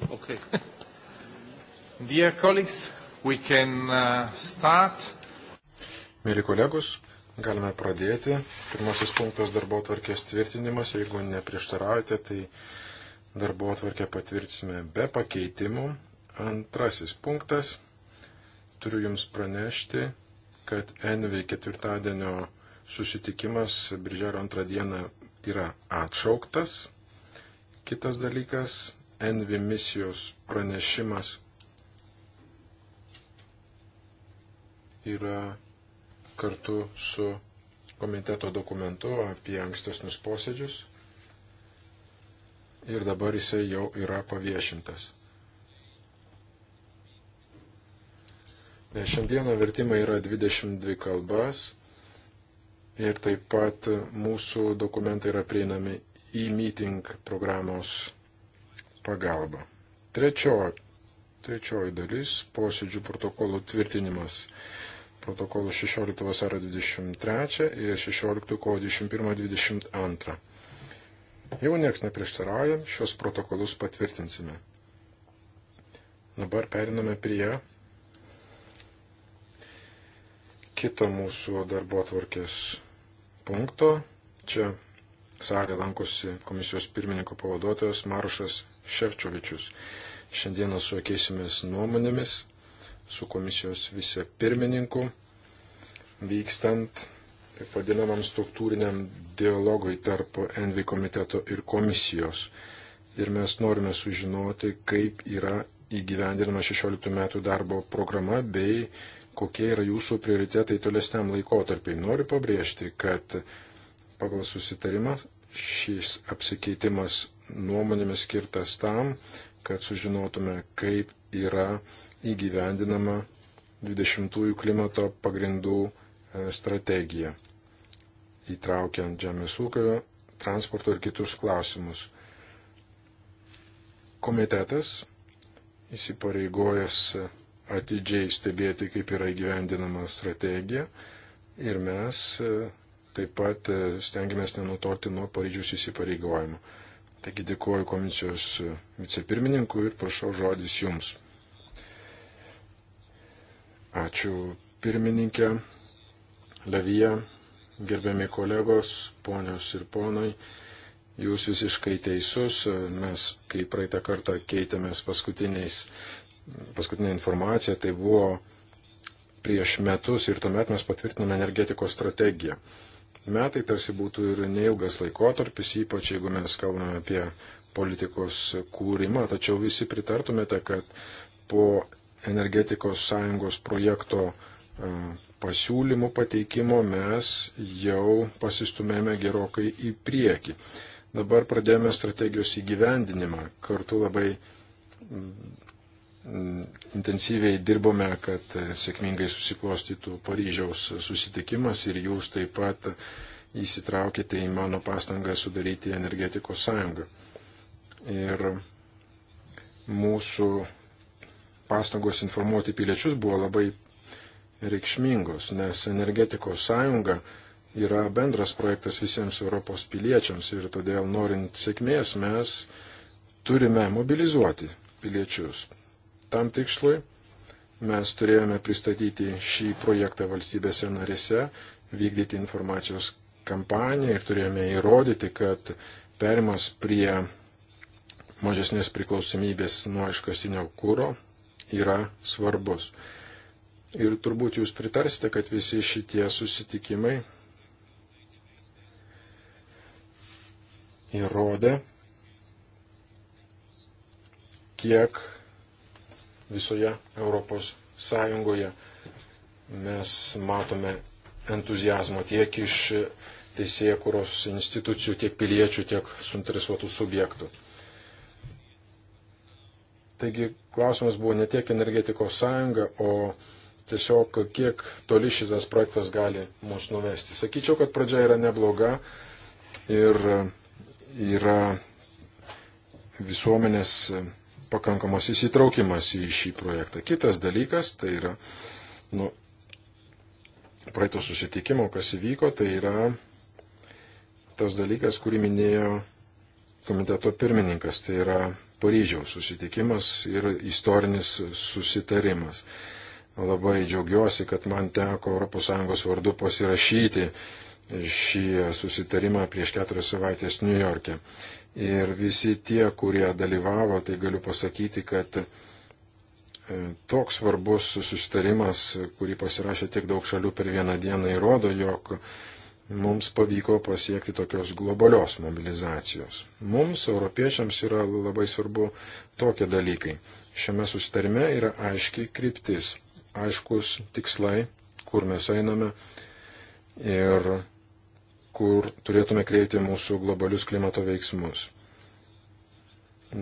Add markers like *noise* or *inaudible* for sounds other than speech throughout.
minutes. Okay. *laughs* Dear colleagues, we can uh, start. Mėly kolegos, galime pradėti. Pirmasis punktas darbo atvarkės tvirtinimas. Jeigu neprieštaraujate, tai darbo atvarkę patvirtinsime be pakeitimų. Antrasis punktas. Turiu Jums pranešti, kad NV ketvirtadienio susitikimas birželio antrą dieną yra atšauktas. Kitas dalykas Envi misijos pranešimas yra kartu su komiteto dokumentu apie ankstesnius posėdžius ir dabar jisai jau yra paviešintas. Šiandieną vertimai yra 22 kalbas ir taip pat mūsų dokumentai yra prieinami e-meeting programos pagalba. Trečioji, trečioji dalis - posėdžių protokolų tvirtinimas. Protokolų 16 vasaro 23 ir 16 kovo 21-22. Jau nieks neprieštarauja, šios protokolus patvirtinsime. Dabar periname prie kito mūsų darbo atvarkės punkto. Čia salė lankosi komisijos pirmininko pavaduotojas Marušas Ševčiovičius. Šiandieną su akeisimės nuomonėmis, su komisijos vice pirmininku, vykstant taip vadinamam struktūriniam dialogui tarp NV komiteto ir komisijos. Ir mes norime sužinoti, kaip yra įgyvendinama 16 metų darbo programa bei kokie yra jūsų prioritetai tolesniam laikotarpiai. Noriu pabrėžti, kad pagal susitarimą šis apsikeitimas nuomonėmis skirtas tam, kad sužinotume, kaip yra įgyvendinama 20-ųjų klimato pagrindų e, strategija, įtraukiant žemės ūkio, transporto ir kitus klausimus. Komitetas įsipareigojęs atidžiai stebėti, kaip yra įgyvendinama strategija ir mes e, taip pat e, stengiamės nenutolti nuo Paryžiaus įsipareigojimų. Taigi dėkuoju komisijos vicepirmininkui ir prašau žodis jums. Ačiū pirmininkė, Levija, gerbiami kolegos, ponios ir ponai. Jūs visiškai teisus, mes kai praeitą kartą keitėmės paskutinę informaciją, tai buvo prieš metus ir tuomet mes patvirtinome energetikos strategiją metai tarsi būtų ir neilgas laikotarpis, ypač jeigu mes kalbame apie politikos kūrimą, tačiau visi pritartumėte, kad po energetikos sąjungos projekto e, pasiūlymų pateikimo mes jau pasistumėme gerokai į priekį. Dabar pradėjome strategijos įgyvendinimą. Kartu labai Mm, intensyviai dirbome, kad e, sėkmingai susiklostytų Paryžiaus susitikimas ir jūs taip pat įsitraukite į mano pastangą sudaryti energetikos sąjungą. Ir mūsų pastangos informuoti piliečius buvo labai reikšmingos, nes energetikos sąjunga yra bendras projektas visiems Europos piliečiams ir todėl norint sėkmės mes turime mobilizuoti piliečius. Tam tikslui mes turėjome pristatyti šį projektą valstybėse narėse, vykdyti informacijos kampaniją ir turėjome įrodyti, kad perimas prie mažesnės priklausomybės nuo iškastinio kūro yra svarbus. Ir turbūt jūs pritarsite, kad visi šitie susitikimai įrodė, kiek visoje Europos Sąjungoje. Mes matome entuzijazmo tiek iš teisėkuros institucijų, tiek piliečių, tiek suinteresuotų subjektų. Taigi klausimas buvo ne tiek energetikos sąjunga, o tiesiog kiek toli šitas projektas gali mus nuvesti. Sakyčiau, kad pradžia yra nebloga ir yra visuomenės pakankamas įsitraukimas į šį projektą. Kitas dalykas, tai yra, nu, praeito susitikimo, kas įvyko, tai yra tas dalykas, kurį minėjo komiteto pirmininkas, tai yra Paryžiaus susitikimas ir istorinis susitarimas. Labai džiaugiuosi, kad man teko ES vardu pasirašyti šį susitarimą prieš keturias savaitės New York'e. Ir visi tie, kurie dalyvavo, tai galiu pasakyti, kad e, toks svarbus susitarimas, kurį pasirašė tiek daug šalių per vieną dieną, įrodo, jog mums pavyko pasiekti tokios globalios mobilizacijos. Mums, europiečiams, yra labai svarbu tokie dalykai. Šiame susitarime yra aiškiai kryptis, aiškus tikslai, kur mes einame ir kur turėtume kreipti mūsų globalius klimato veiksmus.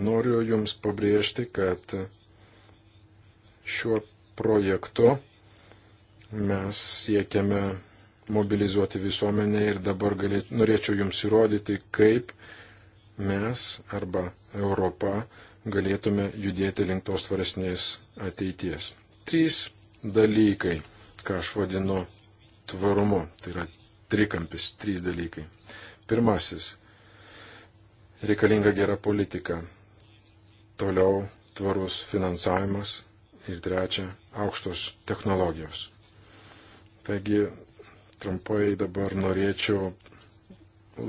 Noriu Jums pabrėžti, kad šiuo projektu mes siekiame mobilizuoti visuomenę ir dabar galėt, norėčiau Jums įrodyti, kaip mes arba Europa galėtume judėti link tos tvaresnės ateities. Trys dalykai, ką aš vadinu tvarumu. Tai yra trikampis, trys dalykai. Pirmasis - reikalinga gera politika. Toliau tvarus finansavimas. Ir trečia - aukštos technologijos. Taigi, trumpai dabar norėčiau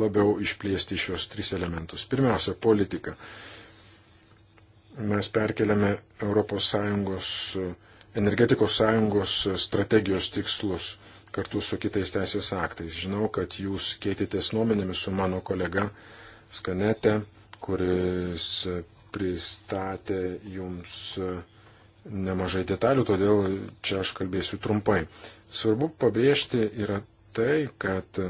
labiau išplėsti šios tris elementus. Pirmiausia, politika. Mes perkeliame ES energetikos sąjungos strategijos tikslus kartu su kitais teisės aktais. Žinau, kad jūs keitėtės nuomenėmis su mano kolega Skanete, kuris pristatė jums nemažai detalių, todėl čia aš kalbėsiu trumpai. Svarbu pabrėžti yra tai, kad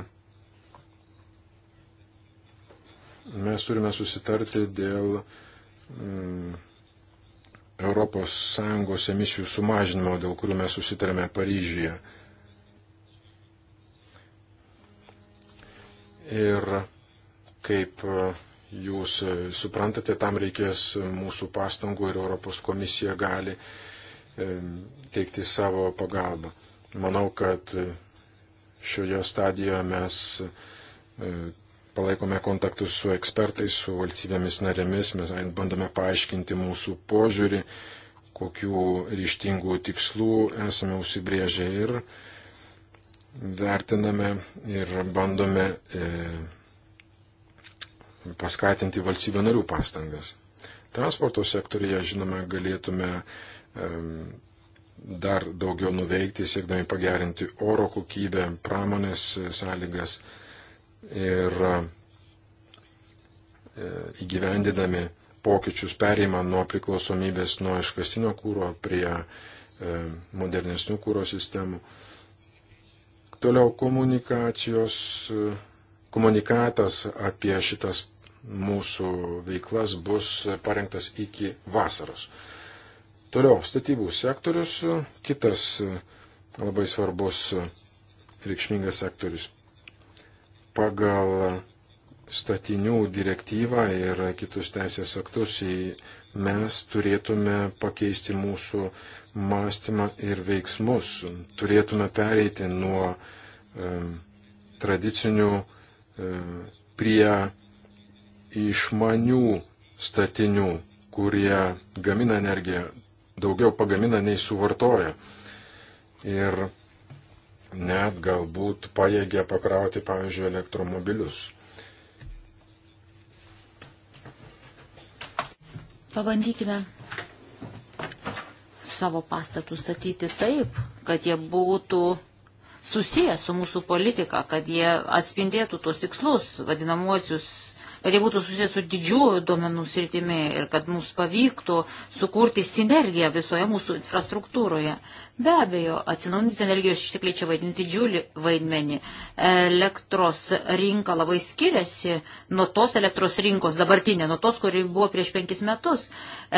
mes turime susitarti dėl mm, ES emisijų sumažinimo, dėl kurių mes susitarėme Paryžyje. Ir kaip e, jūs suprantate, tam reikės mūsų pastangų ir Europos komisija gali e, teikti savo pagalbą. Manau, kad šioje stadijoje mes e, palaikome kontaktus su ekspertais, su valstybėmis narėmis, mes bandome paaiškinti mūsų požiūrį, kokių ryštingų tikslų esame užsibrėžę ir vertiname ir bandome e, paskatinti valstybė narių pastangas. Transporto sektorija, žinome, galėtume e, dar daugiau nuveikti, siekdami pagerinti oro kokybę, pramonės sąlygas. E, ir e, įgyvendinami pokyčius pereimą nuo priklausomybės nuo iškastinio kūro prie e, modernesnių kūro sistemų. Toliau komunikacijos, e, komunikatas apie šitas mūsų veiklas bus parengtas iki vasaros. Toliau statybų sektorius, kitas labai svarbus reikšmingas sektorius pagal statinių direktyvą ir kitus teisės aktus mes turėtume pakeisti mūsų mąstymą ir veiksmus. Turėtume pereiti nuo e, tradicinių e, prie išmanių statinių, kurie gamina energiją, daugiau pagamina nei suvartoja. Ir net galbūt pajėgia pakrauti, pavyzdžiui, elektromobilius. Pabandykime savo pastatus statyti taip, kad jie būtų susijęs su mūsų politika, kad jie atspindėtų tos tikslus, vadinamuosius, kad jie būtų susijęs su didžiuoju duomenų sritimi ir kad mums pavyktų sukurti sinergiją visoje mūsų infrastruktūroje. Be abejo, atsinaujantis energijos ištekliai čia vaidina didžiulį vaidmenį. Elektros rinka labai skiriasi nuo tos elektros rinkos dabartinė, nuo tos, kuri buvo prieš penkis metus.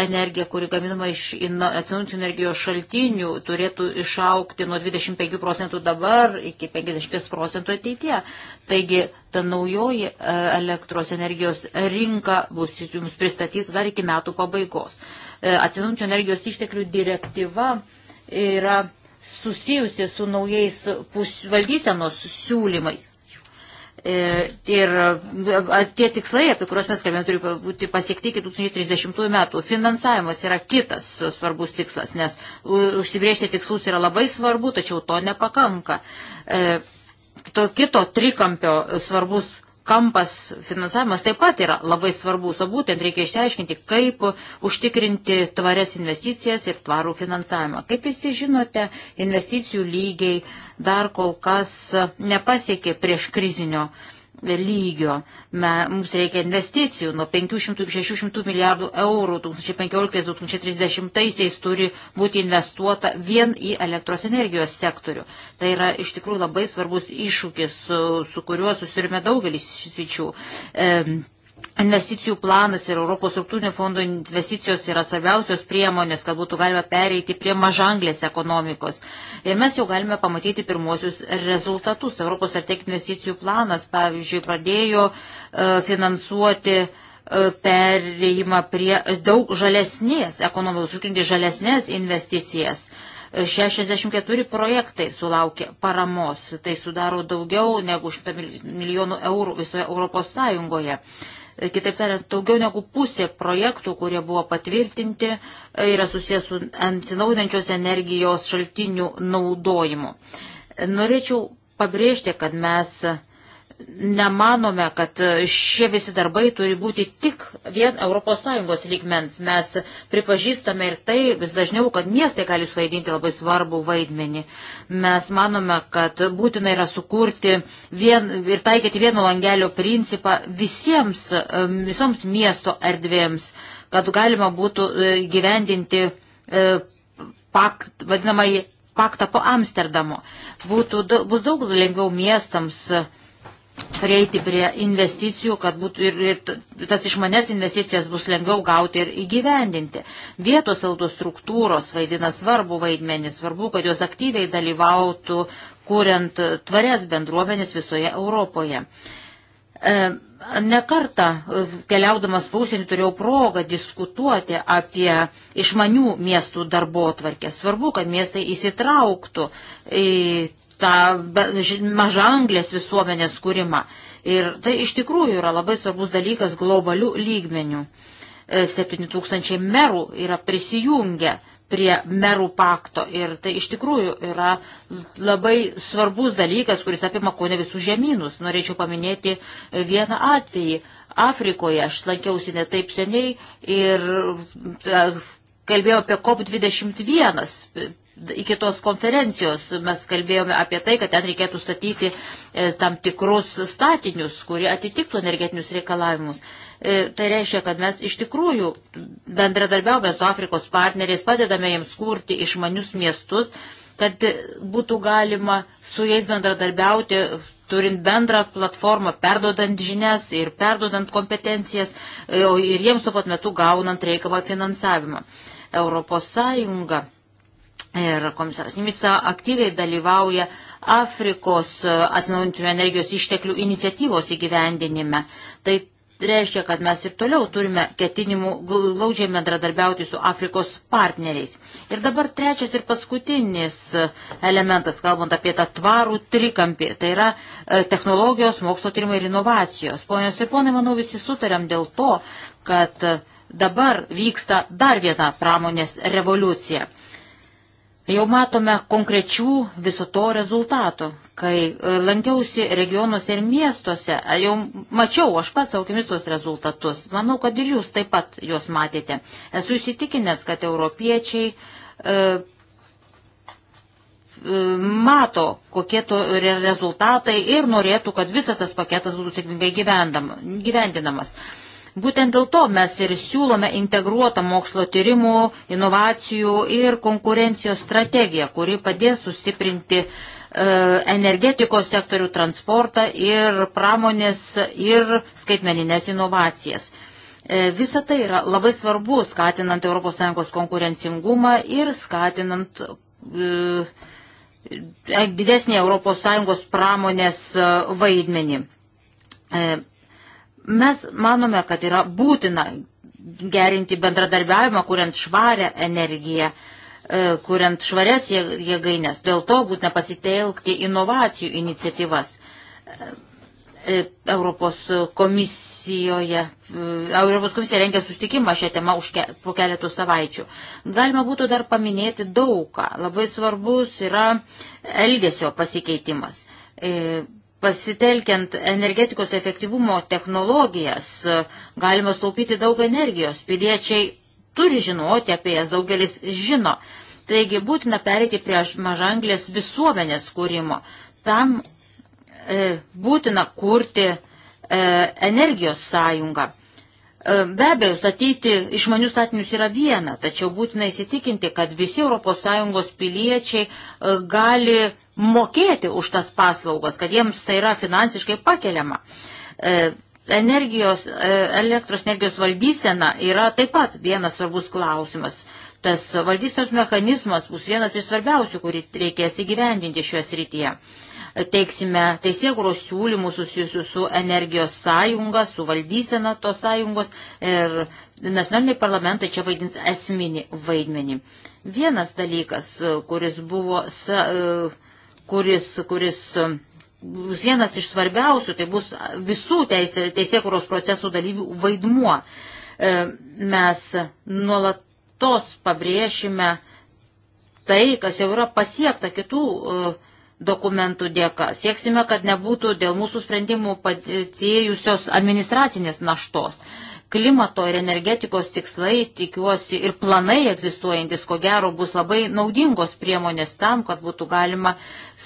Energija, kuri gaminama iš atsinaujančių energijos šaltinių, turėtų išaukti nuo 25 procentų dabar iki 50 procentų ateityje. Taigi ta naujoji e, elektros energijos rinka bus jums pristatyta dar iki metų pabaigos. E, atsinaujančių energijos išteklių direktyva yra susijusi su naujais pus, valdysenos siūlymais. E, ir tie tikslai, apie kuriuos mes kalbėjome, turi būti pasiekti iki 2030 metų. Finansavimas yra kitas svarbus tikslas, nes užsibriežti tikslus yra labai svarbu, tačiau to nepakanka. E, to kito trikampio svarbus kampas finansavimas taip pat yra labai svarbus, o būtent reikia išsiaiškinti, kaip užtikrinti tvarias investicijas ir tvarų finansavimą. Kaip visi žinote, investicijų lygiai dar kol kas nepasiekė prieš krizinio uh, lygio. Me, mums reikia investicijų nuo 500-600 milijardų eurų 2015-2030 turi būti investuota vien į elektros energijos sektorių. Tai yra iš tikrųjų labai svarbus iššūkis, su, su kuriuo susidurime daugelis sričių. E, Investicijų planas ir Europos struktūrinio fondo investicijos yra svarbiausios priemonės, kad būtų galima pereiti prie mažanglės ekonomikos. Ir mes jau galime pamatyti pirmosius rezultatus. Europos strateginių investicijų planas, pavyzdžiui, pradėjo e, finansuoti e, perėjimą prie daug žalesnės ekonomikos, užtikrinti žalesnės investicijas. 64 e, projektai sulaukė paramos, tai sudaro daugiau negu 100 milijonų eurų visoje Europos Sąjungoje. E, kitaip tariant, daugiau negu pusė projektų, kurie buvo patvirtinti, e, yra susijęs su atsinaudinančios energijos šaltinių naudojimu. E, norėčiau pabrėžti, kad mes nemanome, kad šie visi darbai turi būti tik vien ES lygmens. Mes pripažįstame ir tai vis dažniau, kad miestai gali suvaidinti labai svarbų vaidmenį. Mes manome, kad būtina yra sukurti vien, ir taikyti vieno langelio principą visiems, visoms miesto erdvėms, kad galima būtų e, gyvendinti e, pakt, vadinamai paktą po Amsterdamo. Būtų, bus daug lengviau miestams prieiti prie investicijų, kad būtų ir tas išmanes investicijas bus lengviau gauti ir įgyvendinti. Vietos auto struktūros vaidina svarbu vaidmenį, svarbu, kad jos aktyviai dalyvautų, kuriant tvarias bendruomenės visoje Europoje. E, Nekartą keliaudamas pausienį turėjau progą diskutuoti apie išmanių miestų darbo atvarkę. Svarbu, kad miestai įsitrauktų į tą mažanglės visuomenės kūrimą. Ir tai iš tikrųjų yra labai svarbus dalykas globalių lygmenių. 7000 e, merų yra prisijungę prie merų pakto ir tai iš tikrųjų yra labai svarbus dalykas, kuris apima ko ne visus žemynus. Norėčiau paminėti vieną atvejį. Afrikoje aš lankiausi ne taip seniai ir e, kalbėjau apie COP21 iki tos konferencijos mes kalbėjome apie tai, kad ten reikėtų statyti e, tam tikrus statinius, kurie atitiktų energetinius reikalavimus. E, tai reiškia, kad mes iš tikrųjų bendradarbiaujame su Afrikos partneriais, padedame jiems kurti išmanius miestus, kad būtų galima su jais bendradarbiauti, turint bendrą platformą, perdodant žinias ir perdodant kompetencijas e, ir jiems tuo pat metu gaunant reikiamą finansavimą. Europos Sąjunga Ir komisaras Nimica aktyviai dalyvauja Afrikos e, atsinaujintinių energijos išteklių iniciatyvos įgyvendinime. Tai reiškia, kad mes ir toliau turime ketinimų glaudžiai bendradarbiauti su Afrikos partneriais. Ir dabar trečias ir paskutinis e, elementas, kalbant apie tą tvarų trikampį, tai yra e, technologijos, mokslo tyrimai ir inovacijos. Ponios ir ponai, manau, visi sutarėm dėl to, kad dabar vyksta dar viena pramonės revoliucija. Jau matome konkrečių viso to rezultatų. Kai e, lankiausi regionuose ir miestuose, e, jau mačiau aš pats aukimis tos rezultatus. Manau, kad ir jūs taip pat juos matėte. Esu įsitikinęs, kad europiečiai e, e mato, kokie to rezultatai ir norėtų, kad visas tas paketas būtų sėkmingai gyvendinamas. Būtent dėl to mes ir siūlome integruotą mokslo tyrimų, inovacijų ir konkurencijos strategiją, kuri padės sustiprinti e, energetikos sektorių transportą ir pramonės ir skaitmeninės inovacijas. E, visa tai yra labai svarbu skatinant ES konkurencingumą ir skatinant e, e didesnį ES pramonės e, vaidmenį. E, Mes manome, kad yra būtina gerinti bendradarbiavimą, kuriant švarę energiją, e, kuriant švarias jėgainės. Dėl to bus nepasitelkti inovacijų iniciatyvas. E, e, Europos komisijoje. Europos komisija rengia sustikimą šią temą už ke, po keletų savaičių. Galima būtų dar paminėti daugą. Labai svarbus yra elgesio pasikeitimas. E, pasitelkiant energetikos efektyvumo technologijas galima staupyti daug energijos. Piliečiai turi žinoti apie jas, daugelis žino. Taigi būtina pereiti prie mažanglės visuomenės kūrimo. Tam e, būtina kurti e, energijos sąjungą. E, be abejo, statyti išmanius statinius yra viena, tačiau būtina įsitikinti, kad visi ES piliečiai e, gali mokėti už tas paslaugas, kad jiems tai yra finansiškai pakeliama. E, energijos, e, elektros energijos valdysena yra taip pat vienas svarbus klausimas. Tas valdysenos mechanizmas bus vienas iš svarbiausių, kurį reikės įgyvendinti šioje srityje. Teiksime teisėkuros siūlymų susijusių su energijos sąjunga, su valdysena tos sąjungos ir nacionaliniai parlamentai čia vaidins esminį vaidmenį. Vienas dalykas, kuris buvo. Sa, uh, kuris, kuris um, bus vienas iš svarbiausių, tai bus visų teisė, teisėkuros procesų dalyvių vaidmuo. E, mes nuolatos pabrėšime tai, kas jau yra pasiekta kitų e, dokumentų dėka. Sieksime, kad nebūtų dėl mūsų sprendimų patėjusios administracinės naštos klimato ir energetikos tikslai, tikiuosi, ir planai egzistuojantis, ko gero, bus labai naudingos priemonės tam, kad būtų galima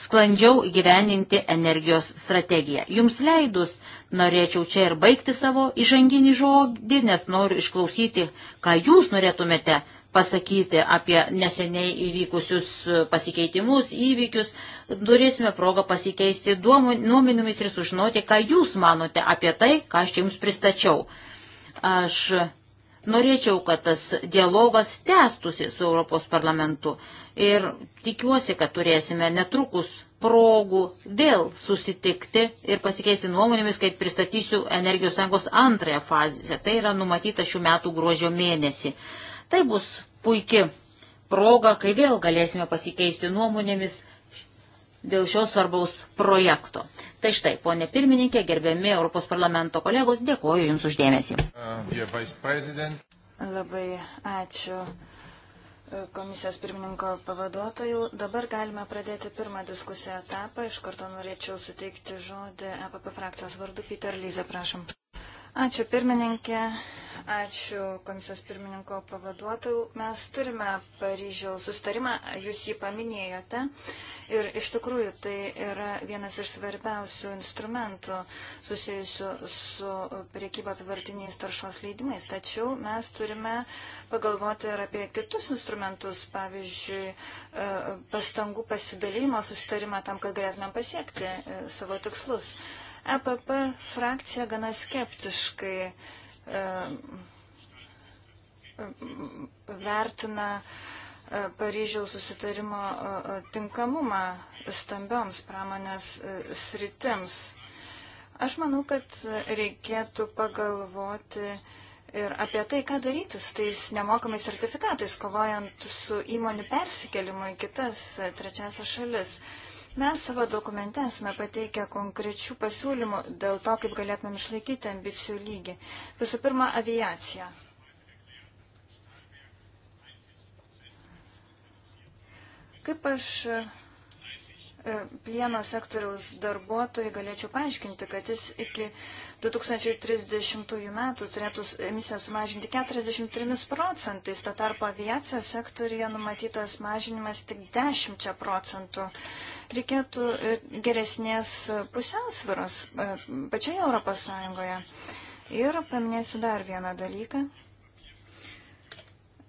sklandžiau gyveninti energijos strategiją. Jums leidus, norėčiau čia ir baigti savo įžanginį žodį, nes noriu išklausyti, ką jūs norėtumėte pasakyti apie neseniai įvykusius pasikeitimus, įvykius. Turėsime progą pasikeisti nuomonėmis ir sužinoti, ką jūs manote apie tai, ką aš čia jums pristačiau. Aš norėčiau, kad tas dialogas tęstusi su Europos parlamentu ir tikiuosi, kad turėsime netrukus progų vėl susitikti ir pasikeisti nuomonėmis, kaip pristatysiu Energijos sąjungos antrąją fazę. Tai yra numatyta šių metų gruodžio mėnesį. Tai bus puikia proga, kai vėl galėsime pasikeisti nuomonėmis dėl šios svarbaus projekto. Tai štai, ponė pirmininkė, gerbiami Europos parlamento kolegos, dėkoju Jums uždėmesį. Labai ačiū e, komisijos pirmininko pavaduotojų. Dabar galime pradėti pirmą diskusijų etapą. Iš karto norėčiau suteikti žodį EPP frakcijos vardu. Peter Lyze, prašom. Ačiū pirmininkė, Ačiū komisijos pirmininko pavaduotojų. Mes turime Paryžiaus sustarimą, jūs jį paminėjote. Ir iš tikrųjų tai yra vienas iš svarbiausių instrumentų susijusių su priekyba apivartiniais taršos leidimais. Tačiau mes turime pagalvoti ir apie kitus instrumentus, pavyzdžiui, e, pastangų pasidalymo sustarimą tam, kad galėtumėm pasiekti e, savo tikslus. EPP frakcija gana skeptiškai E, vertina e, Paryžiaus susitarimo e, tinkamumą stambioms pramonės sritims. Aš manau, kad reikėtų pagalvoti ir apie tai, ką daryti su tais nemokamais sertifikatais, kovojant su įmonių persikelimu į kitas trečiasias šalis. Uh, Mes savo dokumente esame pateikę konkrečių pasiūlymų dėl to, kaip galėtumėm išlaikyti ambicijų lygį. Visų pirma, aviacija. Kaip aš E, plieno sektoriaus darbuotojai galėčiau paaiškinti, kad jis iki 2030 metų turėtų emisiją sumažinti 43 procentais, tuo tarpu aviacijos sektorija numatytas mažinimas tik 10 procentų. Reikėtų e, geresnės e, pusiausviros pačioje Europos Sąjungoje. Ir paminėsiu dar vieną dalyką.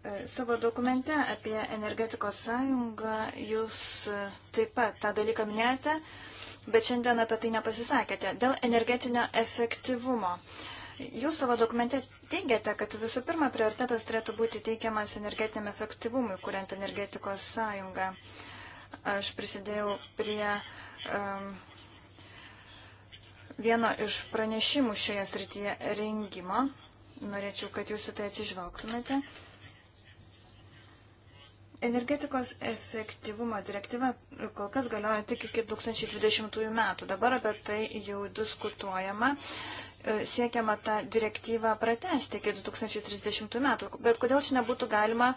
E, savo dokumente apie energetikos sąjungą jūs e, taip pat tą dalyką minėjote, bet šiandien apie tai nepasisakėte. Dėl energetinio efektyvumo. Jūs savo dokumente teigiate, kad visų pirma prioritetas turėtų būti teikiamas energetiniam efektyvumui, kuriant energetikos sąjungą. Aš prisidėjau prie um, vieno iš pranešimų šioje srityje rengimo. Norėčiau, kad jūs į tai atsižvelgtumėte. Uh, Energetikos efektyvumo direktyva kol kas galioja tik iki 2020 metų. Dabar apie tai jau diskutuojama. E, siekiama tą direktyvą pratesti iki 2030 metų. Bet kodėl čia nebūtų galima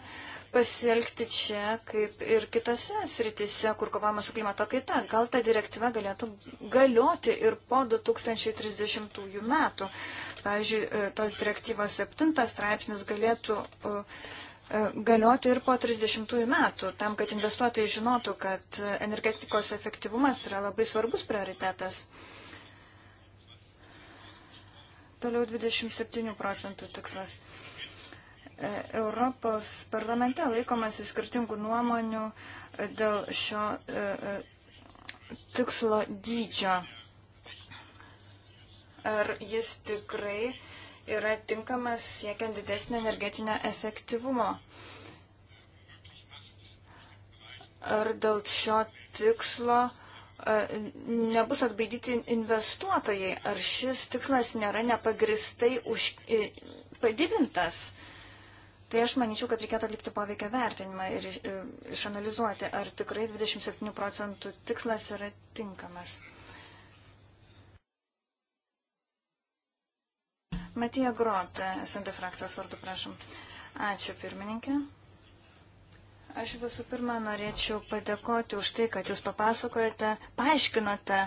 pasielgti čia, kaip ir kitose sritise, kur kovama su klimato kaita? Gal ta direktyva galėtų galioti ir po 2030 metų? Pavyzdžiui, e, tos direktyvos septintas straipsnis galėtų. Uh, E, galioti ir po 30 metų, tam, kad investuotojai žinotų, kad energetikos efektyvumas yra labai svarbus prioritetas. Toliau 27 procentų tikslas. E, Europos parlamente laikomasi skirtingų nuomonių e, dėl šio tikslo dydžio. Ar jis tikrai uh, yra tinkamas siekiant didesnio energetinio efektyvumo. Ar dėl šio tikslo e, nebus atbaidyti investuotojai? Ar šis tikslas nėra nepagristai už, e, padidintas? Tai aš manyčiau, kad reikėtų atlikti poveikio vertinimą ir e, išanalizuoti, ar tikrai 27 procentų tikslas yra tinkamas. Matija Grotė, SND frakcijos vardu, prašom. Ačiū, pirmininkė. Aš visų pirma norėčiau padėkoti už tai, kad jūs papasakojate, paaiškinote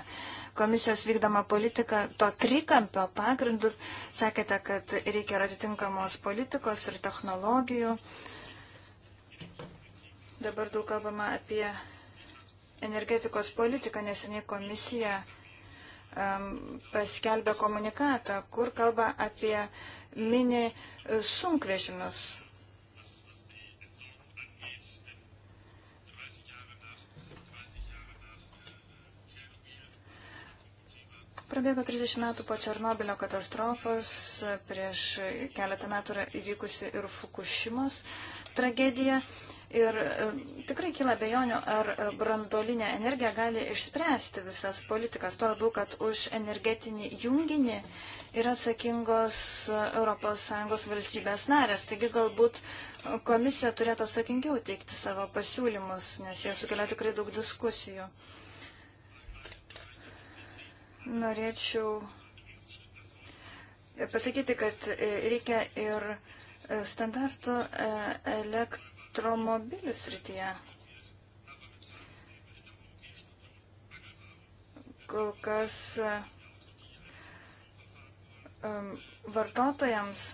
komisijos vykdomą politiką to trikampio pagrindu. Sakėte, kad reikia ir atitinkamos politikos ir technologijų. Dabar daug kalbama apie energetikos politiką, neseniai komisija paskelbė komunikatą, kur kalba apie mini sunkvežimius. Prabėgo 30 metų po Černobilio katastrofos, prieš keletą metų yra įvykusi ir Fukushimos tragedija. Ir e, tikrai kyla bejonių, ar e, brandolinė energija gali išspręsti visas politikas, tuo labiau, kad už energetinį junginį yra atsakingos ES valstybės narės. Taigi galbūt komisija turėtų atsakingiau teikti savo pasiūlymus, nes jie sukelia tikrai daug diskusijų. Norėčiau pasakyti, kad reikia ir standartų e, elektros elektromobilių srityje. Kol kas um, vartotojams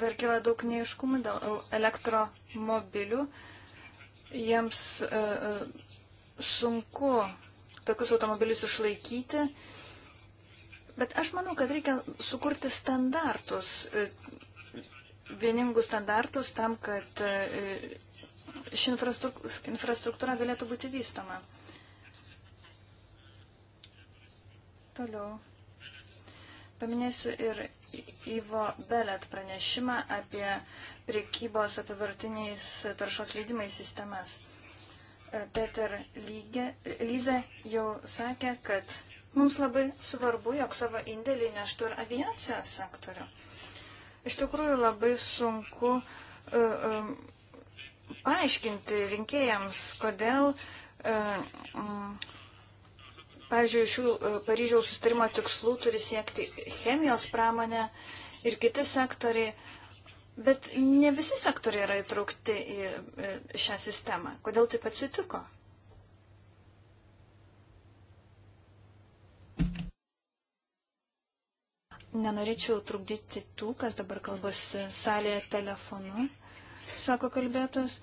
dar kila daug neiškumų dėl elektromobilių. Jiems uh, sunku tokius automobilius išlaikyti. Bet aš manau, kad reikia sukurti standartus e, vieningus standartus tam, kad e, ši infrastruktūra galėtų būti vystoma. Toliau. Paminėsiu ir Ivo Belet pranešimą apie priekybos apivartiniais taršos leidimais sistemas. E, Peter Lyze jau sakė, kad mums labai svarbu, jog savo indėlį neštų ir aviacijos sektorių. Iš tikrųjų labai sunku uh, um, paaiškinti rinkėjams, kodėl, uh, um, pavyzdžiui, šių uh, Paryžiaus sustarimo tikslų turi siekti chemijos pramonė ir kiti sektoriai, bet ne visi sektoriai yra įtraukti į šią sistemą. Kodėl taip atsitiko? Nenorėčiau trukdyti tų, kas dabar kalbasi salėje telefonu, sako kalbėtas.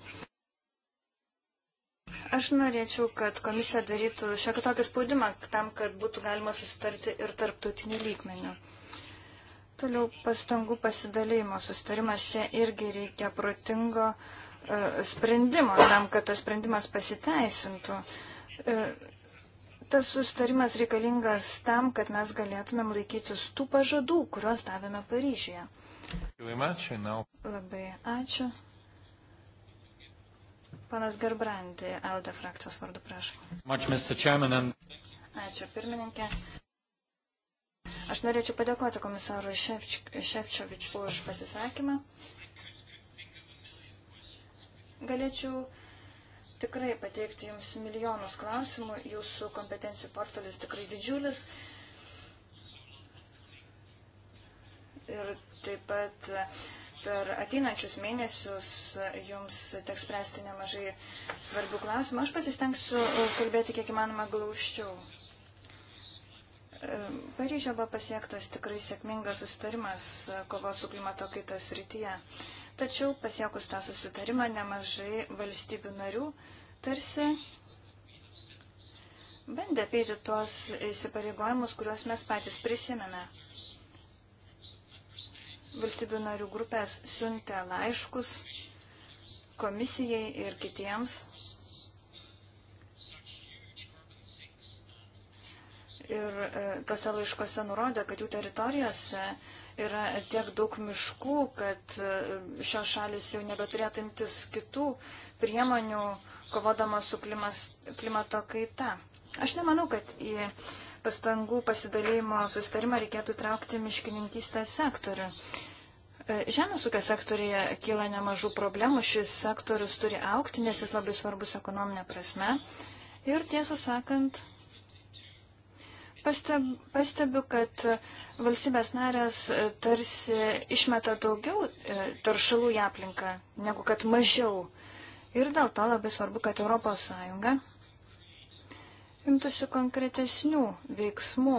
Aš norėčiau, kad komisija darytų šiokį tokį spaudimą tam, kad būtų galima susitarti ir tarptautinį lygmenį. Toliau pastangų pasidalymo sustarimas čia irgi reikia protingo uh, sprendimo tam, kad tas sprendimas pasiteisintų. Uh, tas sustarimas reikalingas tam, kad mes galėtumėm laikytis tų pažadų, kuriuos davėme Paryžyje. Labai ačiū. Panas Garbrandi, LD frakcijos vardu, prašau. Ačiū, pirmininkė. Aš norėčiau padėkoti komisarui Šefčiovič už pasisakymą. Galėčiau tikrai pateikti jums milijonus klausimų, jūsų kompetencijų portfelis tikrai didžiulis. Ir taip pat e, per ateinančius mėnesius e, jums teks spręsti nemažai svarbių klausimų. Aš pasistengsiu e, kalbėti kiek įmanoma glaušiau. Paryžio buvo pasiektas tikrai sėkmingas susitarimas kovos su klimato kaitos rytyje. Tačiau pasiekus tą susitarimą nemažai valstybių narių tarsi bandė apeiti tuos įsipareigojimus, kuriuos mes patys prisimėme. Valstybių narių grupės siuntė laiškus komisijai ir kitiems. Ir e, tose laiškose nurodė, kad jų teritorijose uh, yra tiek daug miškų, kad e, šios šalis jau nebeturėtų imtis kitų priemonių, kovodama su klimas, klimato kaita. Aš nemanau, kad į pastangų pasidalėjimo sustarimą reikėtų traukti miškininkystės sektorių. E, žemės ūkio sektorija kyla nemažų problemų, šis sektorius turi aukti, nes jis labai svarbus ekonominė prasme. Ir tiesą sakant, Pastebiu, kad valstybės narės e, tarsi išmeta daugiau e, taršalų į aplinką, negu kad mažiau. Ir dėl to labai svarbu, kad ES imtųsi konkretesnių veiksmų,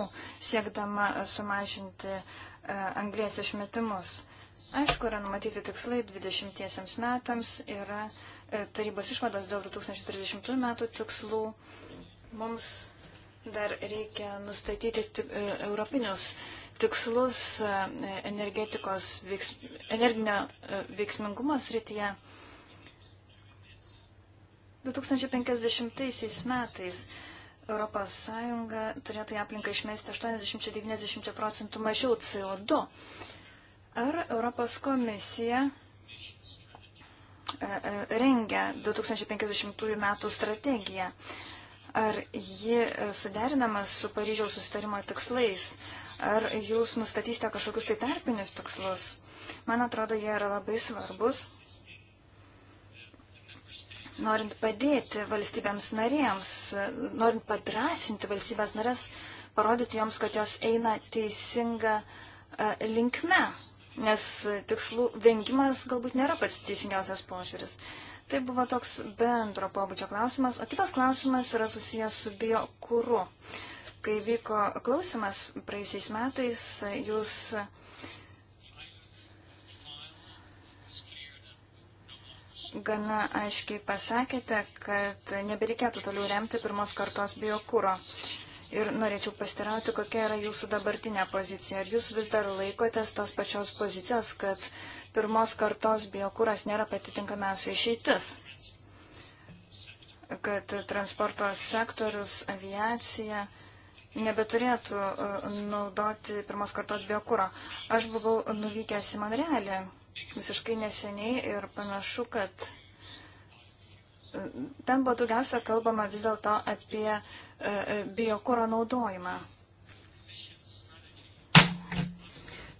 siekdama sumažinti e, anglės išmetimus. Aišku, yra numatyti tikslai 20 metams, yra tarybos išvados dėl 2030 metų tikslų. Mums Dar reikia nustatyti tik, e, europinius tikslus e, energetikos veiksm, energinio e, veiksmingumo srityje. 2050 metais Europos Sąjunga turėtų į aplinką išmesti 80-90 procentų mažiau CO2. Ar Europos komisija rengia 2050 metų strategiją? Ar ji e, suderinama su Paryžiaus sustarimo tikslais? Ar jūs nustatysite kažkokius tai tarpinius tikslus? Man atrodo, jie yra labai svarbus, norint padėti valstybėms narėms, e, norint padrasinti valstybės narės, parodyti joms, kad jos eina teisinga e, linkme, nes tikslų vengimas galbūt nėra pats teisingiausias požiūris. Tai buvo toks bendro pobūdžio klausimas, o kitas klausimas yra susijęs su biokūru. Kai vyko klausimas praėjusiais metais, jūs gana aiškiai pasakėte, kad nebereikėtų toliau remti pirmos kartos biokūro. Ir norėčiau pastirauti, kokia yra jūsų dabartinė pozicija. Ar jūs vis dar laikotės tos pačios pozicijos, kad pirmos kartos biokūras nėra pati tinkamiausia išeitis kad transporto sektorius, aviacija nebeturėtų uh, naudoti pirmos kartos biokūro. Aš buvau nuvykęs į Monrealį visiškai neseniai ir panašu, kad uh, ten buvo daugiausia kalbama vis dėlto apie uh, biokūro naudojimą.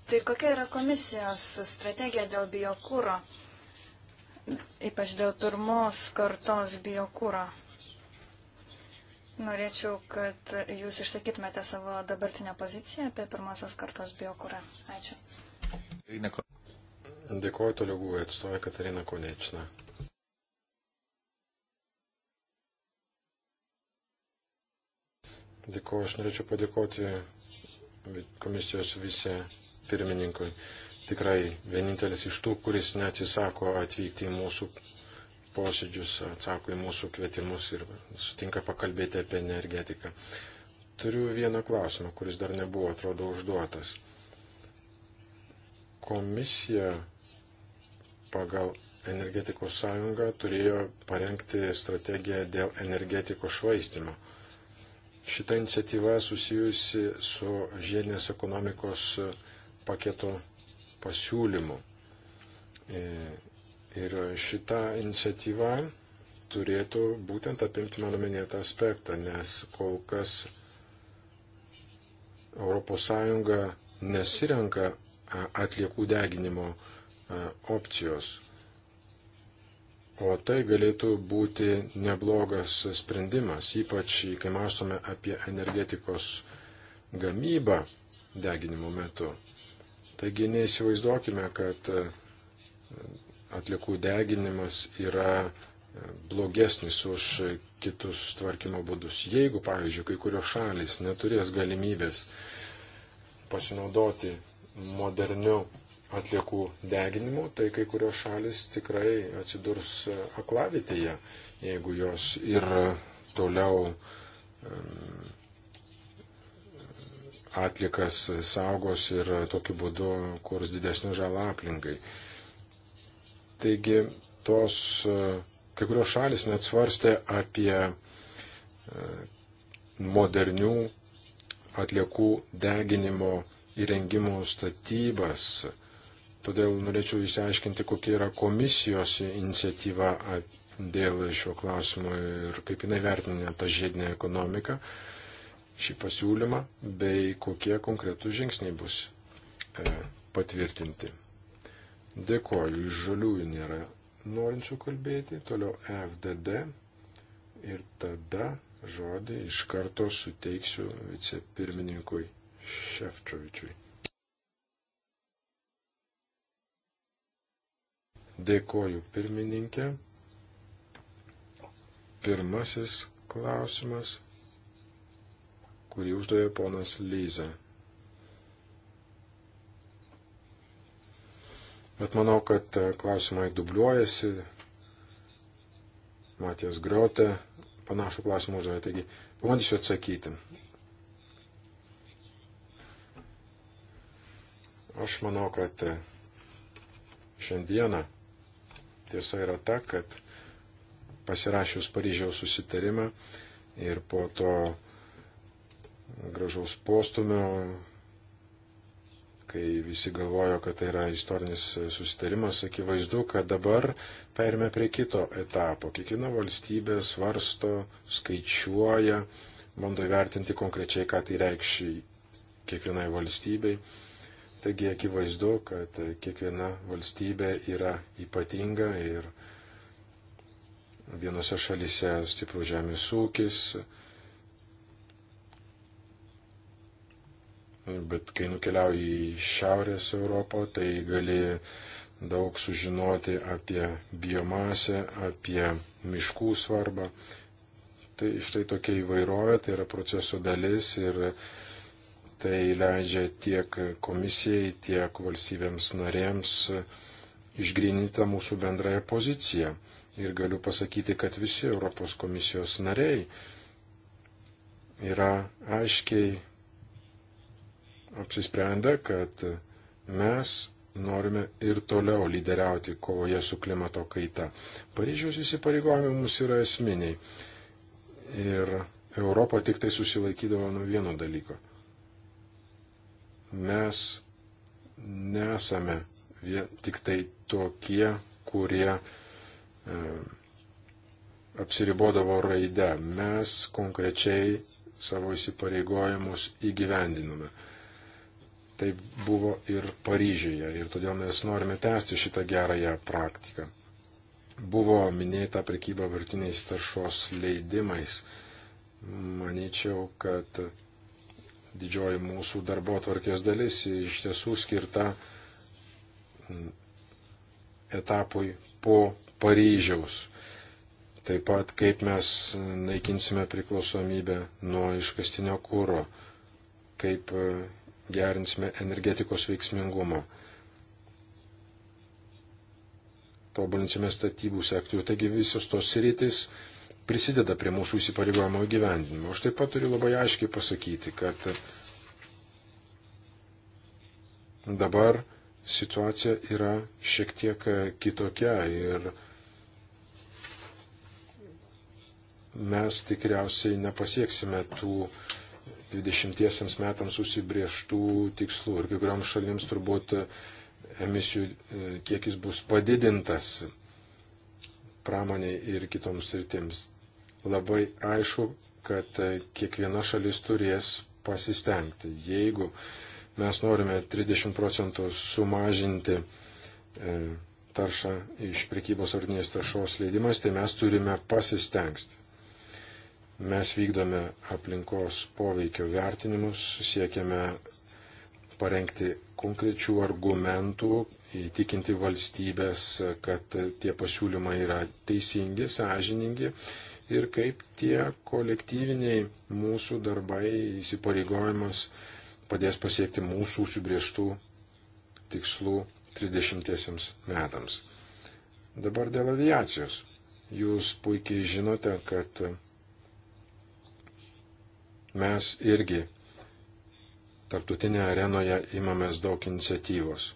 Tai kokia yra komisijos strategija dėl biokūro, ypač dėl pirmos kartos biokūro? Norėčiau, kad jūs išsakytumėte savo dabartinę poziciją apie pirmosios kartos biokūrą. Ačiū. Dėkuoju toliau guvai atstovė Katarina Konečna. Dėkuoju, aš norėčiau padėkoti komisijos vice pirmininkui. Tikrai vienintelis iš tų, kuris neatsisako atvykti į mūsų posėdžius, atsako į mūsų kvietimus ir sutinka pakalbėti apie energetiką. Turiu vieną klausimą, kuris dar nebuvo, atrodo, užduotas. Komisija pagal energetikos sąjungą turėjo parengti strategiją dėl energetikos švaistimo. Šita iniciatyva susijusi su žiedinės ekonomikos uh, paketo pasiūlymų. E, ir šita iniciatyva turėtų būtent apimti mano minėtą aspektą, nes kol kas ES nesirenka atliekų deginimo opcijos. O tai galėtų būti neblogas sprendimas, ypač kai mąstome apie energetikos gamybą deginimo metu. Taigi neįsivaizduokime, kad e, atliekų deginimas yra e, blogesnis už kitus tvarkymo būdus. Jeigu, pavyzdžiui, kai kurios šalis neturės galimybės pasinaudoti moderniu atliekų deginimu, tai kai kurios šalis tikrai atsidurs e, aklavitėje, jeigu jos ir toliau um, atlikas saugos ir tokiu būdu kurs didesnį žalą aplinkai. Taigi tos e, kai kurios šalis net svarstė apie e, modernių atliekų deginimo įrengimų statybas. Todėl norėčiau įsiaiškinti, kokia yra komisijos iniciatyva dėl šio klausimo ir kaip jinai vertina tą žiedinę ekonomiką šį pasiūlymą bei kokie konkretūs žingsniai bus e, patvirtinti. Dėkoju, iš žaliųjų nėra norinčių kalbėti, toliau FDD ir tada žodį iš karto suteiksiu vicepirmininkui Šefčovičiui. Dėkoju pirmininkė. Pirmasis klausimas kurį uždavė ponas Lyza. Bet manau, kad e, klausimai dubliuojasi. Matijas Griotė panašų klausimą uždavė, taigi pamatysiu atsakyti. Aš manau, kad e, šiandieną tiesa yra ta, kad pasirašius Paryžiaus susitarimą ir po to gražaus postumio, kai visi galvojo, kad tai yra istorinis susitarimas, akivaizdu, kad dabar perėmė prie kito etapo. Kiekviena valstybė svarsto, skaičiuoja, bando įvertinti konkrečiai, ką tai reikš kiekvienai valstybei. Taigi akivaizdu, kad kiekviena valstybė yra ypatinga ir vienose šalise stiprų žemės ūkis, bet kai nukeliauji į Šiaurės Europą, tai gali daug sužinoti apie biomasę, apie miškų svarbą. Tai štai tokia įvairovė, tai yra proceso dalis ir tai leidžia tiek komisijai, tiek valstybėms narėms išgrininti mūsų bendrąją poziciją. Ir galiu pasakyti, kad visi Europos komisijos nariai yra aiškiai apsisprendę, kad mes norime ir toliau lyderiauti kovoje su klimato kaita. Paryžiaus įsipareigojimai mums yra esminiai. Ir Europa tik tai susilaikydavo nuo vieno dalyko. Mes nesame vien, tik tai tokie, kurie e, apsiribodavo raidę. Mes konkrečiai savo įsipareigojimus įgyvendinome. E, Taip buvo ir Paryžiuje ir todėl mes norime tęsti šitą gerąją praktiką. Buvo minėta prekyba vertiniais taršos leidimais. Maničiau, kad didžioji mūsų darbo tvarkės dalis iš tiesų skirta etapui po Paryžiaus. Taip pat kaip mes naikinsime priklausomybę nuo iškastinio kūro, kaip gerinsime energetikos veiksmingumą, tobulinsime statybų sektorių. Taigi visos tos rytis prisideda prie mūsų įsipareigojimo įgyvendinimo. Aš taip pat turiu labai aiškiai pasakyti, kad dabar situacija yra šiek tiek kitokia ir mes tikriausiai nepasieksime tų uh, 20 metams užsibrieštų tikslų ir kai kurioms šalims turbūt emisijų e, kiekis bus padidintas pramoniai ir kitoms sritims. Labai aišku, kad e, kiekviena šalis turės pasistengti. Jeigu mes norime 30 procentų sumažinti e, taršą iš prekybos ordinės taršos leidimas, tai mes turime pasistengti. Mes vykdome aplinkos poveikio vertinimus, siekiame parengti konkrečių argumentų, įtikinti valstybės, kad tie pasiūlymai yra teisingi, sąžiningi ir kaip tie kolektyviniai mūsų darbai įsipareigojimas padės pasiekti mūsų užsibrieštų tikslų 30 metams. Dabar dėl aviacijos. Jūs puikiai žinote, kad mes irgi tarptautinėje arenoje imamės daug iniciatyvos.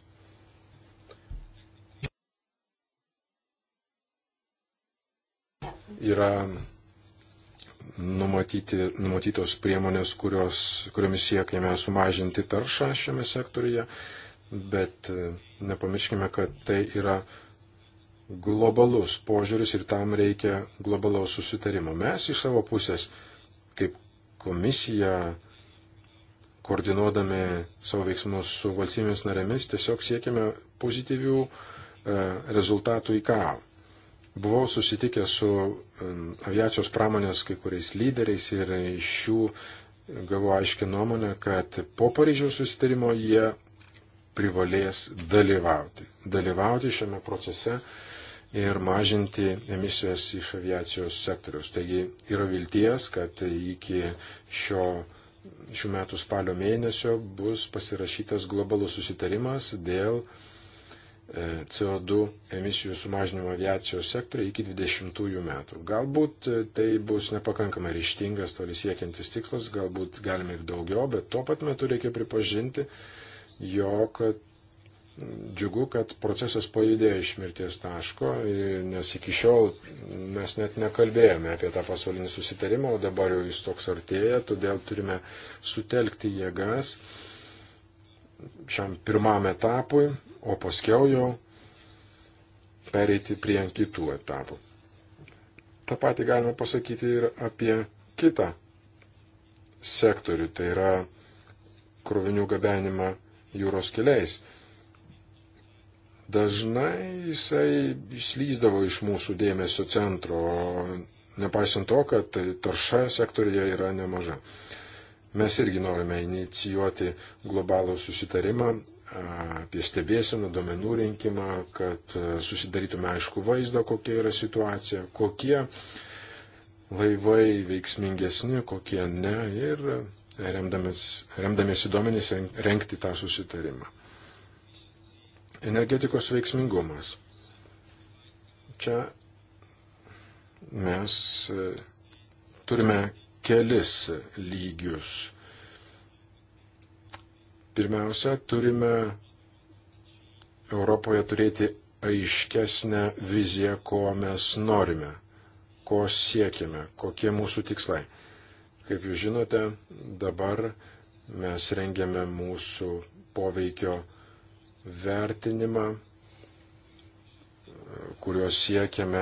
Yra numatyti, numatytos priemonės, kurios, kuriomis siekėme sumažinti taršą šiame sektoriuje, bet e, nepamirškime, kad tai yra globalus požiūris ir tam reikia globalaus susitarimo. Mes iš savo pusės komisija, koordinuodami savo veiksmus su valstybėmis narėmis, tiesiog siekime pozityvių e, rezultatų į ką. Buvau susitikęs su e, aviacijos pramonės kai kuriais lyderiais ir iš jų gavau aiškį nuomonę, kad po Paryžiaus susitarimo jie privalės dalyvauti. Dalyvauti šiame procese ir mažinti emisijas iš aviacijos sektoriaus. Taigi yra vilties, kad iki šio, šių metų spalio mėnesio bus pasirašytas globalus susitarimas dėl e, CO2 emisijų sumažinimo aviacijos sektoriai iki 20 metų. Galbūt e, tai bus nepakankamai ryštingas, toli siekiantis tikslas, galbūt galime ir daugiau, bet tuo pat metu reikia pripažinti, jog džiugu, kad procesas pajudėjo iš mirties taško, nes iki šiol mes net nekalbėjome apie tą pasaulinį susitarimą, o dabar jau jis toks artėja, todėl turime sutelkti jėgas šiam pirmam etapui, o paskiau jau pereiti prie kitų etapų. Ta pati galima pasakyti ir apie kitą sektorių, tai yra krovinių gabenimą jūros keliais dažnai jisai išlyzdavo iš mūsų dėmesio centro, nepaisant to, kad tai tarša sektorija yra nemaža. Mes irgi norime inicijuoti globalų susitarimą apie stebėseną, domenų rinkimą, kad susidarytume aišku vaizdą, kokia yra situacija, kokie laivai veiksmingesni, kokie ne ir remdamės, remdamėsi duomenys renkti tą susitarimą. Energetikos veiksmingumas. Čia mes e, turime kelis lygius. Pirmiausia, turime Europoje turėti aiškesnę viziją, ko mes norime, ko siekiame, kokie mūsų tikslai. Kaip jūs žinote, dabar mes rengiame mūsų poveikio vertinimą, kuriuos siekiame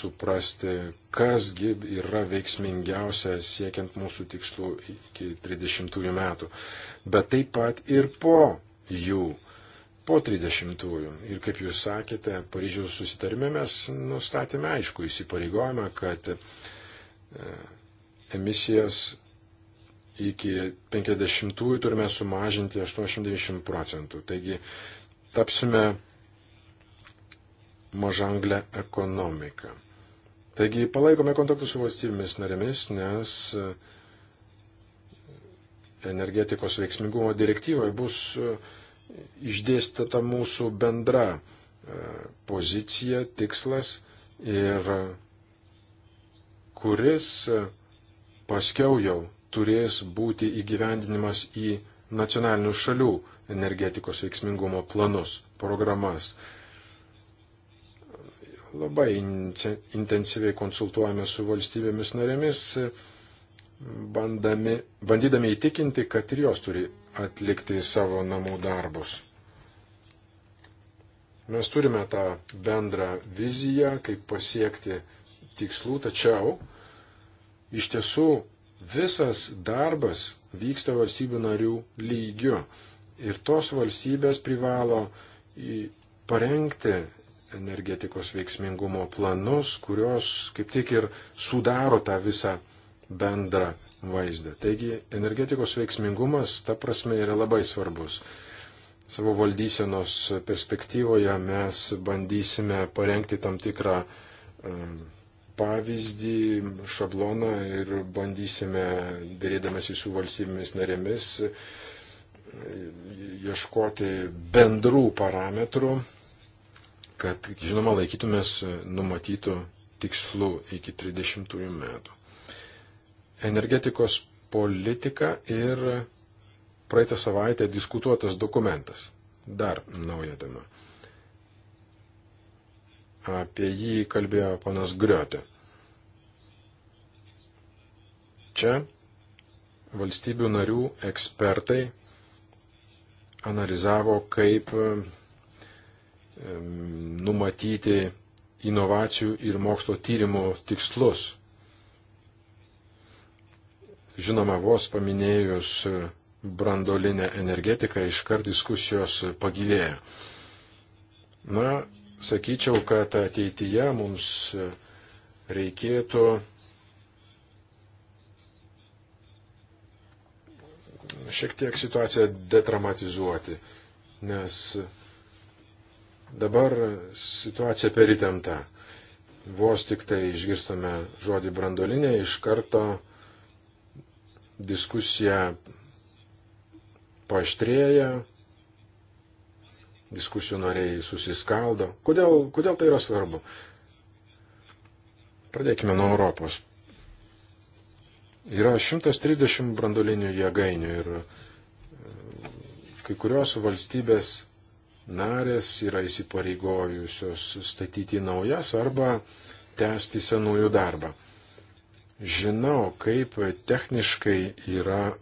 suprasti, kasgi yra veiksmingiausia siekiant mūsų tikslų iki 30 metų, bet taip pat ir po jų, po 30 -ųjų. Ir kaip jūs sakėte, Paryžiaus susitarime mes nustatėme aišku įsipareigojimą, kad e, emisijas iki 50-ųjų turime sumažinti 890 procentų. Taigi tapsime mažanglę ekonomiką. Taigi palaikome kontaktus su valstybėmis narėmis, nes energetikos veiksmingumo direktyvoje bus e, išdėstata mūsų bendra e, pozicija, tikslas ir kuris e, paskiau jau turės būti įgyvendinimas į nacionalinių šalių energetikos veiksmingumo planus, programas. Labai intensyviai konsultuojame su valstybėmis narėmis, bandami, bandydami įtikinti, kad ir jos turi atlikti savo namų darbus. Mes turime tą bendrą viziją, kaip pasiekti tikslų, tačiau iš tiesų Visas darbas vyksta valstybių narių lygiu ir tos valstybės privalo parengti energetikos veiksmingumo planus, kurios kaip tik ir sudaro tą visą bendrą vaizdą. Taigi energetikos veiksmingumas ta prasme yra labai svarbus. Savo valdysenos perspektyvoje mes bandysime parengti tam tikrą pavyzdį, šabloną ir bandysime, dėrėdamas su valstybėmis narėmis, ieškoti bendrų parametrų, kad, žinoma, laikytumės numatytų tikslų iki 30 metų. Energetikos politika ir praeitą savaitę diskutuotas dokumentas. Dar nauja tema apie jį kalbėjo ponas Griotė. Čia valstybių narių ekspertai analizavo, kaip numatyti inovacijų ir mokslo tyrimų tikslus. Žinoma, vos paminėjus brandolinę energetiką, iškart diskusijos pagyvėja. Na, sakyčiau, kad ateityje mums reikėtų šiek tiek situaciją detramatizuoti, nes dabar situacija peritemta. Vos tik tai išgirstame žodį brandolinė, iš karto diskusija paštrėja, diskusijų nariai susiskaldo. Kodėl, kodėl tai yra svarbu? Pradėkime nuo Europos. Yra 130 brandolinių jėgainių ir e, kai kurios valstybės narės yra įsipareigojusios statyti naujas arba tęsti senųjų darbą. Žinau, kaip techniškai yra e,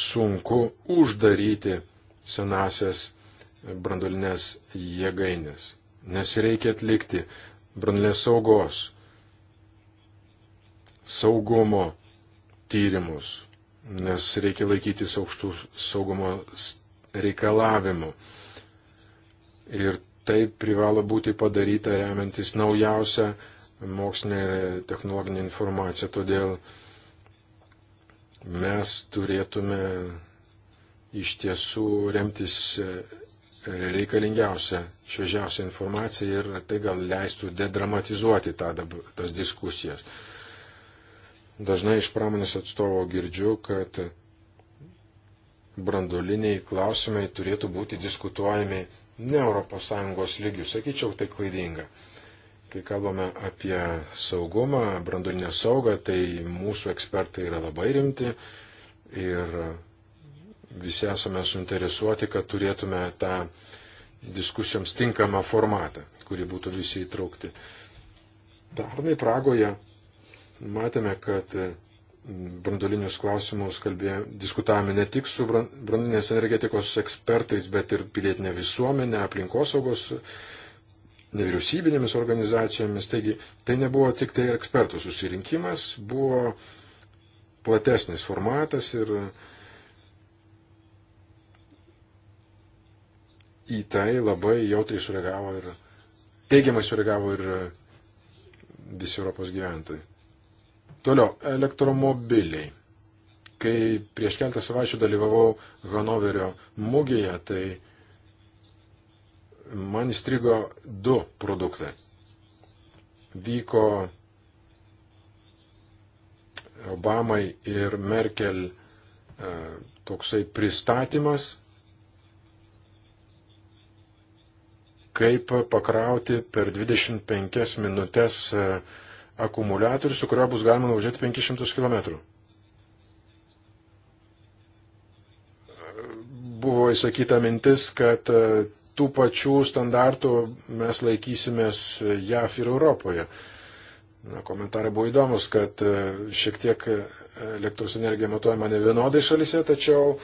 sunku uždaryti senasias brandolinės jėgainės. Nes reikia atlikti brandolinės saugos, saugumo tyrimus, nes reikia laikytis aukštų saugumo reikalavimų. Ir tai privalo būti padaryta remiantis naujausią mokslinę ir technologinę informaciją. Todėl mes turėtume iš tiesų remtis e, reikalingiausia, šviežiausia informacija ir tai gal leistų dedramatizuoti tą, tas diskusijas. Dažnai iš pramonės atstovo girdžiu, kad brandoliniai klausimai turėtų būti diskutuojami ne ES lygių. Sakyčiau, tai klaidinga. Kai kalbame apie saugumą, brandolinę saugą, tai mūsų ekspertai yra labai rimti ir visi esame suinteresuoti, kad turėtume tą diskusijoms tinkamą formatą, kuri būtų visi įtraukti. Pernai Pragoje matėme, kad brandolinius klausimus kalbė, diskutavome ne tik su brandolinės energetikos ekspertais, bet ir pilietinė visuomenė, aplinkosaugos, nevyriausybinėmis organizacijomis. Taigi tai nebuvo tik tai ekspertų susirinkimas, buvo platesnis formatas ir uh, į tai labai jautriai sureagavo ir teigiamai sureagavo ir e, visi Europos gyventojai. Toliau, elektromobiliai. Kai prieš keltą savaičių dalyvavau Hanoverio mugėje, tai man įstrigo du produktai. Vyko Obamai ir Merkel e, toksai pristatymas kaip pakrauti per 25 minutės e, akumuliatorių, su kuriuo bus galima nuvažiuoti 500 km. Buvo įsakyta mintis, kad e, tų pačių standartų mes laikysimės JAF ir Europoje. Na, komentarai buvo įdomus, kad e, šiek tiek elektros energija matuojama ne vienodai šalise, tačiau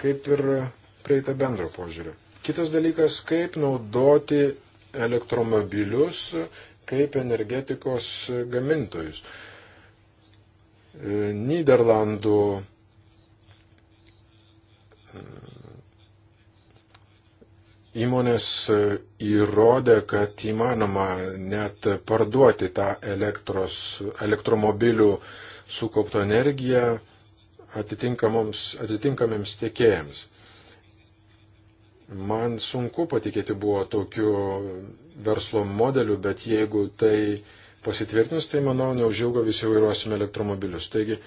kaip ir prieita bendro požiūrio. Kitas dalykas, kaip naudoti elektromobilius kaip energetikos gamintojus. Niderlandų mm, įmonės įrodė, kad įmanoma net parduoti tą elektros, elektromobilių sukauptą energiją atitinkamiems tiekėjams. Man sunku patikėti buvo tokiu verslo modeliu, bet jeigu tai pasitvirtins, tai manau, neužilgo visi vairuosime elektromobilius. Taigi,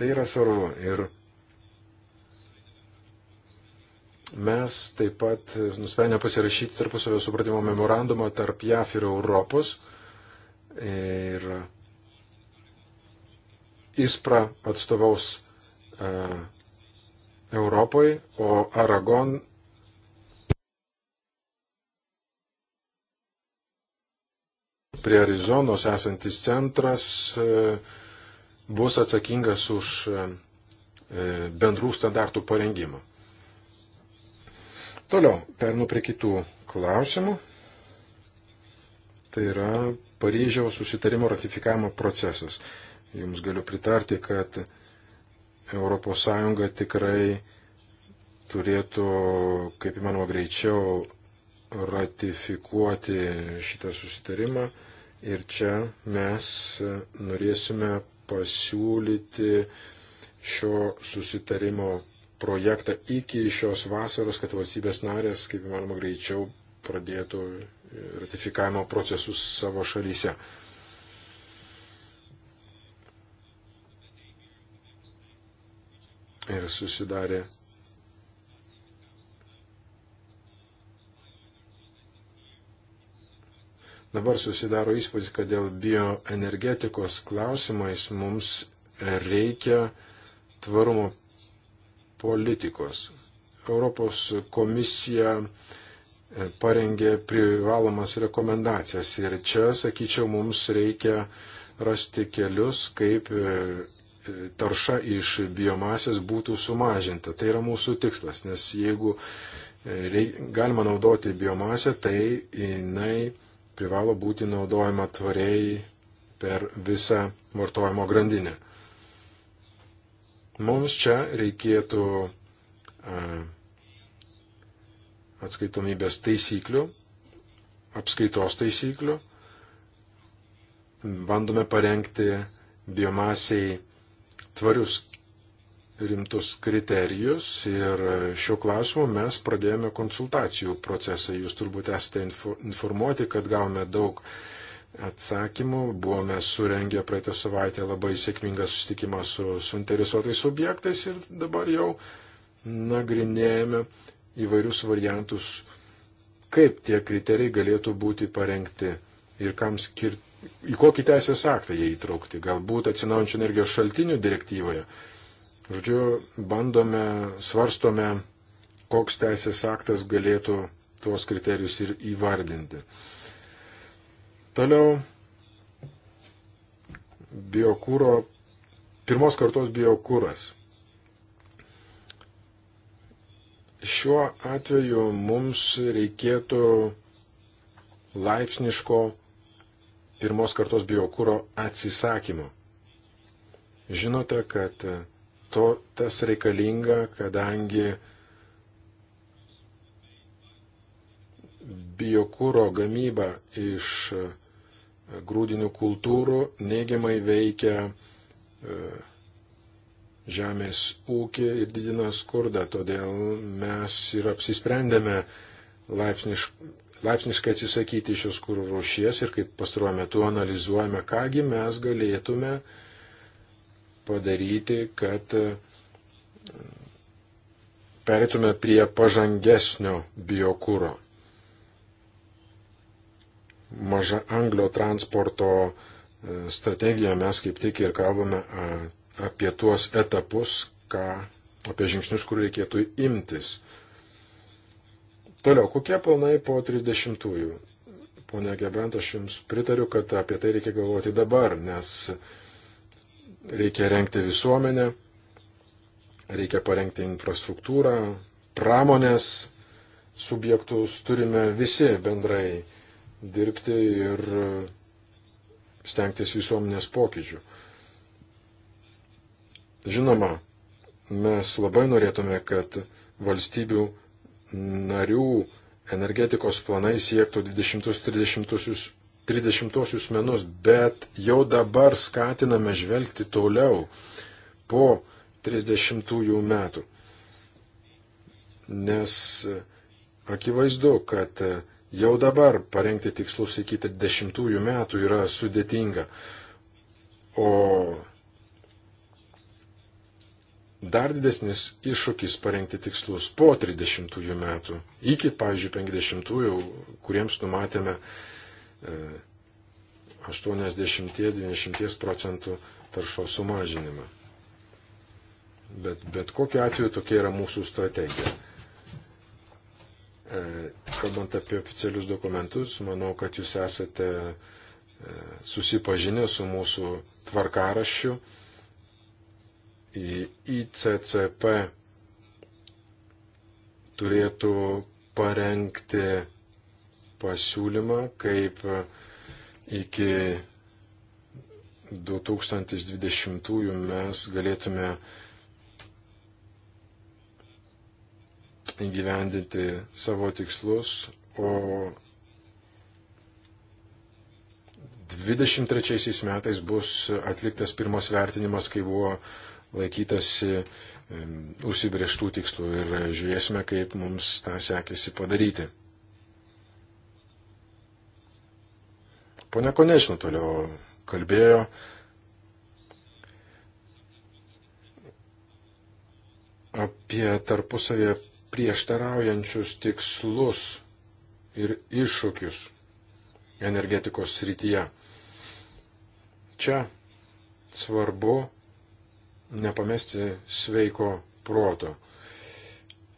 tai yra svarbu. Ir mes taip pat nusprendėme pasirašyti tarpusavio supratimo memorandumą tarp JAF ir Europos. Ir ISPRA atstovaus uh, Europai, o Aragon prie Arizonos esantis centras e, bus atsakingas už e, bendrų standartų parengimą. Toliau, pernu prie kitų klausimų. Tai yra Paryžiaus susitarimo ratifikavimo procesas. Jums galiu pritarti, kad ES tikrai turėtų, kaip įmanoma, greičiau ratifikuoti šitą susitarimą Ir čia mes e, norėsime pasiūlyti šio susitarimo projektą iki šios vasaros, kad valstybės narės, kaip įmanoma, greičiau pradėtų e, ratifikavimo procesus savo šalyse. Ir susidarė Dabar susidaro įspūdis, kad dėl bioenergetikos klausimais mums reikia tvarumo politikos. Europos komisija e, parengė privalomas rekomendacijas ir čia, sakyčiau, mums reikia rasti kelius, kaip e, e, tarša iš biomasės būtų sumažinta. Tai yra mūsų tikslas, nes jeigu reik, galima naudoti biomasę, tai jinai privalo būti naudojama tvariai per visą vartojimo grandinę. Mums čia reikėtų atskaitomybės taisyklių, apskaitos taisyklių. Bandome parengti biomasiai tvarius rimtus kriterijus ir šiuo klausimu mes pradėjome konsultacijų procesą. Jūs turbūt esate informuoti, kad gavome daug atsakymų. Buvome surengę praeitą savaitę labai sėkmingą susitikimą su suinteresuotais subjektais ir dabar jau nagrinėjame įvairius variantus, kaip tie kriterijai galėtų būti parengti ir kam skirti, į kokį teisės aktą jie įtraukti, galbūt atsinaujančių energijos šaltinių direktyvoje Žodžiu, bandome, svarstome, koks teisės aktas galėtų tuos kriterijus ir įvardinti. Toliau biokūro, pirmos kartos biokūras. Šiuo atveju mums reikėtų laipsniško pirmos kartos biokūro atsisakymo. Žinote, kad to tas reikalinga, kadangi biokūro gamyba iš e, grūdinių kultūrų neigiamai veikia e, žemės ūkį ir didina skurdą. Todėl mes ir apsisprendėme laipsniš, laipsniškai atsisakyti šios kūrų rušies ir kaip pastaruoju metu analizuojame, kągi mes galėtume uh, padaryti, kad e, perėtume prie pažangesnio biokūro. Maža anglio transporto e, strategiją mes kaip tik ir kalbame apie tuos etapus, ką, apie žingsnius, kur reikėtų imtis. Toliau, kokie planai po 30-ųjų? Pone Gebrant, aš Jums pritariu, kad apie tai reikia galvoti dabar, nes Reikia renkti visuomenę, reikia parengti infrastruktūrą, pramonės subjektus turime visi bendrai dirbti ir stengtis visuomenės pokyčių. Žinoma, mes labai norėtume, kad valstybių narių energetikos planai siektų 20-30 30-osius menus, bet jau dabar skatiname žvelgti toliau po 30-ųjų metų. Nes akivaizdu, kad jau dabar parengti tikslus iki 30-ųjų metų yra sudėtinga. O dar didesnis iššūkis parengti tikslus po 30-ųjų metų, iki, pavyzdžiui, 50-ųjų, kuriems numatėme 80-90 e, procentų taršos sumažinimą. Bet, bet kokiu atveju tokia yra mūsų strategija. E, kalbant apie oficialius dokumentus, manau, kad jūs esate e, susipažinę su mūsų tvarkarašiu į ICCP turėtų parengti pasiūlymą, kaip e, iki 2020 mes galėtume įgyvendinti savo tikslus, o 23 metais bus atliktas pirmas vertinimas, kai buvo laikytasi užsibrieštų tikslų ir žiūrėsime, kaip mums tą sekėsi padaryti. Pone Konešina toliau kalbėjo. apie tarpusavėje prieštaraujančius tikslus ir iššūkius energetikos srityje. Čia svarbu nepamesti sveiko proto.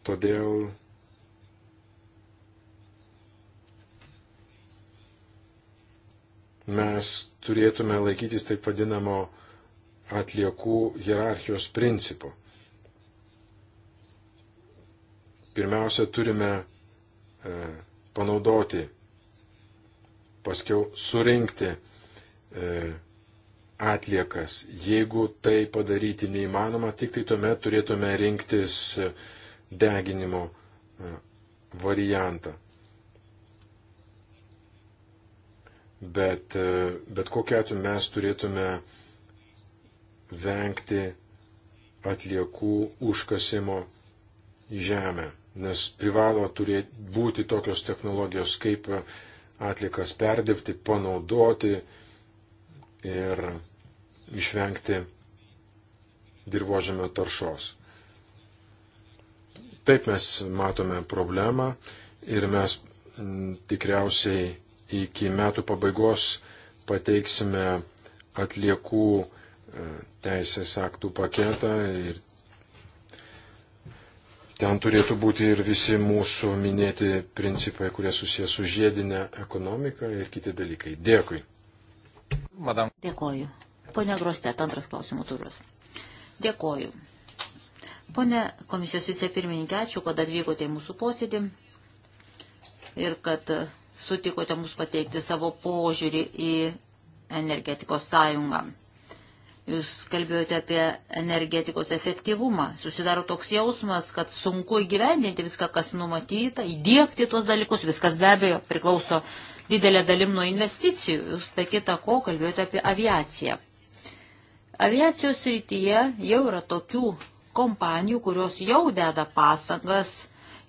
Todėl mes turėtume laikytis taip vadinamo atliekų hierarchijos principu. Pirmiausia, turime e, panaudoti, paskiau surinkti e, atliekas. Jeigu tai padaryti neįmanoma, tik tai tuomet turėtume rinktis deginimo e, variantą. bet, e, bet kokiu atveju mes turėtume vengti atliekų užkasimo į žemę, nes privalo turėti būti tokios technologijos, kaip atlikas perdirbti, panaudoti ir išvengti dirbožėmio taršos. Taip mes matome problemą ir mes tikriausiai iki metų pabaigos pateiksime atliekų e, teisės aktų paketą ir ten turėtų būti ir visi mūsų minėti principai, kurie susijęs su žiedinė ekonomika ir kiti dalykai. Dėkui. Madam. Dėkoju. Pone Grostet, antras klausimų turas. Dėkoju. Pone komisijos vicepirmininkė, ačiū, kad atvykote į mūsų posėdį ir kad sutikote mus pateikti savo požiūrį į energetikos sąjungą. Jūs kalbėjote apie energetikos efektyvumą. Susidaro toks jausmas, kad sunku įgyvendinti viską, kas numatyta, įdėkti tuos dalykus. Viskas be abejo priklauso didelė dalim nuo investicijų. Jūs be kita ko kalbėjote apie aviaciją. Aviacijos srityje jau yra tokių kompanijų, kurios jau deda pasangas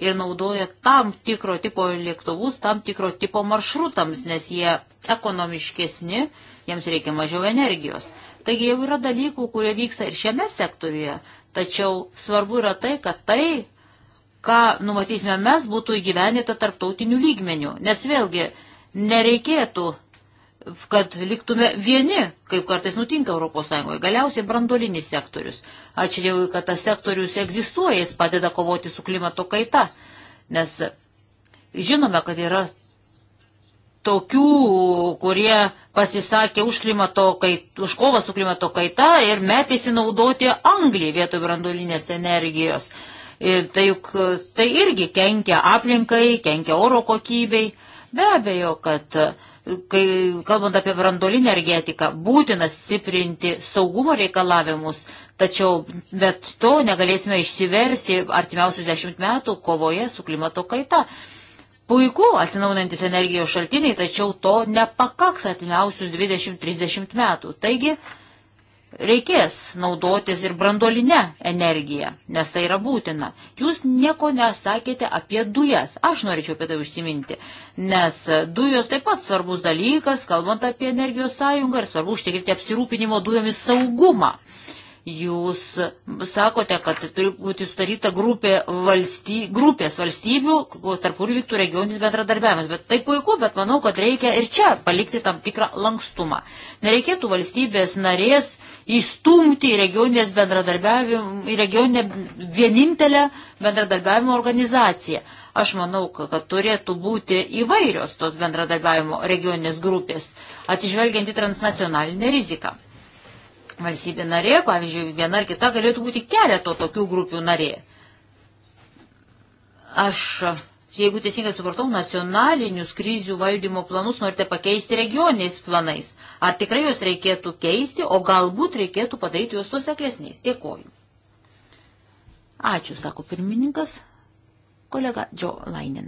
ir naudoja tam tikro tipo lėktuvus, tam tikro tipo maršrutams, nes jie ekonomiškesni, jiems reikia mažiau energijos. Taigi jau yra dalykų, kurie vyksta ir šiame sektoriuje, tačiau svarbu yra tai, kad tai, ką numatysime mes, būtų įgyvenita tarptautinių lygmenių, nes vėlgi nereikėtų kad liktume vieni, kaip kartais nutinka ES. Galiausiai brandolinis sektorius. Ačiū Dievui, kad tas sektorius egzistuoja, jis padeda kovoti su klimato kaita. Nes žinome, kad yra tokių, kurie pasisakė už, kait, už kovą su klimato kaita ir metėsi naudoti Anglį vietoj brandolinės energijos. Ir tai, juk, tai irgi kenkia aplinkai, kenkia oro kokybei. Be abejo, kad uh, kai kalbant apie brandolinę energetiką, būtina stiprinti saugumo reikalavimus, tačiau bet to negalėsime išsiversti artimiausius dešimt metų kovoje su klimato kaita. Puiku atsinaujantis energijos šaltiniai, tačiau to nepakaks atimiausius 20-30 metų. Taigi, reikės naudotis ir brandolinę energiją, nes tai yra būtina. Jūs nieko nesakėte apie dujas. Aš norėčiau apie tai užsiminti, nes dujos taip pat svarbus dalykas, kalbant apie energijos sąjungą ir svarbu užtikrinti apsirūpinimo dujomis saugumą. Jūs sakote, kad turi būti sudaryta grupė valsty, grupės valstybių, tarp kurių vyktų regioninis bendradarbiavimas. Bet tai puiku, bet manau, kad reikia ir čia palikti tam tikrą lankstumą. Nereikėtų valstybės narės uh, įstumti į, į regioninę vienintelę bendradarbiavimo organizaciją. Aš manau, kad turėtų būti įvairios tos bendradarbiavimo regioninės grupės, atsižvelgiant į transnacionalinę riziką. Valstybė narė, pavyzdžiui, viena ar kita galėtų būti keleto tokių grupių narė. Aš jeigu teisingai supratau, nacionalinius krizių valdymo planus norite pakeisti regioniais planais. Ar tikrai juos reikėtų keisti, o galbūt reikėtų padaryti juos nuseklesniais. Dėkoju. Ačiū, sako pirmininkas, kolega Džo Lainin.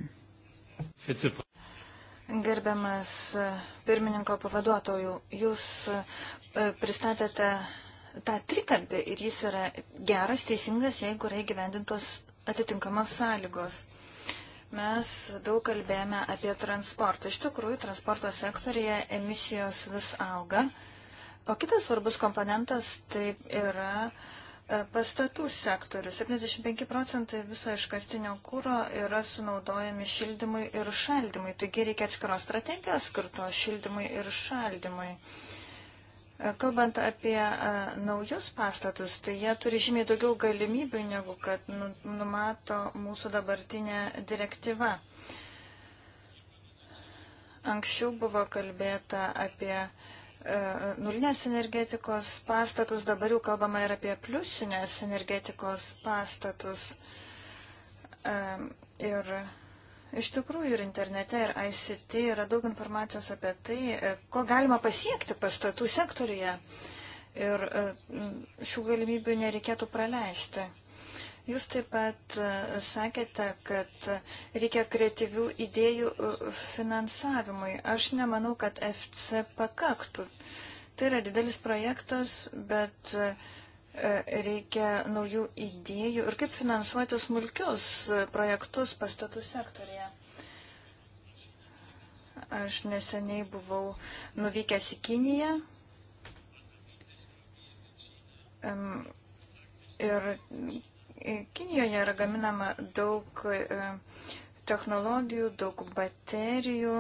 Gerbiamas e, pirmininko pavaduotojų, jūs e, pristatėte tą trikampį ir jis yra geras, teisingas, jeigu yra įgyvendintos atitinkamos sąlygos mes daug kalbėjome apie transportą. Iš tikrųjų, transporto sektorija emisijos vis auga. O kitas svarbus komponentas tai yra e, pastatų sektorius. 75 procentai viso iškastinio kūro yra sunaudojami šildymui ir šaldymui. Taigi reikia atskiros strategijos skirtos šildymui ir šaldymui. Uh, Kalbant apie naujus pastatus, tai jie turi žymiai daugiau galimybių, negu kad nu, numato mūsų dabartinė direktyva. Anksčiau buvo kalbėta apie nulinės energetikos pastatus, dabar jau kalbama ir apie pliusinės energetikos pastatus. Ir Iš tikrųjų ir internete, ir ICT yra daug informacijos apie tai, e, ko galima pasiekti pastatų sektoriuje. Ir e, šių galimybių nereikėtų praleisti. Jūs taip pat e, sakėte, kad reikia kreatyvių idėjų finansavimui. Aš nemanau, kad FC pakaktų. Tai yra didelis projektas, bet uh, E, reikia naujų idėjų ir kaip finansuoti smulkius projektus pastatų sektorėje. Aš neseniai buvau nuvykęs į Kiniją ir Kinijoje yra gaminama daug e, technologijų, daug baterijų.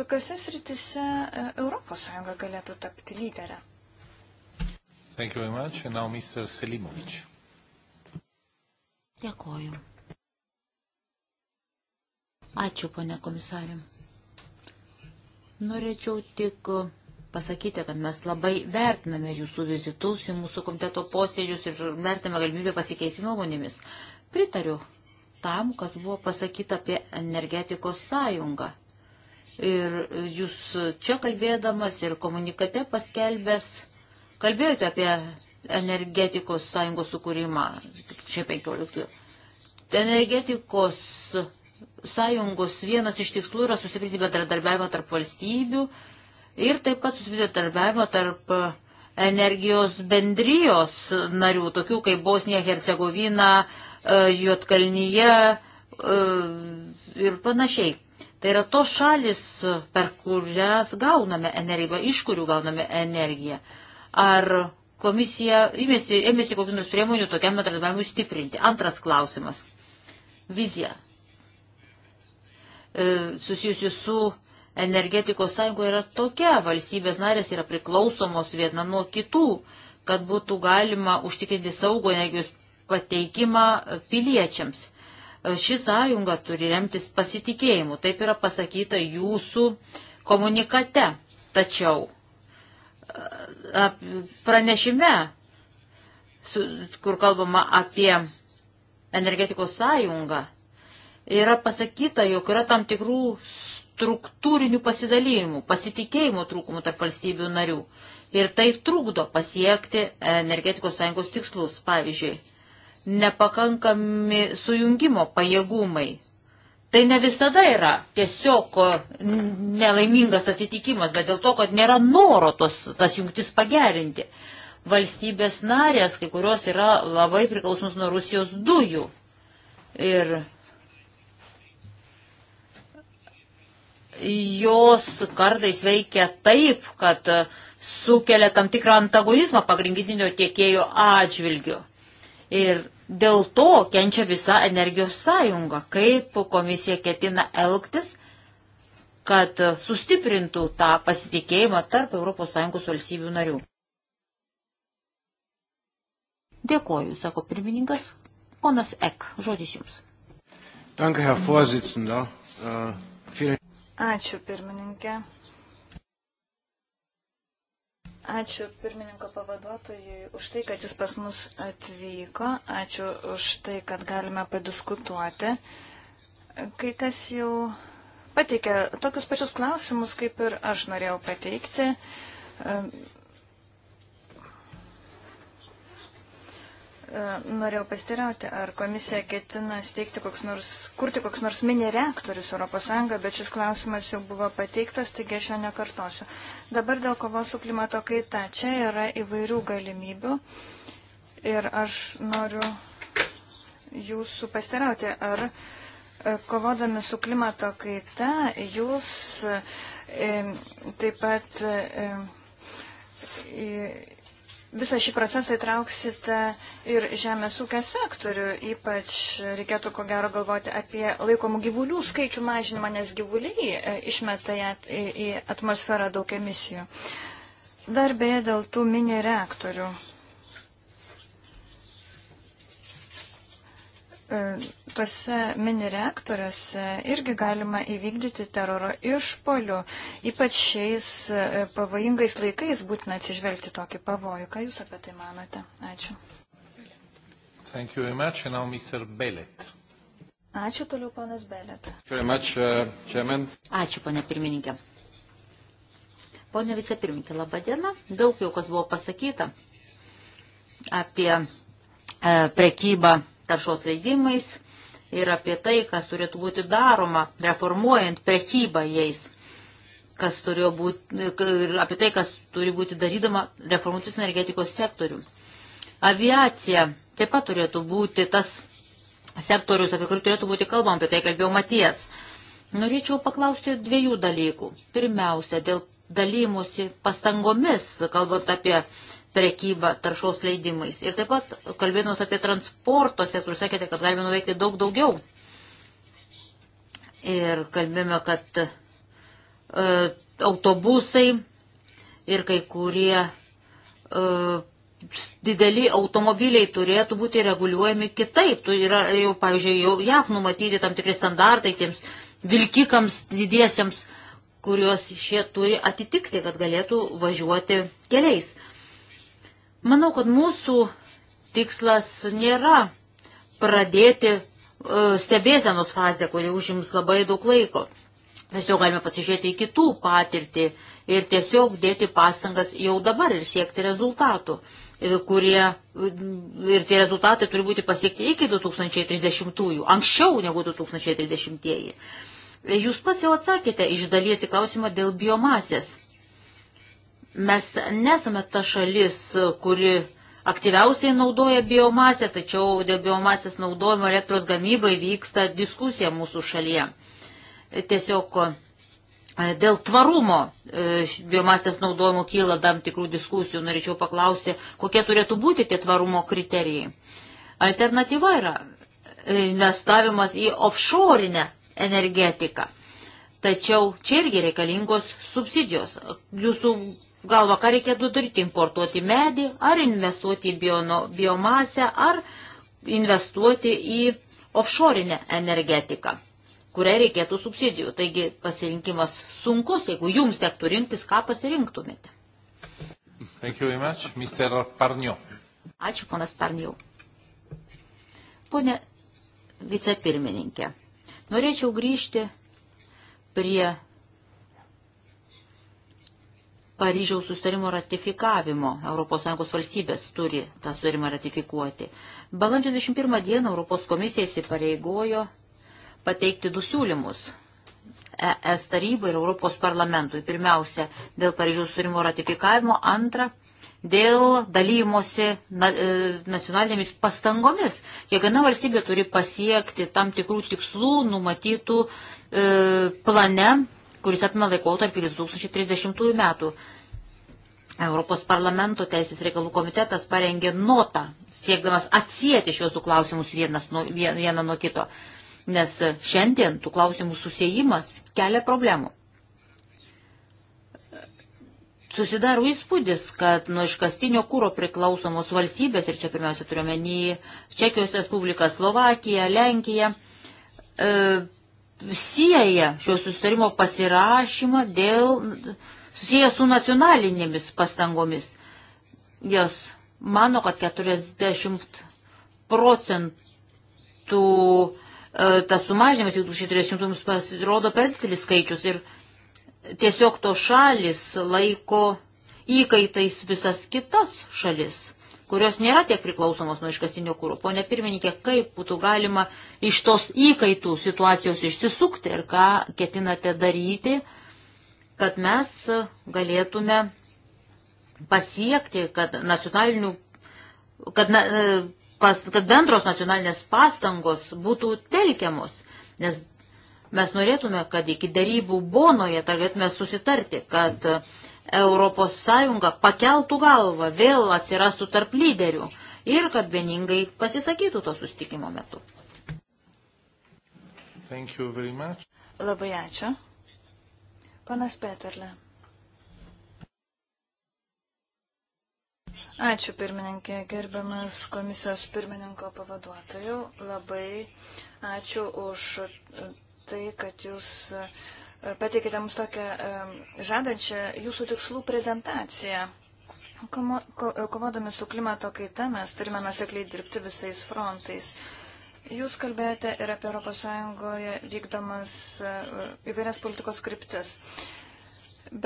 Kokiuose sritise ES galėtų tapti lyderę? Thank you very much. And now Mr. Selimovic. Dėkoju. Ačiū, ponė komisarė. Norėčiau tik pasakyti, kad mes labai vertiname jūsų vizitus į mūsų komiteto posėdžius ir vertiname galimybę pasikeisti nuomonėmis. Pritariu tam, kas buvo pasakyta apie energetikos sąjungą. Ir jūs čia kalbėdamas ir komunikate paskelbęs Kalbėjote apie energetikos sąjungos sukūrimą čia 15. Energetikos sąjungos vienas iš tikslų yra sustiprinti bendradarbiavimą tarp valstybių ir taip pat sustiprinti bendradarbiavimą tarp energijos bendrijos narių, tokių kaip Bosnija, Hercegovina, e, Jotkalnyje e, ir panašiai. Tai yra tos šalis, per kurias gauname energiją, iš kurių gauname energiją. Ar komisija ėmėsi, ėmėsi kokių nors priemonių tokiam bendradarbiavimui stiprinti? Antras klausimas. Vizija e, susijusi su energetikos sąjunga yra tokia. Valstybės narės yra priklausomos viena nuo kitų, kad būtų galima užtikrinti saugų energijos pateikimą piliečiams. E, ši sąjunga turi remtis pasitikėjimu. Taip yra pasakyta jūsų komunikate. Tačiau pranešime, kur kalbama apie energetikos sąjungą, yra pasakyta, jog yra tam tikrų struktūrinių pasidalymų, pasitikėjimo trūkumų tarp valstybių narių. Ir tai trukdo pasiekti energetikos sąjungos tikslus. Pavyzdžiui, nepakankami sujungimo pajėgumai Tai ne visada yra tiesiog e, nelaimingas atsitikimas, bet dėl to, kad nėra noro tos, tas jungtis pagerinti. Valstybės narės, kai kurios yra labai priklausomus nuo Rusijos dujų. Ir jos kartais veikia taip, kad e, sukelia tam tikrą antagonizmą pagrindinio tiekėjo atžvilgiu. Ir Dėl to kenčia visa energijos sąjunga, kaip komisija ketina elgtis, kad sustiprintų tą pasitikėjimą tarp ES valstybių narių. Dėkoju, sako pirmininkas. Ponas Ek, žodis jums. Danke, Herr Vorsitzender. Uh, vielen... Ačiū, pirmininkė. Ačiū pirmininko pavaduotojui už tai, kad jis pas mus atvyko. Ačiū už tai, kad galime padiskutuoti. Kai kas jau pateikė tokius pačius klausimus, kaip ir aš norėjau pateikti. E, norėjau pastirauti, ar komisija ketina steigti koks nors, kurti koks nors mini reaktorius ES, bet šis klausimas jau buvo pateiktas, taigi aš jo nekartosiu. Dabar dėl kovos su klimato kaita. Čia yra įvairių galimybių ir aš noriu jūsų pastirauti, ar e, kovodami su klimato kaita jūs e, taip pat. E, e visą šį procesą įtrauksite ir žemės ūkio sektorių. Ypač reikėtų ko gero galvoti apie laikomų gyvulių skaičių mažinimą, nes gyvuliai e, išmeta į atmosferą daug emisijų. Dar beje dėl tų mini reaktorių. E, tuose mini reaktoriuose irgi galima įvykdyti teroro išpolių. Ypač šiais e, pavojingais laikais būtina atsižvelgti tokį pavojų. Ką Jūs apie tai manote? Ačiū. Thank you very much. And now Mr. Bellet. Ačiū toliau, ponas Belėt. Uh, Ačiū, ponė pirmininkė. Pone vicepirmininkė, laba diena. Daug jau kas buvo pasakyta apie e, prekybą taršos leidimais ir apie tai, kas turėtų būti daroma, reformuojant prekybą jais, kas turėjo būti, ir apie tai, kas turi būti darydama reformuotis energetikos sektorių. Aviacija taip pat turėtų būti tas sektorius, apie kurį turėtų būti kalbam, apie tai kalbėjau Maties. Norėčiau paklausti dviejų dalykų. Pirmiausia, dėl dalymosi pastangomis, kalbant apie prekybą taršos leidimais. Ir taip pat kalbėdamas apie transporto sektorių, sakėte, kad galime nuveikti daug daugiau. Ir kalbėjome, kad e, autobusai ir kai kurie e, dideli automobiliai turėtų būti reguliuojami kitaip. Tu yra, jau, pavyzdžiui, jau JAF numatyti tam tikri standartai tiems vilkikams didiesiems kuriuos šie turi atitikti, kad galėtų važiuoti keliais. Manau, kad mūsų tikslas nėra pradėti e, stebėsenos fazę, kuri užims labai daug laiko. Tiesiog galime pasižiūrėti į kitų patirtį ir tiesiog dėti pastangas jau dabar ir siekti rezultatų, e, kurie e, ir tie rezultatai turi būti pasiekti iki 2030-ųjų, anksčiau negu 2030-ieji. Jūs pats jau atsakėte iš dalies į klausimą dėl biomasės. Mes nesame ta šalis, kuri aktyviausiai naudoja biomasę, tačiau dėl biomasės naudojimo elektros gamybai vyksta diskusija mūsų šalyje. Tiesiog e, dėl tvarumo e, biomasės naudojimo kyla tam tikrų diskusijų. Norėčiau paklausti, kokie turėtų būti tie tvarumo kriterijai. Alternatyva yra investavimas į offshorinę energetiką. Tačiau čia irgi reikalingos subsidijos. Jūsų galva, ką reikėtų daryti, importuoti medį, ar investuoti į biono, biomasę, ar investuoti į offshorinę energetiką, kuriai reikėtų subsidijų. Taigi pasirinkimas sunkus, jeigu jums tektų rinktis, ką pasirinktumėte. Much, Ačiū, ponas Parniau. Pone vicepirmininkė, norėčiau grįžti prie Paryžiaus sustarimo ratifikavimo. ES valstybės turi tą sustarimą ratifikuoti. Balandžio 21 dieną Europos komisija įsipareigojo pateikti du siūlymus ES tarybai ir Europos parlamentui. Pirmiausia, dėl Paryžiaus sustarimo ratifikavimo. Antra, dėl dalymosi e, nacionalinėmis pastangomis. Kiekviena valstybė turi pasiekti tam tikrų tikslų numatytų e, plane kuris apima laikotarpį 2030 metų. Europos parlamento teisės reikalų komitetas parengė notą, siekdamas atsijėti šios du klausimus vienas nuo, vieną nuo kito, nes šiandien tų klausimų susijimas kelia problemų. Susidaro įspūdis, kad nuo iškastinio kūro priklausomos valstybės, ir čia pirmiausia turiuomenį Čekijos Respubliką, Slovakiją, Lenkiją, e, sieja šio sustarimo pasirašymą dėl, sieja su nacionalinėmis pastangomis. Jos mano, kad 40 procentų e, tas sumažinimas iki 2030 pasirodo per didelis skaičius ir tiesiog to šalis laiko įkaitais visas kitas šalis kurios nėra tiek priklausomos nuo iškastinio kūro. Pone pirmininkė, kaip būtų galima iš tos įkaitų situacijos išsisukti ir ką ketinate daryti, kad mes galėtume pasiekti, kad, kad, na, e, pas, kad bendros nacionalinės pastangos būtų telkiamos. Nes mes norėtume, kad iki darybų Bonoje galėtume susitarti, kad uh, ES pakeltų galvą, vėl atsirastų tarp lyderių ir kad vieningai pasisakytų to sustikimo metu. Labai ačiū. Panas Peterle. Ačiū pirmininkė, gerbiamas komisijos pirmininko pavaduotojų. Labai ačiū už tai, kad jūs uh, pateikėte mums tokią žadančią jūsų tikslų prezentaciją. Kovodami su klimato kaita mes turime nusekliai dirbti visais frontais. Jūs kalbėjote ir apie ES vykdomas e, įvairias politikos kryptis.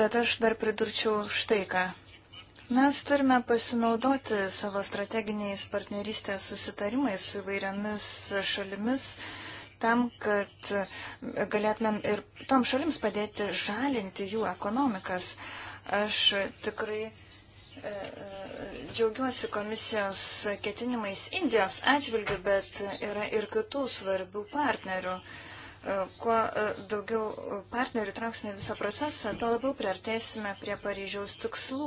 Bet aš dar pridurčiau štai ką. Mes turime pasinaudoti savo strateginiais partnerystės susitarimais su įvairiomis šalimis, uh, tam, kad galėtumėm ir tom šalims padėti žalinti jų ekonomikas. Aš tikrai e, e, džiaugiuosi komisijos ketinimais Indijos atžvilgių, bet yra ir kitų svarbių partnerių. Uh, E, kuo e, daugiau partnerių trauksime visą procesą, tuo labiau priartėsime prie Paryžiaus tikslų.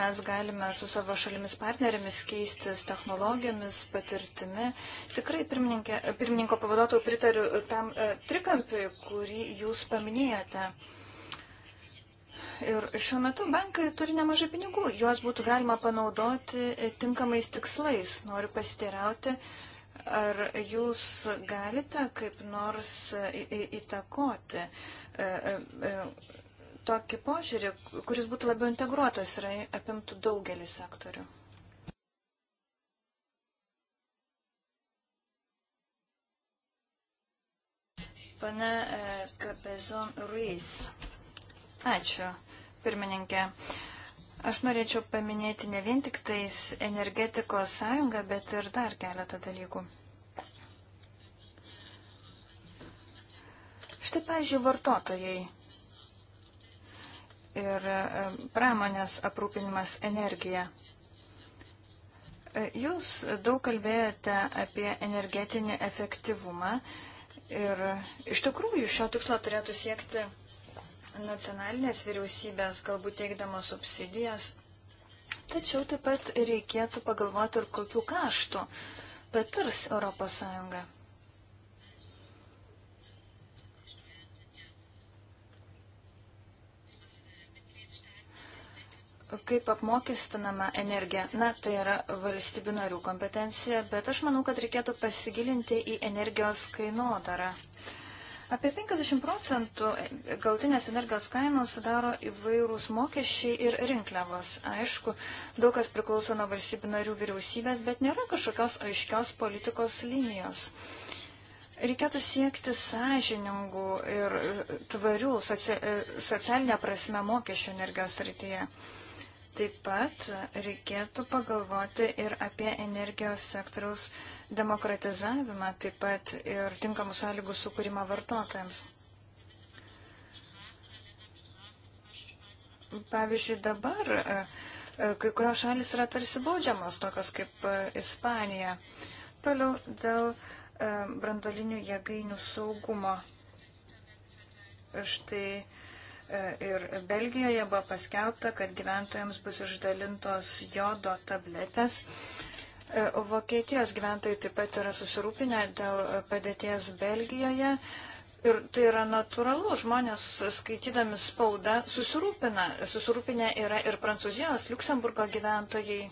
Mes galime su savo šalimis partnerėmis keistis technologijomis, patirtimi. Tikrai pirmininko pavaduotojų pritariu tam e, trikampiui, kurį jūs paminėjote. Ir šiuo metu bankai turi nemažai pinigų, juos būtų galima panaudoti tinkamais tikslais. Noriu pasiteirauti, Ar jūs galite kaip nors įtakoti e, e, e, tokį požiūrį, kuris būtų labiau integruotas ir apimtų daugelį sektorių? Pane Kapezon Ruiz. Ačiū, pirmininkė. Uh, Aš norėčiau paminėti ne vien tik tais energetikos sąjungą, bet ir dar keletą dalykų. Štai, pažiūrėjau, vartotojai ir e, pramonės aprūpinimas energija. E, jūs daug kalbėjote apie energetinį efektyvumą ir e, iš tikrųjų šio tikslo turėtų siekti nacionalinės vyriausybės, galbūt teikdamos subsidijas. Tačiau taip pat reikėtų pagalvoti ir kokių kaštų patirs ES. kaip apmokestinama energija. Na, tai yra valstybių narių kompetencija, bet aš manau, kad reikėtų pasigilinti į energijos kainodarą. Apie 50 procentų galtinės energijos kainos sudaro įvairūs mokesčiai ir rinkliavos. Aišku, daug kas priklauso nuo valstybių narių vyriausybės, bet nėra kažkokios aiškios politikos linijos. Reikėtų siekti sąžiningų ir e, tvarių socia e, socialinė prasme mokesčių energijos rytyje. Taip pat reikėtų pagalvoti ir apie energijos sektoriaus demokratizavimą, taip pat ir tinkamų sąlygų sukūrimą vartotojams. Pavyzdžiui, dabar e, e, kai kurios šalis yra tarsi baudžiamos, tokios kaip e, Ispanija. Toliau dėl brandolinių jėgainių saugumo. Štai ir Belgijoje buvo paskelbta, kad gyventojams bus išdalintos jodo tabletės E, Vokietijos gyventojai taip pat yra susirūpinę dėl padėties Belgijoje. Ir tai yra natūralu, žmonės skaitydami spaudą susirūpina. Susirūpinę yra ir Prancūzijos, Luksemburgo gyventojai.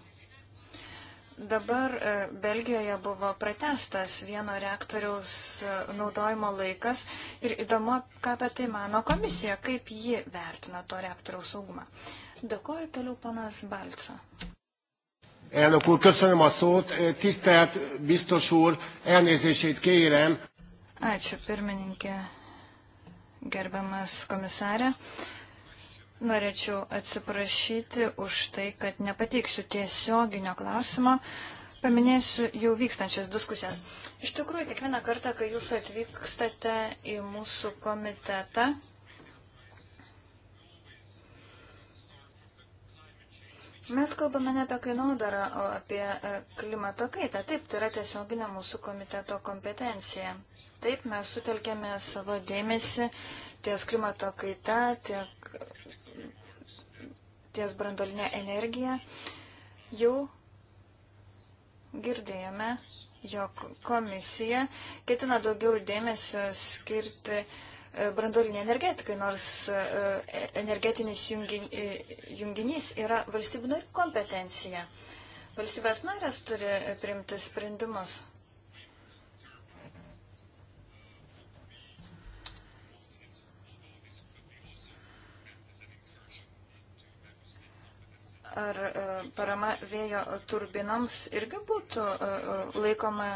Dabar e, Belgijoje buvo pratestas vieno reaktoriaus e, naudojimo laikas ir įdomu, ką apie tai mano komisija, kaip ji vertina to reaktoriaus saugumą. Dėkoju toliau panas Balco. Elnök úr, köszönöm a szót. Tisztelt biztos úr, elnézését kérem. Ačiū, pirmininkė, gerbiamas komisarė. Norėčiau atsiprašyti už tai, kad nepateiksiu tiesioginio klausimo. Paminėsiu jau vykstančias diskusijas. Iš tikrųjų, kiekvieną kartą, kai jūs atvykstate į mūsų komitetą, Mes kalbame ne apie kainodarą, o apie e, klimato kaitą. Taip, tai yra tiesioginė mūsų komiteto kompetencija. Taip, mes sutelkėme savo dėmesį ties klimato kaita, tiek ties brandolinė energija. Jau girdėjome, jog komisija ketina daugiau dėmesio skirti uh, brandolinė energetikai, nors e, energetinis e, junginys yra valstybių narių kompetencija. Valstybės narės turi priimti sprendimus. Ar e, parama vėjo turbinams irgi būtų laikoma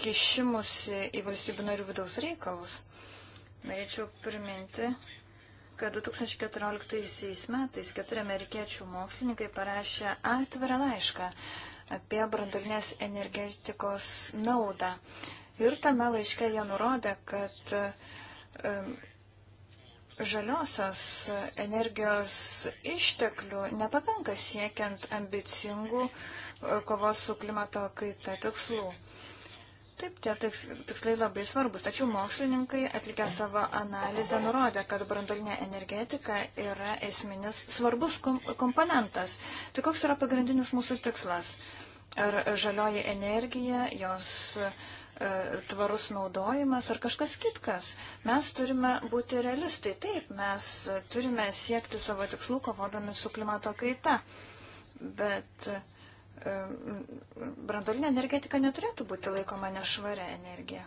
kišimusi į valstybių narių vidaus reikalus? Norėčiau priminti, kad 2014 metais keturi amerikiečių mokslininkai parašė atvirą laišką apie brandolinės energetikos naudą. Ir tame laiške jie nurodė, kad um, žaliosios energijos išteklių nepakanka siekiant ambicingų e, kovos su klimato kaita tikslų. Taip, tie tikslai labai svarbus, tačiau mokslininkai atlikę savo analizę nurodė, kad brandolinė energetika yra esminis svarbus komponentas. Tai koks yra pagrindinis mūsų tikslas? Ar žalioji energija, jos e, tvarus naudojimas ar kažkas kitkas. Mes turime būti realistai. Taip, mes turime siekti savo tikslų kovodami su klimato kaita. Bet uh, brandolinė energetika neturėtų būti laikoma nešvaria energija.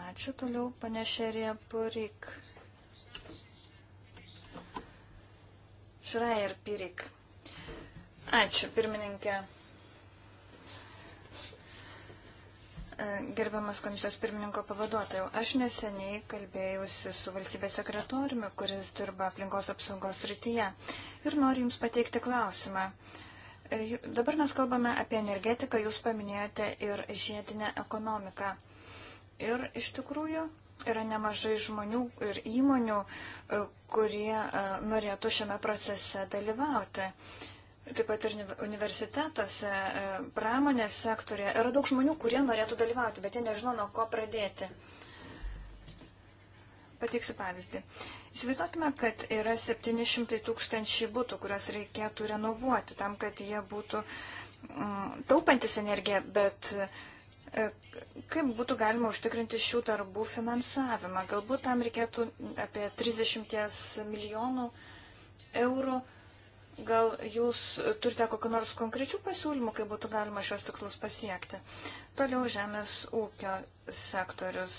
Ačiū toliau, panešerė Purik. Šrajer Pirik. Ačiū, pirmininkė. E, gerbiamas komisijos pirmininko pavaduotojau. Aš neseniai kalbėjusi su valstybės sekretoriumi, kuris dirba aplinkos apsaugos rytyje. Ir noriu Jums pateikti klausimą. E, dabar mes kalbame apie energetiką, Jūs paminėjote ir žiedinę ekonomiką. Ir iš tikrųjų yra nemažai žmonių ir įmonių, e, kurie norėtų šiame procese dalyvauti taip pat ir universitetuose, e, pramonės sektorėje yra daug žmonių, kurie norėtų dalyvauti, bet jie nežino, nuo ko pradėti. Pateiksiu pavyzdį. Įsivaizduokime, kad yra 700 tūkstančių būtų, kurias reikėtų renovuoti tam, kad jie būtų mm, taupantis energiją, bet e, kaip būtų galima užtikrinti šių darbų finansavimą. Galbūt tam reikėtų apie 30 milijonų eurų Gal jūs turite kokiu nors konkrečių pasiūlymų, kaip būtų galima šios tikslus pasiekti? Toliau žemės ūkio sektorius.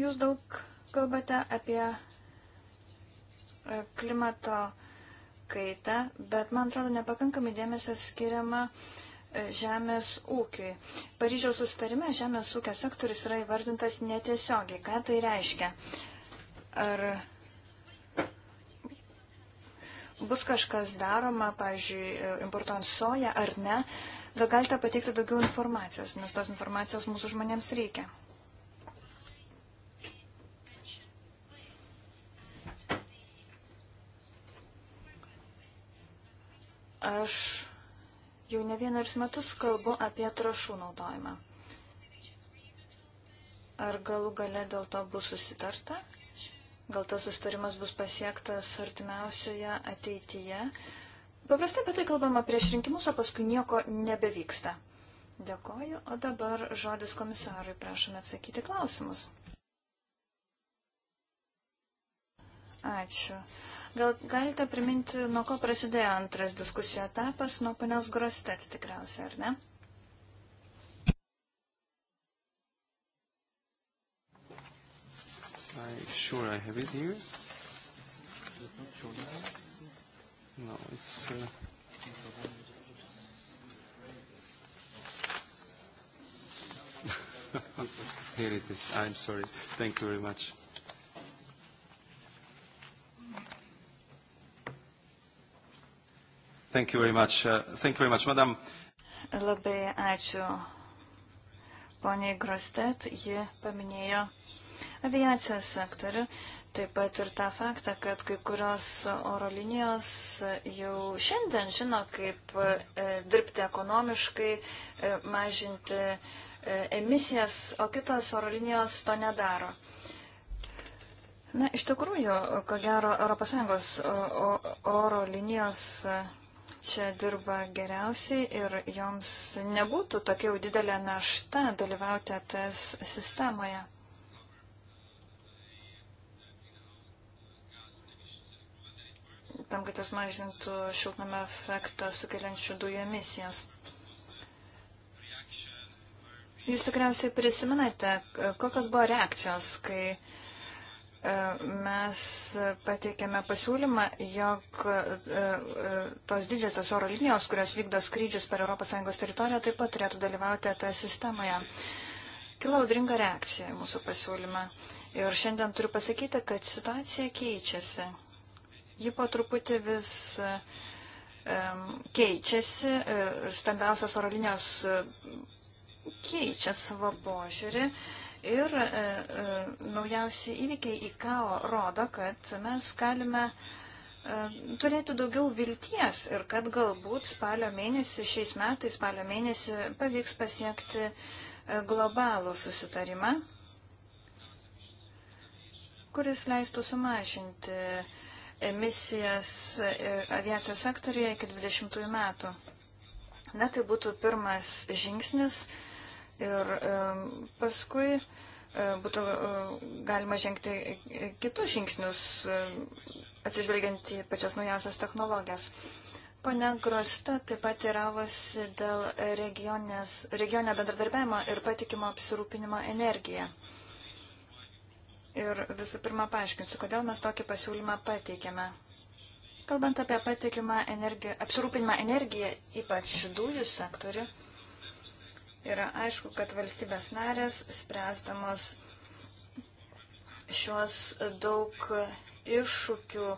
Jūs daug kalbate apie e, klimato kaitą, bet man atrodo nepakankamai dėmesio skiriama e, žemės ūkiui. Paryžiaus sustarime žemės ūkio sektorius yra įvardintas netiesiogiai. Ką tai reiškia? Ar bus kažkas daroma, pavyzdžiui, importuojant soją ar ne. Gal galite pateikti daugiau informacijos, nes tos informacijos mūsų žmonėms reikia. Aš jau ne vienerius metus kalbu apie trašų naudojimą. Ar galų gale dėl to bus susitarta? Gal tas sustarimas bus pasiektas artimiausioje ateityje. Paprastai apie tai kalbama prieš rinkimus, o paskui nieko nebevyksta. Dėkoju, o dabar žodis komisarui, prašome atsakyti klausimus. Ačiū. Gal galite priminti, nuo ko prasidėjo antras diskusijų etapas, nuo panios Grostet tikriausiai, ar ne? I'm sure I have it here. No, it's. Uh, *laughs* Here it is. I'm sorry. Thank you very much. Thank you very much. Uh, thank you very much, madam. Labai ačiū poniai Grostet. Ji paminėjo aviacijos sektorių, taip pat ir tą faktą, kad kai kurios oro linijos jau šiandien žino, kaip e, dirbti ekonomiškai, e, mažinti e, emisijas, o kitos oro linijos to nedaro. Na, iš tikrųjų, ko gero, ES oro linijos čia dirba geriausiai ir joms nebūtų tokia jau didelė našta dalyvauti ATS sistemoje. tam, kad jos mažintų šiltnamio efektą sukeliančių dujų emisijas. Jūs tikriausiai prisiminate, kokios buvo reakcijos, kai e, mes pateikėme pasiūlymą, jog e, e, tos didžiosios oro linijos, kurios vykdo skrydžius per ES teritoriją, taip pat turėtų dalyvauti toje sistemoje. Kilo audringa reakcija į mūsų pasiūlymą. Ir šiandien turiu pasakyti, kad situacija keičiasi. Ji po truputį vis keičiasi, e, stambiausios oro linijos e, keičia savo požiūrį ir e, naujausi įvykiai į KAO rodo, kad mes galime turėti daugiau vilties ir kad galbūt spalio mėnesį, šiais metais spalio mėnesį pavyks pasiekti globalų susitarimą, kuris leistų sumažinti uh, emisijas aviacijos sektoriuje iki 20 metų. Na, tai būtų pirmas žingsnis ir paskui e, būtų e, galima žengti kitus žingsnius, e, atsižvelgiant į pačias naujausias technologijas. Pane Grosta taip pat įravosi dėl regioninio bendradarbiavimo ir patikimo apsirūpinimo energiją. Ir visų pirma paaiškinsiu, kodėl mes tokį pasiūlymą pateikėme. Kalbant apie patikimą energiją, apsirūpinimą energiją, ypač dujų sektorių, yra aišku, kad valstybės narės spręsdamos šios daug iššūkių e,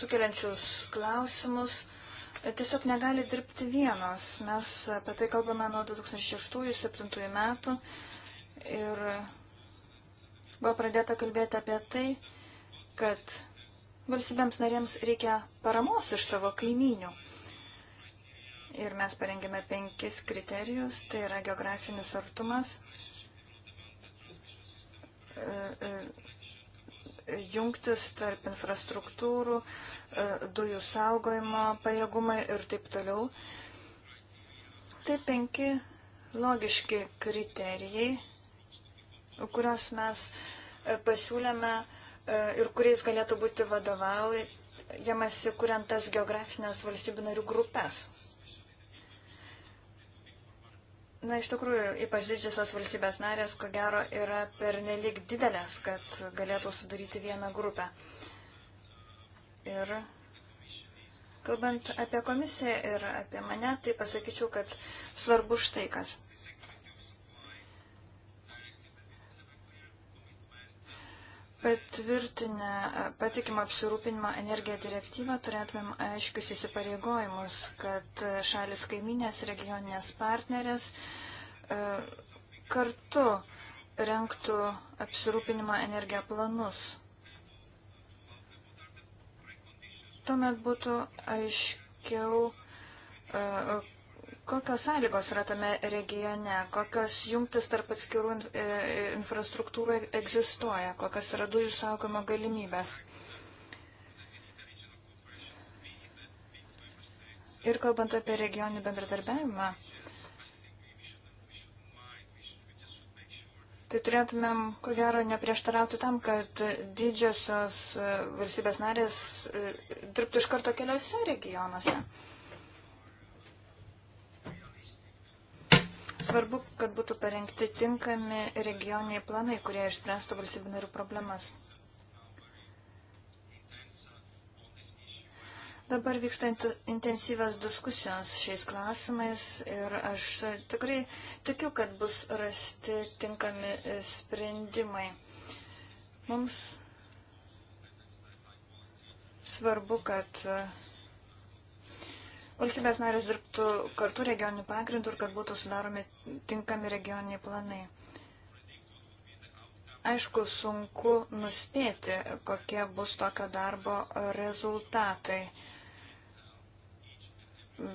sukeliančius klausimus e, tiesiog negali dirbti vienos. Mes apie tai kalbame nuo 2006-2007 metų ir Buvo pradėta kalbėti apie tai, kad valstybėms narėms reikia paramos iš savo kaimynių. Ir mes parengėme penkis kriterijus, tai yra geografinis artumas, e, e, jungtis tarp infrastruktūrų, e, dujų saugojimo pajėgumai ir taip toliau. Tai penki logiški kriterijai, kuriuos mes e, pasiūlėme e, ir kuriais galėtų būti vadovaujamasi, kuriant tas geografinės valstybių narių grupės. Na, iš tikrųjų, ypač didžiosios valstybės narės, ko gero, yra pernelik didelės, kad galėtų sudaryti vieną grupę. Ir kalbant apie komisiją ir apie mane, tai pasakyčiau, kad svarbu štai kas. patvirtinę patikimą apsirūpinimą energiją direktyvą turėtumėm aiškius įsipareigojimus, kad šalis kaiminės, regioninės partnerės e, kartu renktų apsirūpinimą energiją planus. Tuomet būtų aiškiau, e, Kokios sąlygos yra tame regione, kokios jungtis tarp atskirų e, infrastruktūrų egzistuoja, kokios yra dujų saugojimo galimybės. Ir kalbant apie regioninį bendradarbiavimą, tai turėtumėm, ko gero, neprieštarauti tam, kad didžiosios e, valstybės narės e, dirbtų iš karto keliose regionuose. Svarbu, kad būtų parengti tinkami regioniai planai, kurie išspręstų valstybių narių problemas. Dabar vyksta intensyvios diskusijos šiais klausimais ir aš tikrai tikiu, kad bus rasti tinkami sprendimai. Mums svarbu, kad valstybės narės dirbtų kartu regioninių pagrindų ir kad būtų sudaromi tinkami regioniniai planai. Aišku, sunku nuspėti, kokie bus tokio darbo rezultatai,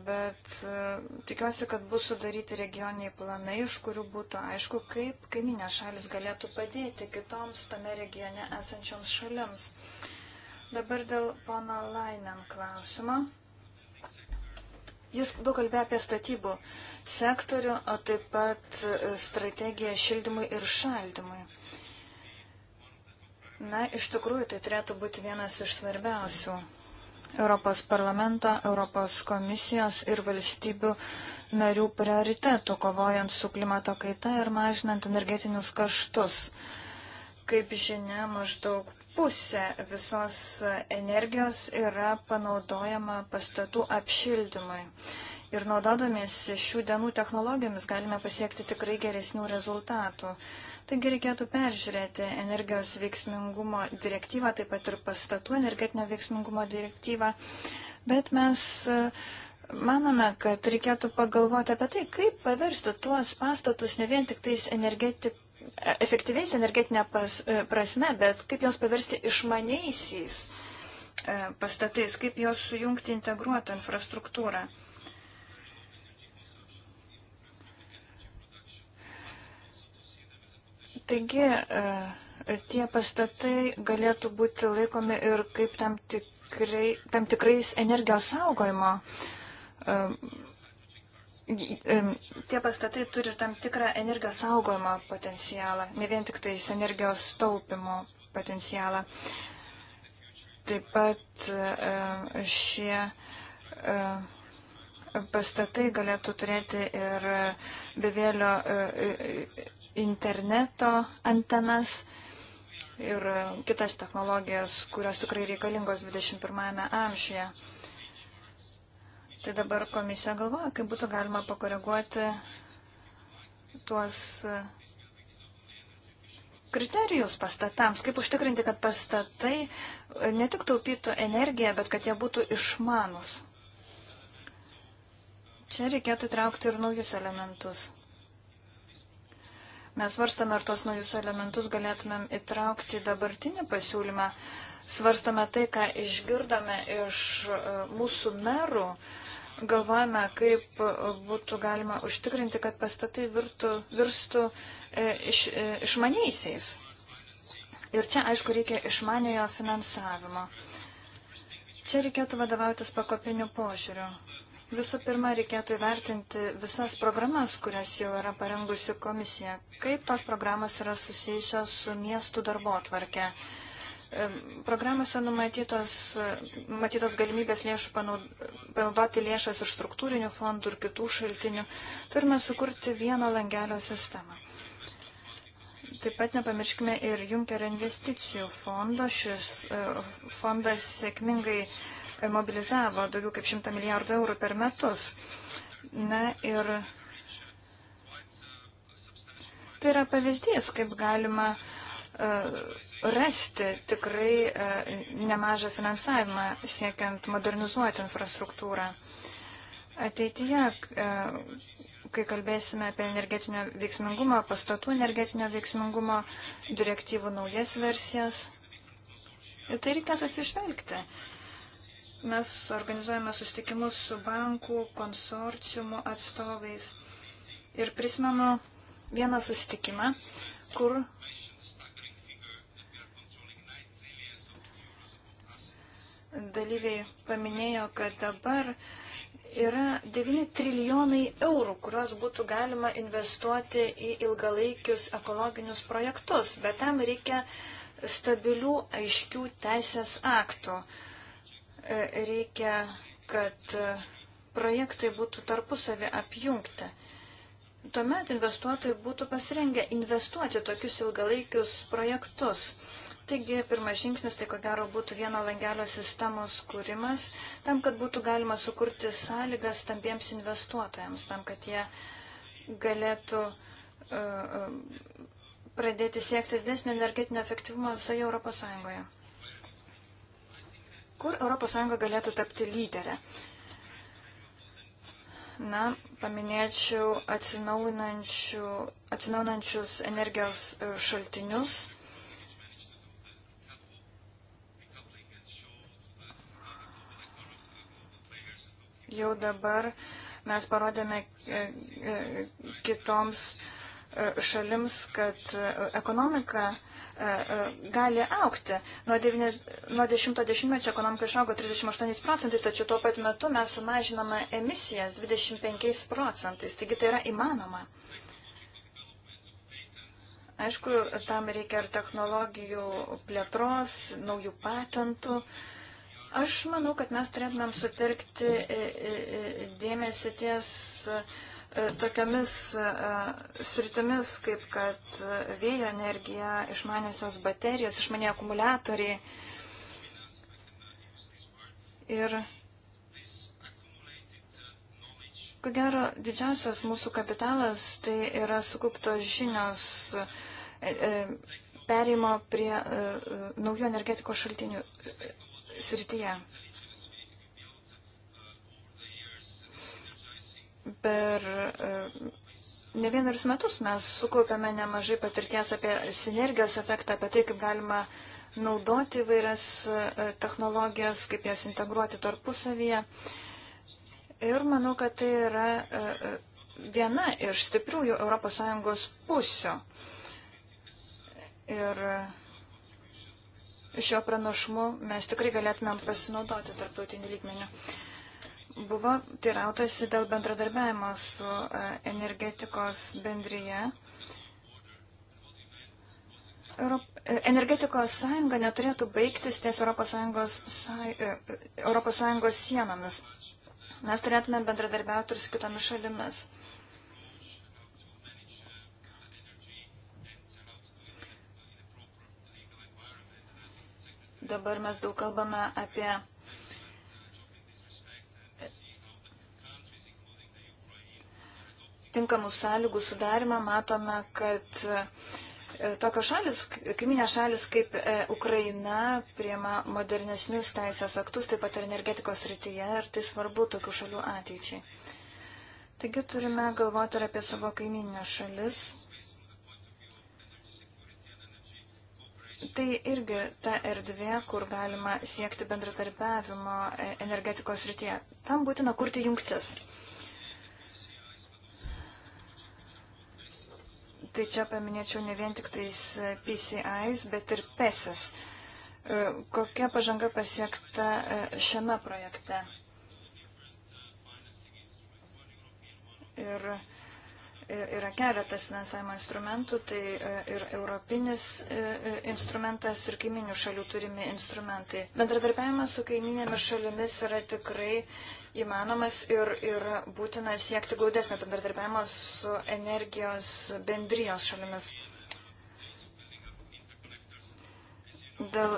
bet e, tikiuosi, kad bus sudaryti regioniniai planai, iš kurių būtų aišku, kaip kaiminės šalis galėtų padėti kitoms tame regione esančioms šalims. Dabar dėl pono Lainan klausimo. Jis daug kalbėjo apie statybų sektorių, o taip pat e, strategiją šildymui ir šaldymui. Na, iš tikrųjų, tai turėtų būti vienas iš svarbiausių Europos parlamento, Europos komisijos ir valstybių narių prioritetų, kovojant su klimato kaita ir mažinant energetinius kaštus. Kaip žinia, maždaug pusė visos energijos yra panaudojama pastatų apšildymui. Ir naudodamės šių dienų technologijomis galime pasiekti tikrai geresnių rezultatų. Taigi reikėtų peržiūrėti energijos veiksmingumo direktyvą, taip pat ir pastatų energetinio veiksmingumo direktyvą. Bet mes e, manome, kad reikėtų pagalvoti apie tai, kaip paversti tuos pastatus ne vien tik tais energetik efektyviais energetinė pas, e, prasme, bet kaip jos paversti išmaniaisiais e, pastatais, kaip jos sujungti integruotą infrastruktūrą. Taigi e, tie pastatai galėtų būti laikomi ir kaip tam, tikrai, tam tikrais energijos saugojimo tie pastatai turi ir tam tikrą energijos saugojimo potencialą, ne vien tik tais energijos taupimo potencialą. Taip pat šie pastatai galėtų turėti ir bevėlio e, e, interneto antenas ir kitas technologijas, kurios tikrai reikalingos 21 amžiuje. Tai dabar komisija galvoja, kaip būtų galima pakoreguoti tuos e, kriterijus pastatams, kaip užtikrinti, kad pastatai e, ne tik taupytų energiją, bet kad jie būtų išmanus. Čia reikėtų traukti ir naujus elementus. Mes svarstame, ar tos naujus elementus galėtumėm įtraukti dabartinį pasiūlymą. Svarstame tai, ką išgirdome iš e, mūsų merų. Uh, galvojame, kaip e, būtų galima užtikrinti, kad pastatai virtų, virstų e, iš, e, išmaniaisiais. Ir čia, aišku, reikia išmanėjo finansavimo. Čia reikėtų vadovautis pakopiniu požiūriu. Visų pirma, reikėtų įvertinti visas programas, kurias jau yra parengusi komisija. Kaip tos programos yra susijusios su miestų darbo atvarkė. Programuose numatytos, numatytos galimybės lėšų panaudoti lėšas iš struktūrinių fondų ir kitų šaltinių. Turime sukurti vieno langelio sistemą. Taip pat nepamirškime ir Junkerio investicijų fondo. Šis e, fondas sėkmingai e, mobilizavo daugiau kaip 100 milijardų eurų per metus. Na ir tai yra pavyzdys, kaip galima uh, rasti tikrai e, nemažą finansavimą siekiant modernizuoti infrastruktūrą. Ateityje, e, kai kalbėsime apie energetinio veiksmingumo, pastatų energetinio veiksmingumo, direktyvų naujas versijas, tai reikės atsižvelgti. Mes organizuojame susitikimus su bankų, konsorciumų atstovais ir prisimenu vieną susitikimą, kur dalyviai paminėjo, kad dabar yra 9 trilijonai eurų, kuriuos būtų galima investuoti į ilgalaikius ekologinius projektus, bet tam reikia stabilių, aiškių teisės aktų. E, reikia, kad projektai būtų tarpusavį apjungti. Tuomet investuotojai būtų pasirengę investuoti tokius ilgalaikius projektus. Taigi, pirmas žingsnis tai ko gero būtų vieno langelio sistemos kūrimas, tam, kad būtų galima sukurti sąlygas stambiems investuotojams, tam, kad jie galėtų uh, pradėti siekti didesnį energetinio efektyvumą visoje Europos Sąjungoje. Kur Europos Sąjunga galėtų tapti lyderę? na, paminėčiau atsinaujinančius energijos e, šaltinius, jau dabar mes parodėme e, e, kitoms e, šalims, kad ekonomika gali aukti. Nuo 10-mečio ekonomika išaugo 38 procentais, tačiau tuo pat metu mes sumažiname emisijas 25 procentais. Taigi tai yra įmanoma. Aišku, tam reikia ir technologijų plėtros, naujų patentų. Uh, Aš manau, kad mes turėtumėm sutelkti e, e, e, dėmesį ties tokiamis sritimis, kaip kad vėjo energija, išmanėsios baterijos, išmanė akumuliatoriai. Ir ko gero, didžiausias mūsų kapitalas tai yra sukauptos žinios perėjimo prie naujų energetikos šaltinių srityje. Per e, ne vienerius metus mes sukaupėme nemažai patirties apie sinergijos efektą, apie tai, kaip galima naudoti vairias e, technologijas, kaip jas integruoti tarpusavyje. Ir manau, kad tai yra e, viena iš stipriųjų ES pusių. Ir šio pranašumu mes tikrai galėtumėm pasinaudoti tarptautiniu lygmeniu. Buvo teirautasi dėl bendradarbiavimo su e, energetikos bendryje. Europ... E, energetikos sąjunga neturėtų baigtis ties Europos Sąjungos, sąj... E, Europos sąjungos sienomis. Mes turėtume bendradarbiauti ir su kitomis šalimis. Dabar mes daug kalbame apie tinkamų sąlygų sudarimą. Matome, kad e, tokios šalis, kaiminės šalis kaip e, Ukraina priema modernesnius teisės aktus, taip pat ir energetikos rytyje, ir tai svarbu tokių šalių ateičiai. Taigi turime galvoti ir apie savo kaiminės šalis, Tai irgi ta erdvė, kur galima siekti bendratarpiavimo e, energetikos rytyje. Tam būtina kurti jungtis. Tai čia paminėčiau ne vien tik tais PCIs, bet ir PESES. E, kokia pažanga pasiekta e, šiame projekte? Ir uh, E, yra keletas finansavimo instrumentų, tai e, ir europinis e, instrumentas, ir kaiminių šalių turimi instrumentai. Bendradarbiavimas su kaiminėmis šalimis yra tikrai įmanomas ir yra būtina siekti glaudesnio bendradarbiavimo su energijos bendrijos šalimis. Dėl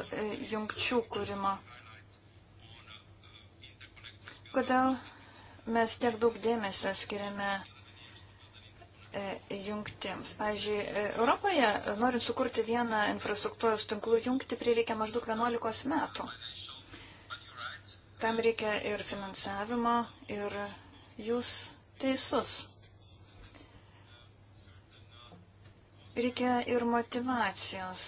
jungčių kūrimo kodėl mes tiek daug dėmesio skiriame E, jungtims. Pavyzdžiui, e, Europoje, e, norint sukurti vieną infrastruktūros tinklų jungti, prireikia maždaug 11 metų. Tam reikia ir finansavimo, ir jūs teisus. Reikia ir motivacijos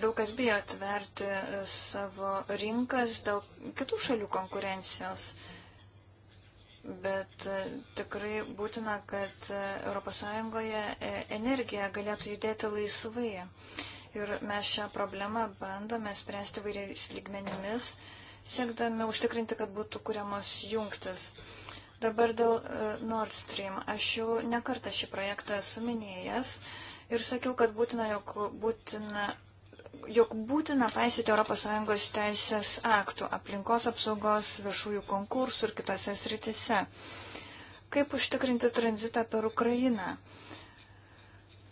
daug kas bijo atverti e, savo rinkas dėl kitų šalių konkurencijos. Bet e, tikrai būtina, kad ES e, energija galėtų judėti laisvai. Ir mes šią problemą bandome spręsti vairiais lygmenimis, siekdami užtikrinti, kad būtų kuriamos jungtis. Dabar dėl Nord Stream. Aš jau nekartą šį projektą esu minėjęs ir sakiau, kad būtina, jog būtina jog būtina paisyti ES teisės aktų aplinkos apsaugos viešųjų konkursų ir kitose sritise. Kaip užtikrinti tranzitą per Ukrainą?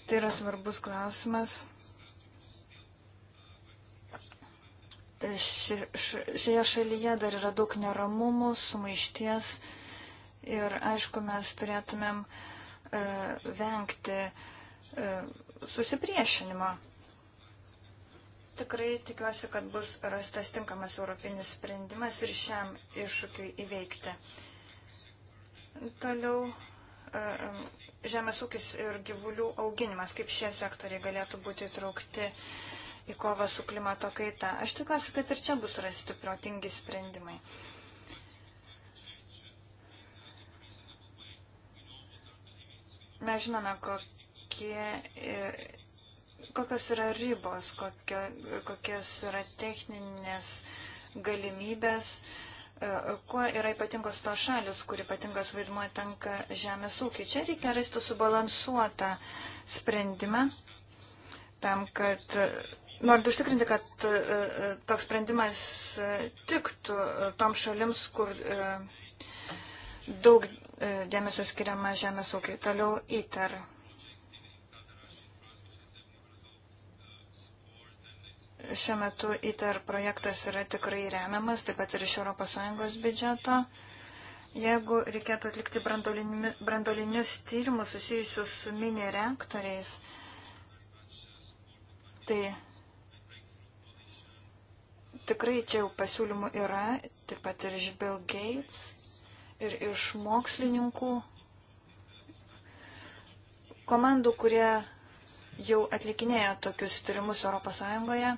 Tai yra svarbus klausimas. Ši, šioje šalyje dar yra daug neramumų, sumaišties ir, aišku, mes turėtumėm e, vengti e, susipriešinimo tikrai tikiuosi, kad bus rastas tinkamas europinis sprendimas ir šiam iššūkiui įveikti. Toliau e, e, žemės ūkis ir gyvulių auginimas, kaip šie sektoriai galėtų būti įtraukti į kovą su klimato kaita. Aš tikiuosi, kad ir čia bus rasti protingi sprendimai. Mes žinome, kokie kokios yra ribos, kokio, kokios yra techninės galimybės, e, kuo yra ypatingos to šalis, kur ypatingas vaidmuo tenka žemės ūkiai. Čia reikia rasti subalansuotą sprendimą tam, kad norint užtikrinti, kad e, e, toks sprendimas tiktų tom šalims, kur daug dėmesio skiriama žemės ūkiai. Toliau įtar šiuo metu ITER projektas yra tikrai remiamas, taip pat ir iš ES biudžeto. Jeigu reikėtų atlikti brandolinius tyrimus susijusius su mini reaktoriais, tai tikrai čia jau pasiūlymų yra, taip pat ir iš Bill Gates, ir iš mokslininkų, komandų, kurie jau atlikinėjo tokius tyrimus Europos Sąjungoje.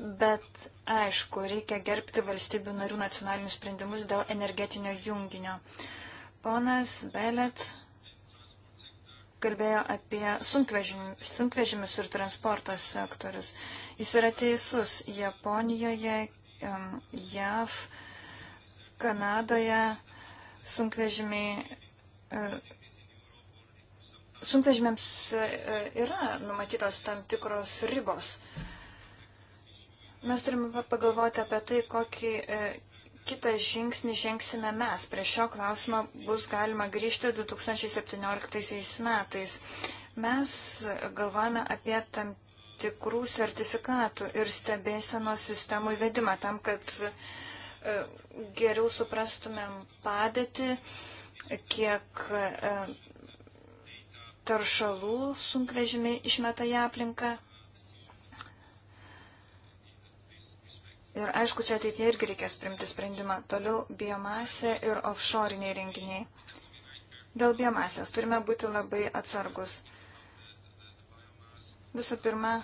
Bet aišku, reikia gerbti valstybių narių nacionalinius sprendimus dėl energetinio junginio. Ponas Belet kalbėjo apie sunkvežimius ir transporto sektorius. Jis yra teisus. Japonijoje, JAV, Kanadoje sunkvežimiai. E, sunkvežimiams e, yra numatytos tam tikros ribos. Uh, Mes turime pagalvoti apie tai, kokį e, kitą žingsnį žengsime mes. Prie šio klausimo bus galima grįžti 2017 metais. Mes galvojame apie tam tikrų sertifikatų ir stebėsenos sistemų įvedimą tam, kad e, geriau suprastumėm padėtį, kiek e, taršalų sunkvežimiai išmeta į aplinką. Ir aišku, čia ateitie irgi reikės primti sprendimą. Toliau biomasė ir offshoriniai renginiai. Dėl biomasės turime būti labai atsargus. Visų pirma,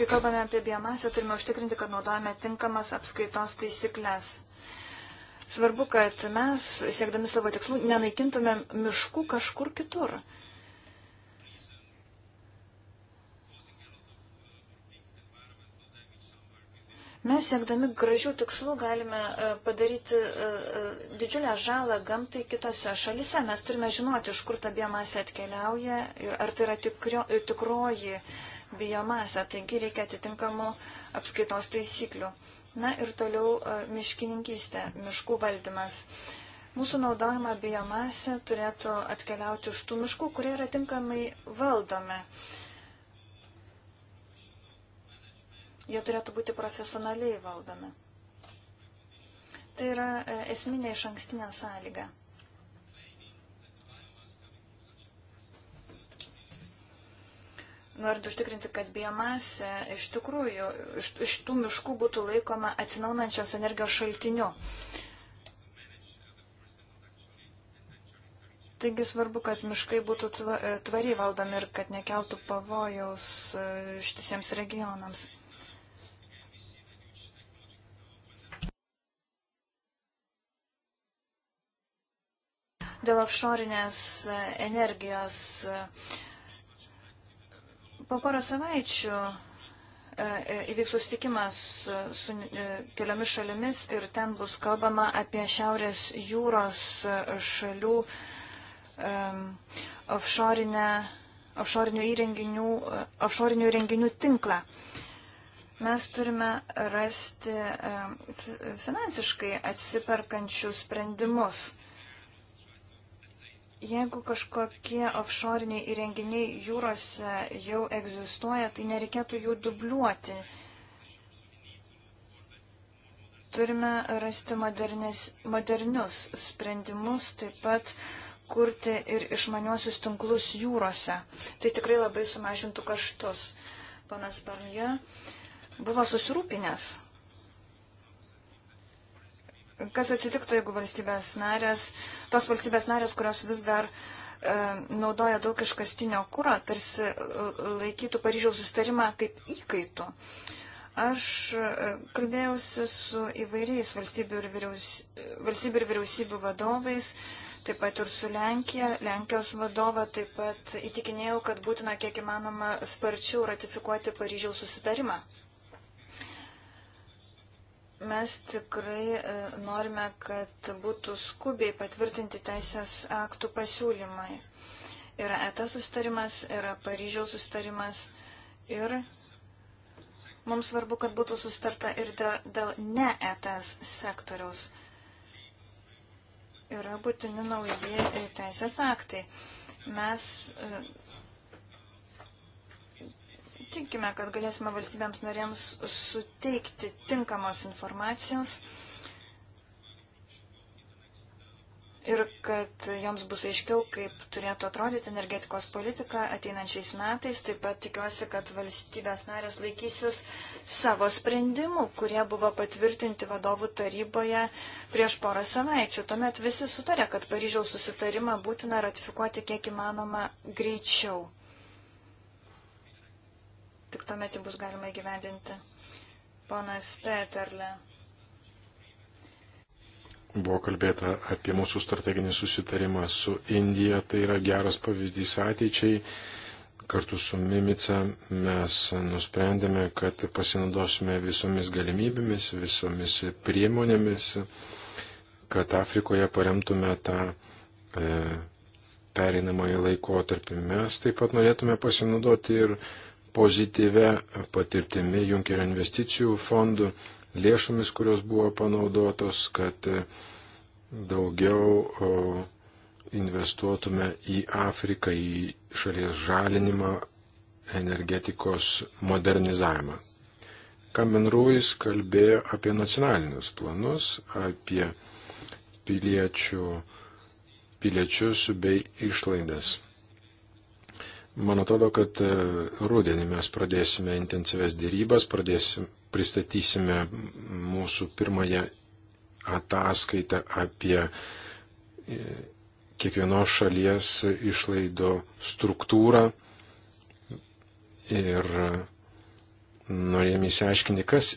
kai kalbame apie biomasę, turime užtikrinti, kad naudojame tinkamas apskaitos taisyklės. Svarbu, kad mes, siekdami savo tikslų, nenaikintumėm miškų kažkur kitur. Mes siekdami gražių tikslų galime e, padaryti e, e, didžiulę žalą gamtai kitose šalise. Mes turime žinoti, iš kur ta biomasė atkeliauja ir ar tai yra tikrio, tikroji biomasė. Taigi reikia atitinkamų apskaitos taisyklių. Na ir toliau miškininkystė, miškų valdymas. Mūsų naudojama biomasė turėtų atkeliauti iš tų miškų, kurie yra tinkamai valdomi. Jie turėtų būti profesionaliai valdomi. Tai yra e, esminė iš ankstinė sąlyga. Norint užtikrinti, kad biomasė iš tikrųjų iš, iš tų miškų būtų laikoma atsinaunančios energijos šaltiniu. Taigi svarbu, kad miškai būtų e, tvariai valdomi ir kad nekeltų pavojaus e, štisiems regionams. Dėl offshorinės e, energijos po porą savaičių e, e, įvyks sustikimas su keliomis šalimis ir ten bus kalbama apie Šiaurės jūros šalių um, offshore įrenginių, offshore įrenginių tinklą. Mes turime rasti um, finansiškai atsiperkančius sprendimus. Jeigu kažkokie offshoriniai įrenginiai jūrose jau egzistuoja, tai nereikėtų jų dubliuoti. Turime rasti modernes, modernius sprendimus, taip pat kurti ir išmaniuosius tinklus jūrose. Tai tikrai labai sumažintų kaštus. Panas Barnija buvo susirūpinęs Kas atsitiktų, jeigu valstybės narės, tos valstybės narės, kurios vis dar e, naudoja daug iškastinio kūro, tarsi e, laikytų Paryžiaus sustarimą kaip įkaitų. Aš e, kalbėjausi su įvairiais valstybių ir, vyriaus, valstybių ir vyriausybių vadovais, taip pat ir su Lenkija, Lenkijos vadova, taip pat įtikinėjau, kad būtina kiek įmanoma sparčiau ratifikuoti Paryžiaus susitarimą. Mes tikrai e, norime, kad būtų skubiai patvirtinti teisės aktų pasiūlymai. Yra ETA sustarimas, yra Paryžiaus sustarimas ir mums svarbu, kad būtų sustarta ir dėl, dėl ne ETA sektoriaus. Yra būtini nauji teisės aktai. Mes e, Tinkime, kad galėsime valstybėms norėms suteikti tinkamos informacijos ir kad joms bus aiškiau, kaip turėtų atrodyti energetikos politika ateinančiais metais. Taip pat tikiuosi, kad valstybės narės laikysis savo sprendimų, kurie buvo patvirtinti vadovų taryboje prieš porą savaičių. Tuomet visi sutarė, kad Paryžiaus susitarimą būtina ratifikuoti kiek įmanoma greičiau tik tuomet jį bus galima įgyvendinti. Ponas Peterle. Buvo kalbėta apie mūsų strateginį susitarimą su Indija, tai yra geras pavyzdys ateičiai. Kartu su Mimica mes nusprendėme, kad pasinaudosime visomis galimybėmis, visomis priemonėmis, kad Afrikoje paremtume tą e, pereinamąjį laikotarpį. Mes taip pat norėtume pasinaudoti ir pozityvę patirtimi Junkerio investicijų fondų lėšomis, kurios buvo panaudotos, kad e, daugiau investuotume į Afriką, į šalies žalinimą, energetikos modernizavimą. Kamenrūjs kalbėjo apie nacionalinius planus, apie piliečių, piliečius bei išlaidas. Man atrodo, kad e, rudenį mes pradėsime intensyves dėrybas, pradėsim, pristatysime mūsų pirmąją ataskaitą apie e, kiekvienos šalies išlaido struktūrą ir e, norėjome įsiaiškinti, kas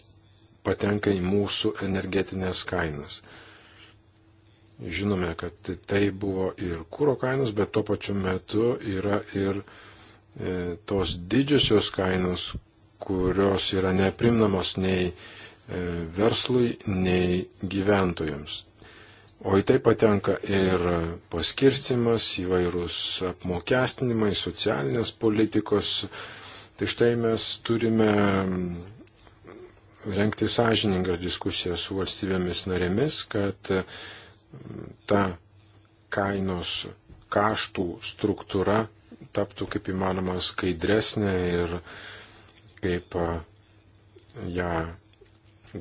patenka į mūsų energetinės kainas. Žinome, kad tai buvo ir kūro kainos, bet tuo pačiu metu yra ir uh, E, tos didžiosios kainos, kurios yra neprimnamos nei e, verslui, nei gyventojams. O į tai patenka ir paskirstimas, įvairūs apmokestinimai, socialinės politikos. Tai štai mes turime renkti sąžiningas diskusijas su valstybėmis narėmis, kad e, ta kainos kaštų struktūra taptų kaip įmanoma skaidresnė ir kaip ją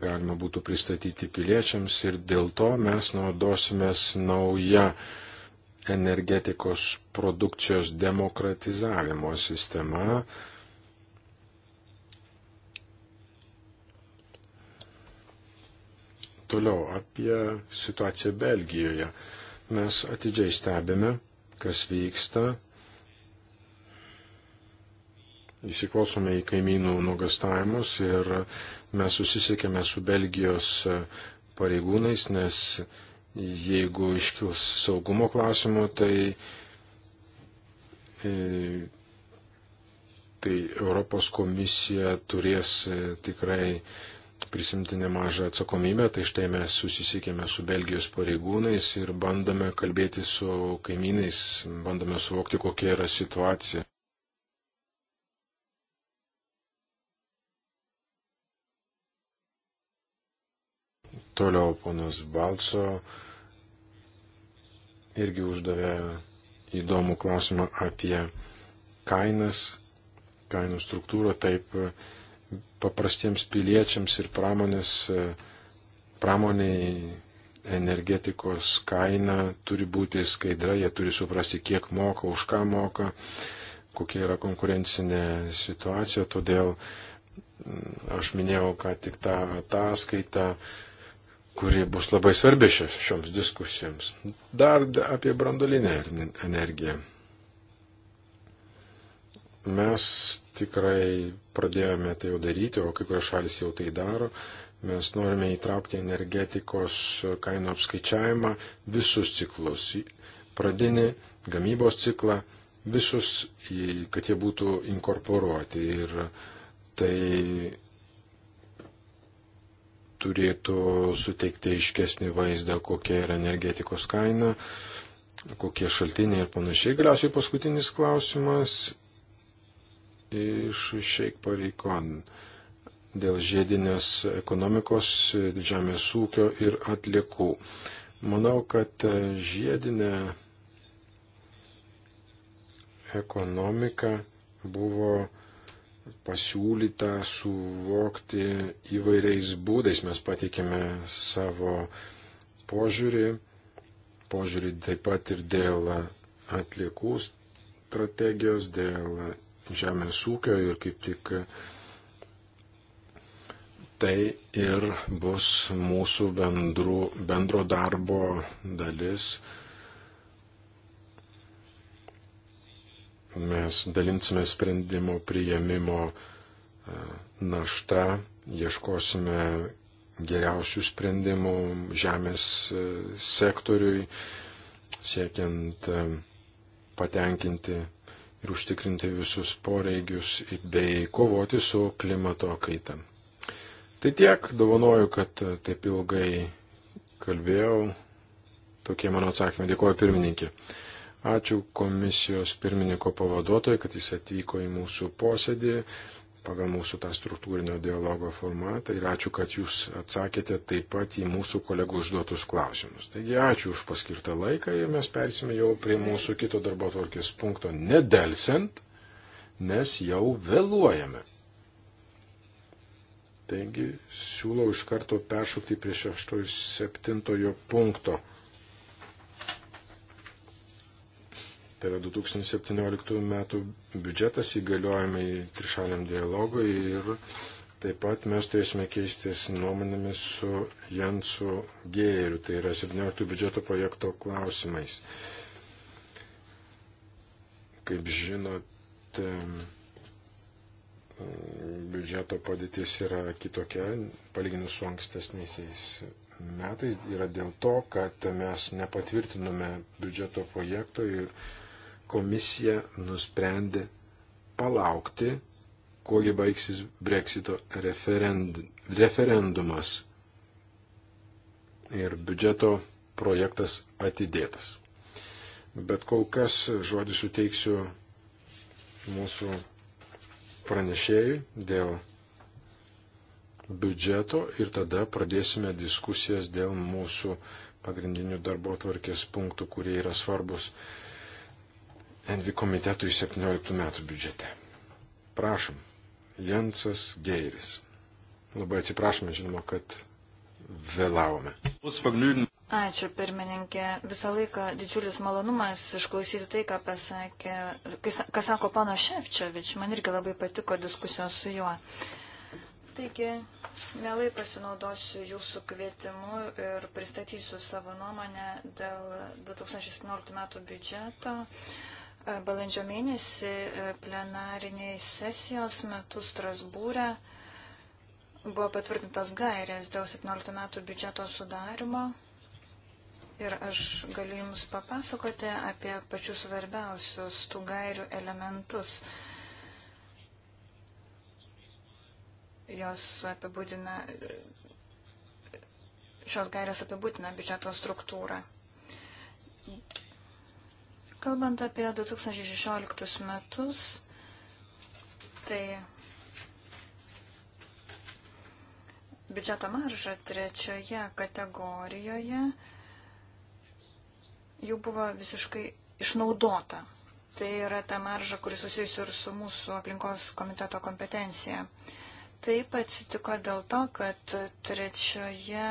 galima būtų pristatyti piliečiams ir dėl to mes naudosimės naują energetikos produkcijos demokratizavimo sistema, toliau apie situaciją Belgijoje. Mes atidžiai stebime, kas vyksta, įsiklausome į kaimynų nuogastavimus ir mes susisiekėme su Belgijos pareigūnais, nes jeigu iškils saugumo klausimų, tai, e, tai Europos komisija turės e, tikrai prisimti nemažą atsakomybę, tai štai mes susisiekėme su Belgijos pareigūnais ir bandome kalbėti su kaimynais, bandome suvokti, kokia yra situacija. Toliau ponas Balco irgi uždavė įdomų klausimą apie kainas, kainų struktūrą, taip paprastiems piliečiams ir pramonės, pramoniai energetikos kaina turi būti skaidra, jie turi suprasti, kiek moka, už ką moka, kokia yra konkurencinė situacija, todėl aš minėjau, kad tik tą ataskaitą, kuri bus labai svarbi šioms diskusijoms. Dar apie brandolinę energiją. Mes tikrai pradėjome tai jau daryti, o kai kurios šalis jau tai daro. Mes norime įtraukti energetikos kainų apskaičiavimą visus ciklus. Pradinį gamybos ciklą, visus, kad jie būtų inkorporuoti. Ir tai turėtų suteikti aiškesnį vaizdą, kokia yra energetikos kaina, kokie šaltiniai ir panašiai. Galiausiai paskutinis klausimas iš Šeik Pareikon dėl žiedinės ekonomikos, žemės ūkio ir atliekų. Manau, kad žiedinė ekonomika buvo pasiūlyta suvokti įvairiais būdais. Mes pateikėme savo požiūrį, požiūrį taip pat ir dėl atliekų strategijos, dėl žemės ūkio ir kaip tik tai ir bus mūsų bendru, bendro darbo dalis mes dalintume sprendimo prieimimo e, naštą, ieškosime geriausių sprendimų žemės e, sektoriui, siekiant e, patenkinti ir užtikrinti visus poreigius bei kovoti su klimato kaita. Tai tiek, dovanoju, kad taip ilgai kalbėjau. Tokie mano atsakymai. Dėkuoju pirmininkė. Ačiū komisijos pirmininko pavaduotojai, kad jis atvyko į mūsų posėdį pagal mūsų tą struktūrinio dialogo formatą ir ačiū, kad jūs atsakėte taip pat į mūsų kolegų užduotus klausimus. Taigi ačiū už paskirtą laiką ir mes persime jau prie mūsų kito darbo tvarkės punkto nedelsiant, nes jau vėluojame. Taigi siūlau iš karto peršokti prie šešto ir septintojo punkto. Tai yra 2017 metų biudžetas įgaliojimai trišaliam dialogui ir taip pat mes turėsime keistis nuomonėmis su Jansu Gėjeriu, tai yra 17 biudžeto projekto klausimais. Kaip žinote, biudžeto padėtis yra kitokia, palyginus su ankstesniais metais, yra dėl to, kad mes nepatvirtinome biudžeto projekto ir komisija nusprendė palaukti, kuogi baigsis breksito referend, referendumas ir biudžeto projektas atidėtas. Bet kol kas žodį suteiksiu mūsų pranešėjui dėl biudžeto ir tada pradėsime diskusijas dėl mūsų pagrindinių darbo tvarkės punktų, kurie yra svarbus NV komitetui 17 metų biudžete. Prašom, Jensas Geiris. Labai atsiprašome, žinoma, kad vėlavome. Ačiū, pirmininkė. Visą laiką didžiulis malonumas išklausyti tai, ką pasakė, ką sako pano Šefčiovič. Man irgi labai patiko diskusijos su juo. Taigi, mielai pasinaudosiu jūsų kvietimu ir pristatysiu savo nuomonę dėl 2017 metų biudžeto. Uh, balandžio mėnesį e, plenariniai sesijos metu Strasbūrė buvo patvirtintos gairės dėl 17 metų biudžeto sudarimo. Ir aš galiu Jums papasakoti apie pačius svarbiausius tų gairių elementus. Jos apibūdina, šios gairės apibūdina biudžeto struktūrą. Kalbant apie 2016 metus, tai biudžeto marža trečioje kategorijoje jau buvo visiškai išnaudota. Tai yra ta marža, kuris susijusi ir su mūsų aplinkos komiteto kompetencija. Taip atsitiko dėl to, kad trečioje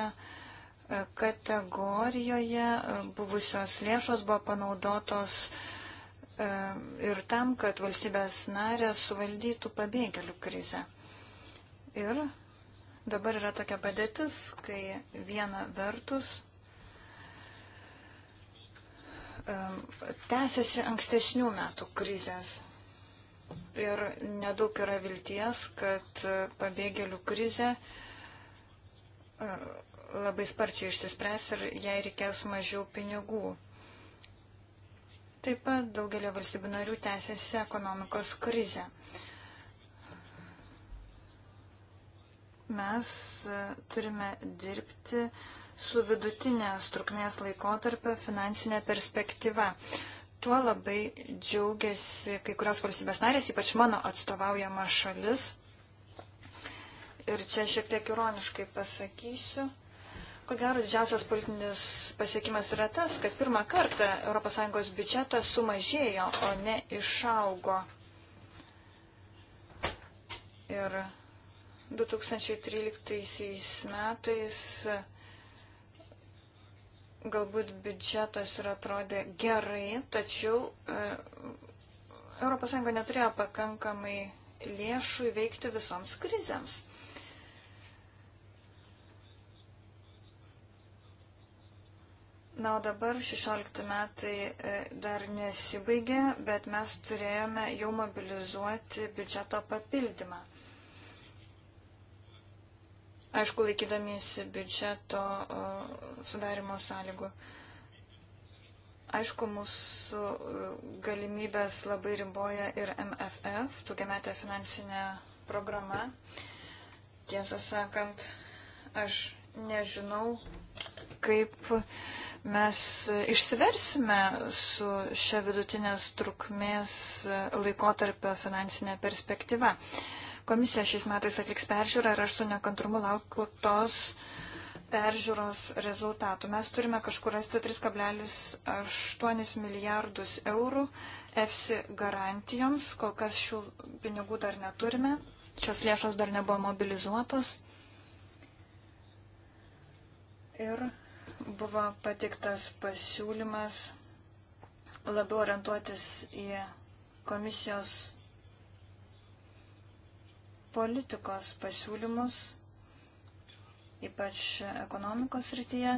kategorijoje buvusios lėšos buvo panaudotos e, ir tam, kad valstybės narės suvaldytų pabėgėlių krizę. Ir dabar yra tokia padėtis, kai viena vertus e, tęsiasi ankstesnių metų krizės. Ir nedaug yra vilties, kad pabėgėlių krizė e, labai sparčiai išsispręs ir jai reikės mažiau pinigų. Taip pat daugelio valstybių narių tęsiasi ekonomikos krizė. Mes e, turime dirbti su vidutinės trukmės laikotarpio finansinė perspektyva. Tuo labai džiaugiasi kai kurios valstybės narės, ypač mano atstovaujama šalis. Ir čia šiek tiek ironiškai pasakysiu, Ko gero, didžiausias politinis pasiekimas yra tas, kad pirmą kartą ES biudžetas sumažėjo, o ne išaugo. Ir 2013 metais galbūt biudžetas ir atrodė gerai, tačiau e, ES neturėjo pakankamai lėšų įveikti visoms krizėms. Na, o dabar 16 metai e, dar nesibaigė, bet mes turėjome jau mobilizuoti biudžeto papildymą. Aišku, laikydamiesi biudžeto e, sudarimo sąlygų. Aišku, mūsų e, galimybės labai riboja ir MFF, tokiametė finansinė programa. Tiesą sakant, aš nežinau, kaip mes išsiversime su šia vidutinės trukmės laikotarpio finansinė perspektyva. Komisija šiais metais atliks peržiūrą ir aš su nekantrumu laukiu tos peržiūros rezultatų. Mes turime kažkur rasti 3,8 milijardus eurų EFSI garantijoms. Kol kas šių pinigų dar neturime. Šios lėšos dar nebuvo mobilizuotos. Ir buvo patiktas pasiūlymas labiau orientuotis į komisijos politikos pasiūlymus, ypač ekonomikos rytyje,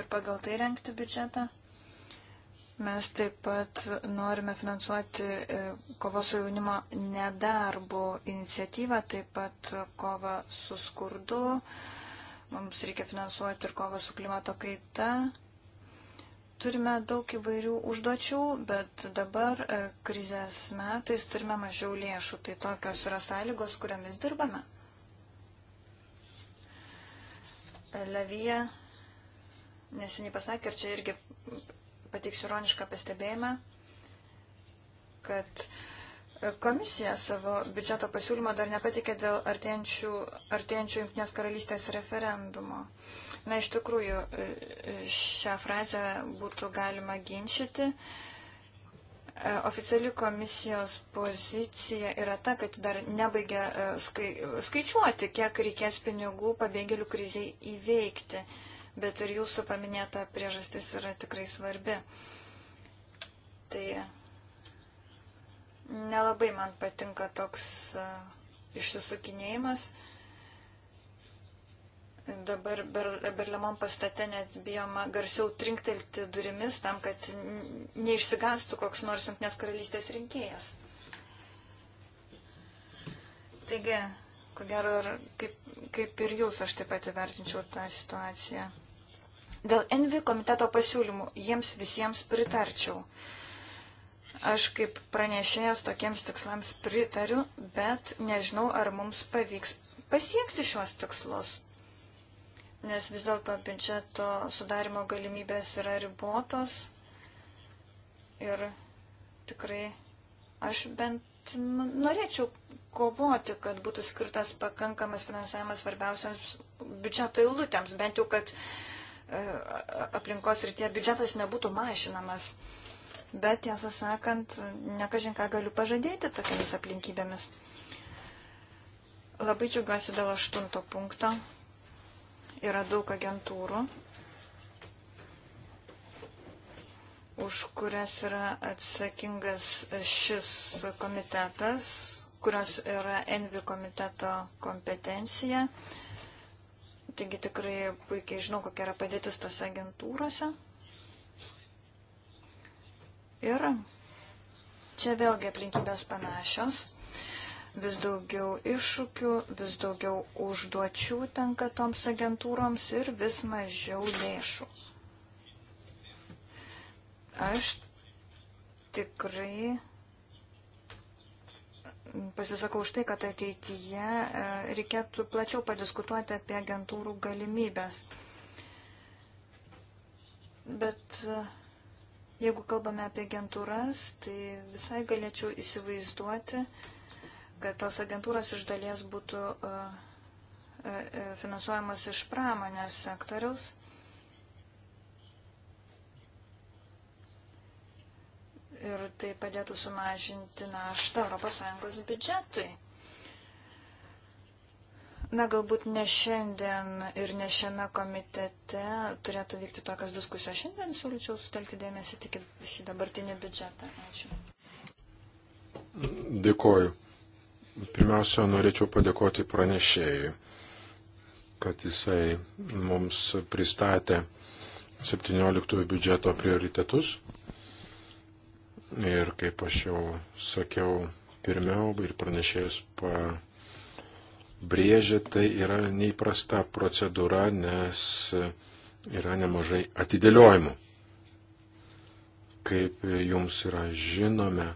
ir pagal tai renkti biudžetą. Mes taip pat norime finansuoti e, kovos su jaunimo nedarbu iniciatyvą, taip pat kovą su skurdu, Mums reikia finansuoti ir kovą su klimato kaita. Turime daug įvairių užduočių, bet dabar e, krizės metais turime mažiau lėšų. Tai tokios yra sąlygos, kuriamis dirbame. E, Levija neseniai pasakė, ir čia irgi pateiksiu ironišką pastebėjimą, kad uh, Komisija savo biudžeto pasiūlymą dar nepatikė dėl artėjančių, artėjančių Junktinės karalystės referendumo. Na, iš tikrųjų, e, šią frazę būtų galima ginčyti. E, oficiali komisijos pozicija yra ta, kad dar nebaigia e, skai, skaičiuoti, kiek reikės pinigų pabėgėlių kriziai įveikti. Bet ir jūsų paminėta priežastis yra tikrai svarbi. Tai Nelabai man patinka toks e, išsisukinėjimas. Dabar Berlemon pastate net bijoma garsiau trinktelti durimis tam, kad neišsigastų koks nors jungtinės karalystės rinkėjas. Taigi, ko gero, kaip, kaip ir jūs, aš taip pat įvertinčiau tą situaciją. Dėl Envi komiteto pasiūlymų jiems visiems pritarčiau. Uh, Aš kaip pranešėjas tokiems tikslams pritariu, bet nežinau, ar mums pavyks pasiekti šios tikslus. Nes vis dėlto biudžeto sudarimo galimybės yra ribotos ir tikrai aš bent norėčiau kovoti, kad būtų skirtas pakankamas finansavimas svarbiausiams biudžeto eilutėms, bent jau, kad e, aplinkos rytie biudžetas nebūtų mažinamas bet tiesą sakant, nekažin ką galiu pažadėti tokiamis aplinkybėmis. Labai džiugiuosi dėl aštunto punkto. Yra daug agentūrų, už kurias yra atsakingas šis komitetas, kurios yra Envi komiteto kompetencija. Taigi tikrai puikiai žinau, kokia yra padėtis tose agentūrose. Ir čia vėlgi aplinkybės panašios. Vis daugiau iššūkių, vis daugiau užduočių tenka toms agentūroms ir vis mažiau lėšų. Aš tikrai pasisakau už tai, kad ateityje e, reikėtų plačiau padiskutuoti apie agentūrų galimybės. Bet uh, Jeigu kalbame apie agentūras, tai visai galėčiau įsivaizduoti, kad tos agentūros iš dalies būtų e, e, e, finansuojamas iš pramonės sektoriaus. Ir tai padėtų sumažinti naštą ES biudžetui. Na, galbūt ne šiandien ir ne šiame komitete turėtų vykti tokias diskusijos. Šiandien siūlyčiau sutelkti dėmesį tik šį dabartinį biudžetą. Ačiū. Dėkoju. Pirmiausia, norėčiau padėkoti pranešėjui, kad jisai mums pristatė 17 biudžeto prioritetus. Ir kaip aš jau sakiau, pirmiau ir pranešėjas pa brėžia, tai yra neįprasta procedūra, nes yra nemažai atidėliojimų. Kaip jums yra žinome,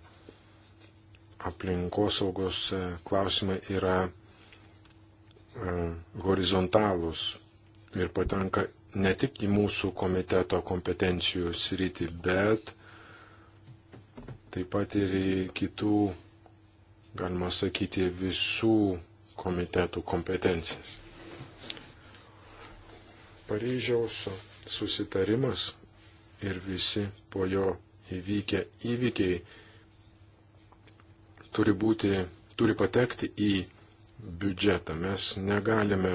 aplinkosaugos klausimai yra e, horizontalūs ir patenka ne tik į mūsų komiteto kompetencijų sritį, bet taip pat ir į kitų, galima sakyti, visų komitetų kompetencijas. Paryžiaus susitarimas ir visi po jo įvykę įvykiai turi, būti, turi patekti į biudžetą. Mes negalime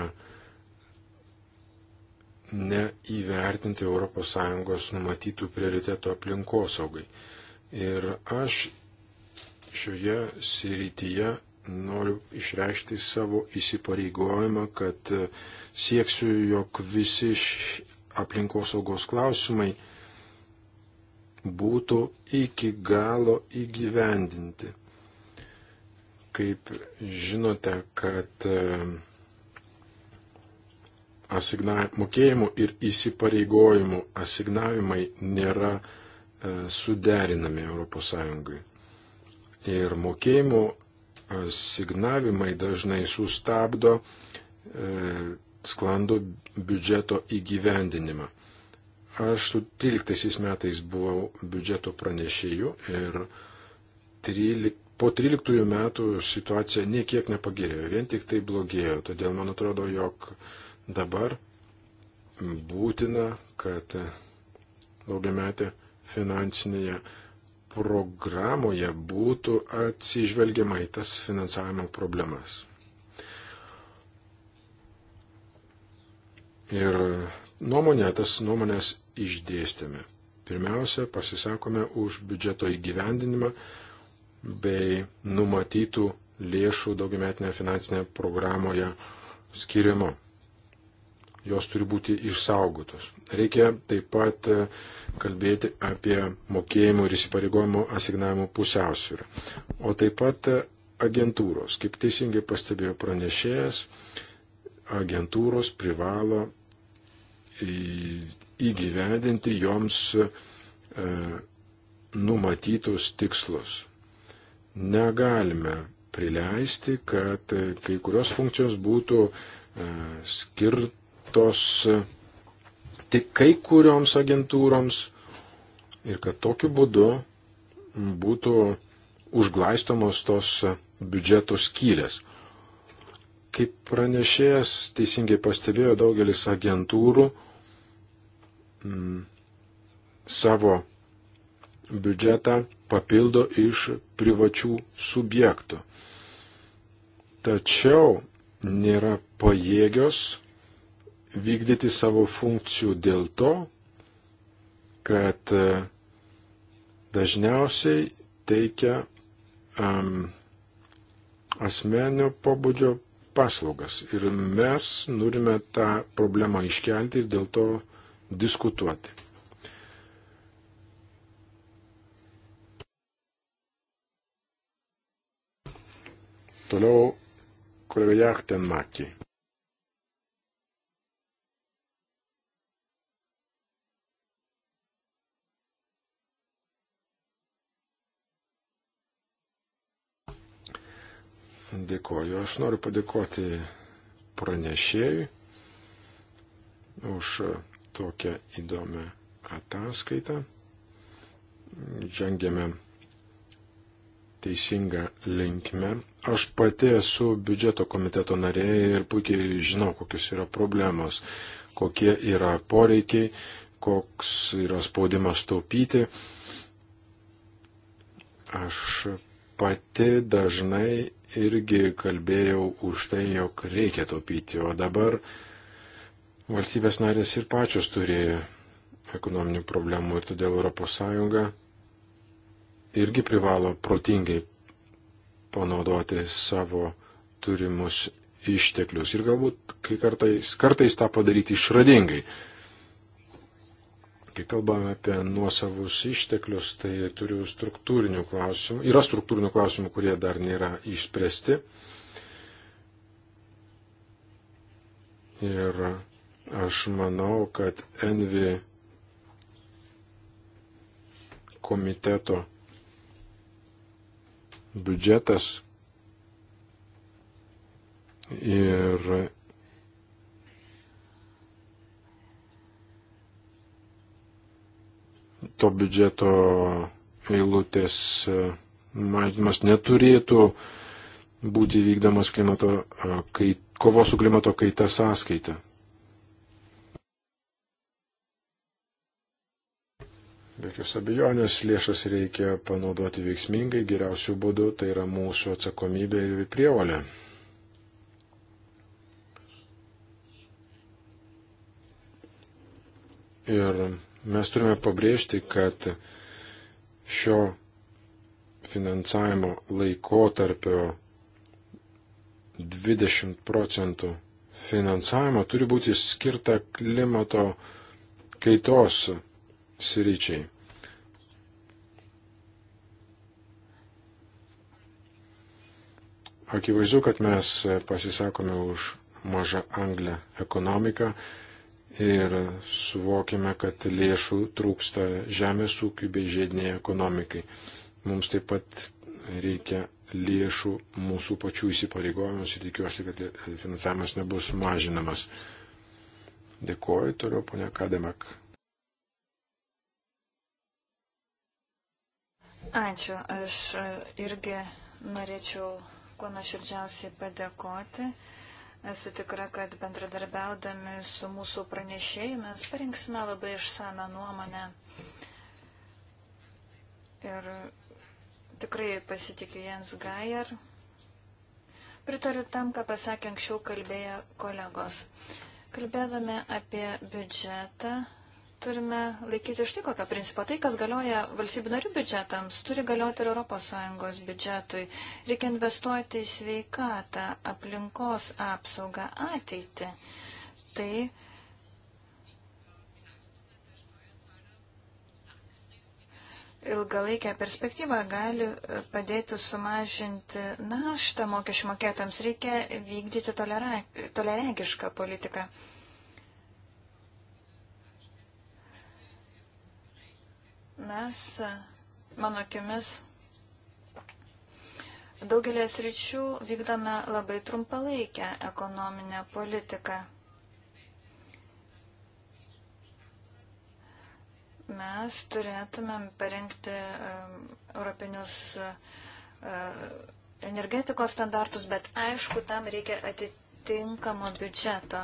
neįvertinti ES numatytų prioritetų aplinkosaugai. Ir aš šioje srityje noriu išreikšti savo įsipareigojimą, kad e, sieksiu, jog visi aplinkosaugos klausimai būtų iki galo įgyvendinti. Kaip žinote, kad e, asignav... mokėjimų ir įsipareigojimų asignavimai nėra e, suderinami ES. Ir mokėjimų asignavimai dažnai sustabdo e, sklandų biudžeto įgyvendinimą. Aš 13 metais buvau biudžeto pranešėjų ir 13, po 13 metų situacija niekiek nepagerėjo, vien tik tai blogėjo. Todėl man atrodo, jog dabar būtina, kad daugiametė finansinėje programoje būtų atsižvelgiama į tas finansavimo problemas. Ir nuomonę, tas nuomonės išdėstėme. Pirmiausia, pasisakome už biudžeto įgyvendinimą bei numatytų lėšų daugiametinėje finansinėje programoje skiriamo jos turi būti išsaugotos. Reikia taip pat e, kalbėti apie mokėjimų ir įsipareigojimų asignavimų pusiausvyrą. O taip pat e, agentūros, kaip teisingai pastebėjo pranešėjas, agentūros privalo įgyvendinti joms e, numatytus tikslus. Negalime prileisti, kad kai kurios funkcijos būtų skirt skirtos tik kai kurioms agentūroms ir kad tokiu būdu būtų užglaistomos tos biudžeto skylės. Kaip pranešėjas teisingai pastebėjo, daugelis agentūrų m, mm, savo biudžetą papildo iš privačių subjektų. Tačiau nėra pajėgios vykdyti savo funkcijų dėl to, kad e, dažniausiai teikia um, asmenio pobūdžio paslaugas. Ir mes norime tą problemą iškelti ir dėl to diskutuoti. Toliau kolega Jachtenmaki. Dėkoju. Aš noriu padėkoti pranešėjui už tokią įdomią ataskaitą. Žengėme teisinga linkme. Aš pati esu biudžeto komiteto narė ir puikiai žinau, kokios yra problemos, kokie yra poreikiai, koks yra spaudimas taupyti. Aš pati dažnai irgi kalbėjau už tai, jog reikia taupyti, o dabar valstybės narės ir pačios turėjo ekonominių problemų ir todėl ES irgi privalo protingai panaudoti savo turimus išteklius ir galbūt kai kartais, kartais tą padaryti išradingai. Kai kalbame apie nuosavus išteklius, tai turiu struktūrinių klausimų. Yra struktūrinių klausimų, kurie dar nėra išspręsti. Ir aš manau, kad Envi komiteto biudžetas ir to biudžeto eilutės e, mažinimas neturėtų būti vykdomas klimato, e, kai, kovos su klimato kaita sąskaita. Be jokios abejonės lėšas reikia panaudoti veiksmingai, geriausių būdų, tai yra mūsų atsakomybė ir prievalė. Ir Mes turime pabrėžti, kad šio finansavimo laikotarpio 20 procentų finansavimo turi būti skirta klimato kaitos sričiai. Akivaizdu, kad mes pasisakome už mažą anglę ekonomiką, ir suvokime, kad lėšų trūksta žemės ūkiui bei žiediniai ekonomikai. Mums taip pat reikia lėšų mūsų pačių įsipareigojimus ir tikiuosi, kad finansavimas nebus mažinamas. Dėkuoju toliau, ponia Kademek. Ačiū. Aš irgi norėčiau kuo nuoširdžiausiai padėkoti Esu tikra, kad bendradarbiaudami su mūsų pranešėjai mes parinksime labai išsame nuomonę. Ir tikrai pasitikiu Jens Gajer. Pritariu tam, ką pasakė anksčiau kalbėję kolegos. Kalbėdami apie biudžetą, turime laikyti štai kokio principo. Tai, kas galioja valstybių narių biudžetams, turi galioti ir ES biudžetui. Reikia investuoti į sveikatą, aplinkos apsaugą, ateitį. Tai ilgalaikę perspektyvą gali padėti sumažinti naštą mokesčių mokėtams. Reikia vykdyti toleregišką politiką. Mes, mano akimis, daugelės ryčių vykdome labai trumpalaikę ekonominę politiką. Mes turėtumėm parengti europinius e, energetikos standartus, bet aišku, tam reikia atitinkamo biudžeto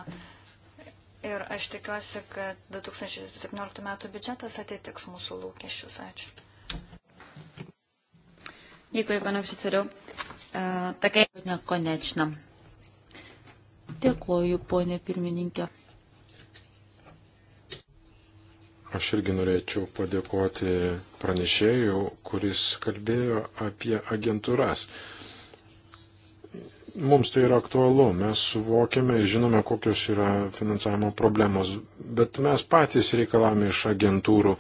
ir aš tikiuosi, kad 2017 metų biudžetas atitiks mūsų lūkesčius. Ačiū. Děkuji, pane předsedo. Také nekonečno. Dėkuoju, ponė pirmininkė. Aš irgi norėčiau padėkoti pranešėjų, kuris kalbėjo apie agentūras. Uh, mums tai yra aktualu, mes suvokiame ir žinome, kokios yra finansavimo problemos, bet mes patys reikalame iš agentūrų,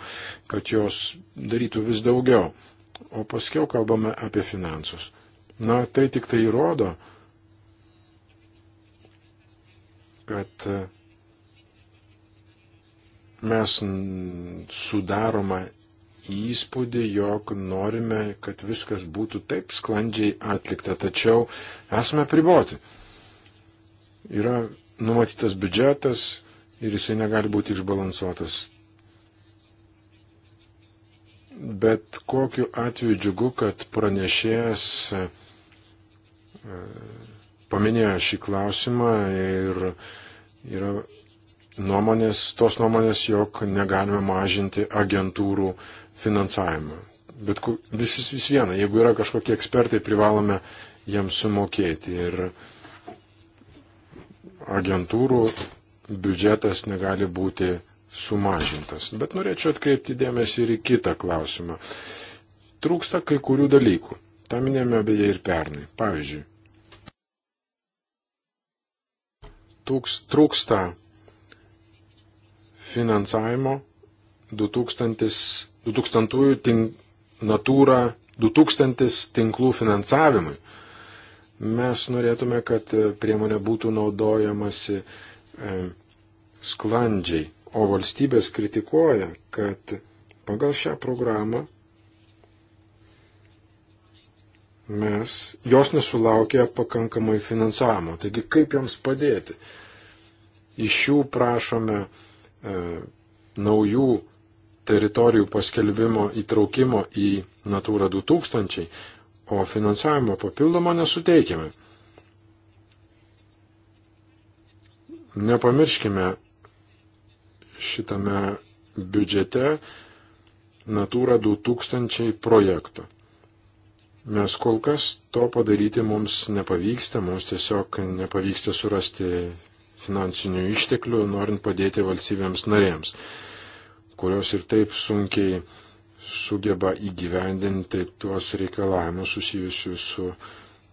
kad jos darytų vis daugiau, o paskiau kalbame apie finansus. Na, tai tik tai įrodo, kad e, mes sudaroma įspūdį, jog norime, kad viskas būtų taip sklandžiai atlikta, tačiau esame priboti. Yra numatytas biudžetas ir jisai negali būti išbalansuotas. Bet kokiu atveju džiugu, kad pranešėjas e, paminėjo šį klausimą ir yra nuomonės, tos nuomonės, jog negalime mažinti agentūrų finansavimą. Bet vis, vis viena, jeigu yra kažkokie ekspertai, privalome jiems sumokėti. Ir agentūrų biudžetas negali būti sumažintas. Bet norėčiau atkreipti dėmesį ir į kitą klausimą. Trūksta kai kurių dalykų. Tą minėjome beje ir pernai. Pavyzdžiui, tūks, trūksta finansavimo 2000 2000 tink, Natūra 2000 tinklų finansavimui. Mes norėtume, kad e, priemonė būtų naudojamasi e, sklandžiai, o valstybės kritikuoja, kad pagal šią programą mes jos nesulaukė pakankamai finansavimo. Taigi kaip joms padėti? Iš jų prašome e, naujų teritorijų paskelbimo įtraukimo į Natūra 2000, o finansavimo papildomo nesuteikiame. Nepamirškime šitame biudžete Natūra 2000 projektų. Nes kol kas to padaryti mums nepavyksta, mums tiesiog nepavyksta surasti finansinių išteklių, norint padėti valstybėms narėms kurios ir taip sunkiai sugeba įgyvendinti tuos reikalavimus susijusius su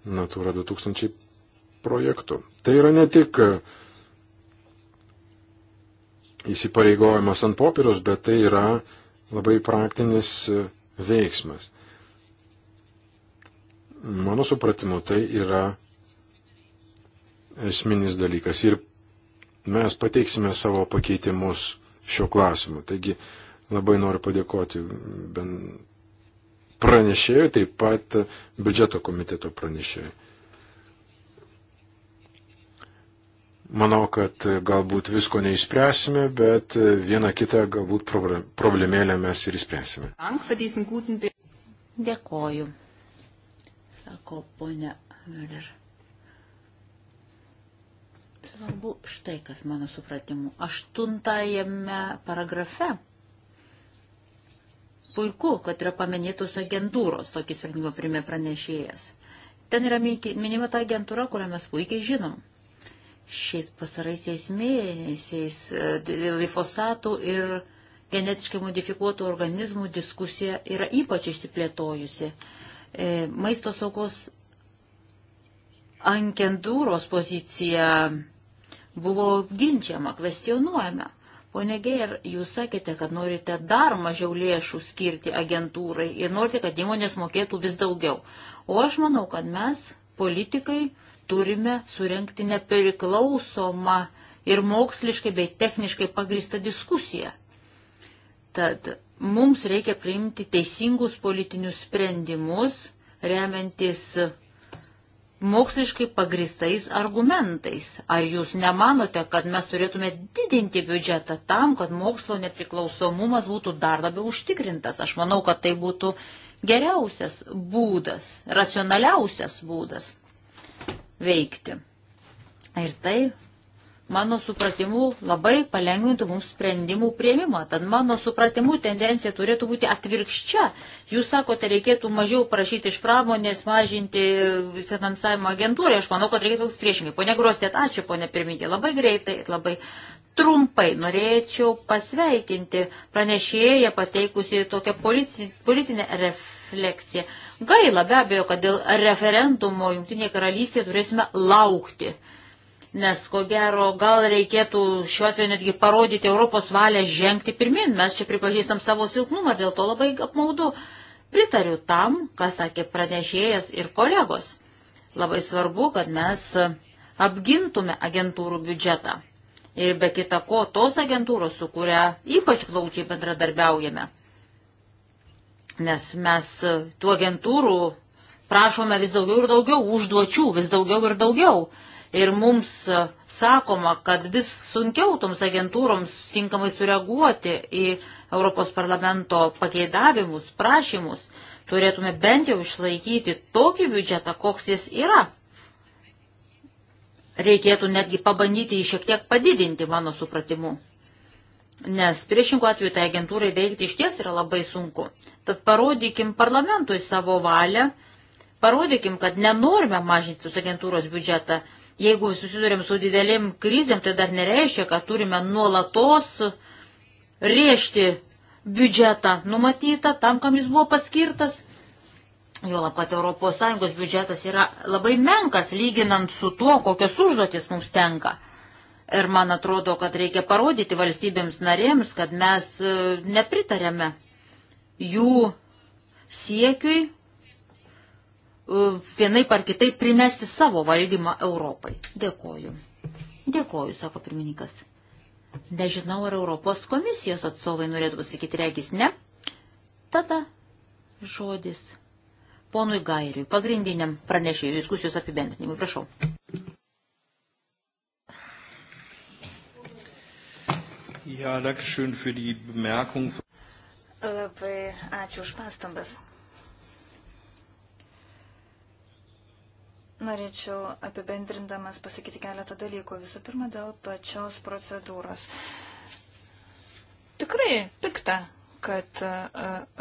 Natura 2000 projektu. Tai yra ne tik įsipareigojimas ant popieriaus, bet tai yra labai praktinis veiksmas. Mano supratimu, tai yra esminis dalykas. Ir mes pateiksime savo pakeitimus šio klausimu. Taigi labai noriu padėkoti pranešėjui, taip pat biudžeto komiteto pranešėjui. Manau, kad galbūt visko neišspręsime, bet vieną kitą galbūt problemėlę mes ir išspręsime. Dėkoju, sako ponia Müller. Svarbu štai kas mano supratimu. Aštuntajame paragrafe. Puiku, kad yra paminėtos agentūros, tokį sprendimą primė pranešėjas. Ten yra minima ta agentūra, kurią mes puikiai žinom. Šiais pasaraisiais mėnesiais dėl e, glifosatų ir genetiškai modifikuotų organizmų diskusija yra ypač išsiplėtojusi. E, maisto saugos Ankendūros pozicija buvo ginčiama, kvestionuojama. Pone Geir, jūs sakėte, kad norite dar mažiau lėšų skirti agentūrai ir norite, kad įmonės mokėtų vis daugiau. O aš manau, kad mes, politikai, turime surenkti nepriklausomą ir moksliškai bei techniškai pagristą diskusiją. Tad mums reikia priimti teisingus politinius sprendimus, remiantis moksliškai pagristais argumentais. Ar jūs nemanote, kad mes turėtume didinti biudžetą tam, kad mokslo nepriklausomumas būtų dar labiau užtikrintas? Aš manau, kad tai būtų geriausias būdas, racionaliausias būdas veikti. Ir tai mano supratimu, labai palengvintų mums sprendimų prieimimą. Tad mano supratimu, tendencija turėtų būti atvirkščia. Jūs sakote, reikėtų mažiau prašyti iš pramonės, mažinti finansavimo agentūrą. Aš manau, kad reikėtų priešingai. Pone Grostėt, ačiū, pone pirmininkė, labai greitai, labai trumpai norėčiau pasveikinti pranešėją pateikusi tokią politinę refleksiją. Gaila be abejo, kad dėl referendumo Junktinėje karalystėje turėsime laukti nes ko gero gal reikėtų šiuo atveju netgi parodyti Europos valią žengti pirmin. Mes čia pripažįstam savo silpnumą, dėl to labai apmaudu. Pritariu tam, ką sakė pranešėjas ir kolegos. Labai svarbu, kad mes apgintume agentūrų biudžetą. Ir be kita ko, tos agentūros, su kuria ypač glaučiai bendradarbiaujame. Nes mes tų agentūrų prašome vis daugiau ir daugiau užduočių, vis daugiau ir daugiau ir mums sakoma, kad vis sunkiau toms agentūroms tinkamai sureaguoti į Europos parlamento pageidavimus, prašymus, turėtume bent jau išlaikyti tokį biudžetą, koks jis yra. Reikėtų netgi pabandyti jį šiek tiek padidinti, mano supratimu. Nes priešingų atveju tai agentūrai veikti iš ties yra labai sunku. Tad parodykim parlamentui savo valią, parodykim, kad nenorime mažinti tos agentūros biudžetą, Jeigu susidurėm su didelim krizėm, tai dar nereiškia, kad turime nuolatos rėžti biudžetą numatytą tam, kam jis buvo paskirtas. Juolab, kad ES biudžetas yra labai menkas, lyginant su tuo, kokios užduotis mums tenka. Ir man atrodo, kad reikia parodyti valstybėms narėms, kad mes e, nepritarėme jų siekiui vienai par kitai primesti savo valdymą Europai. Dėkoju. Dėkoju, sako pirmininkas. Nežinau, ar Europos komisijos atstovai norėtų pasakyti regis ne. Tada žodis ponui Gairiui, pagrindiniam pranešėjų diskusijos apibendrinimui. Prašau. Ja, Labai ačiū už pastabas. Norėčiau apibendrindamas pasakyti keletą dalykų. Visų pirma, dėl pačios procedūros. Tikrai pikta, kad e,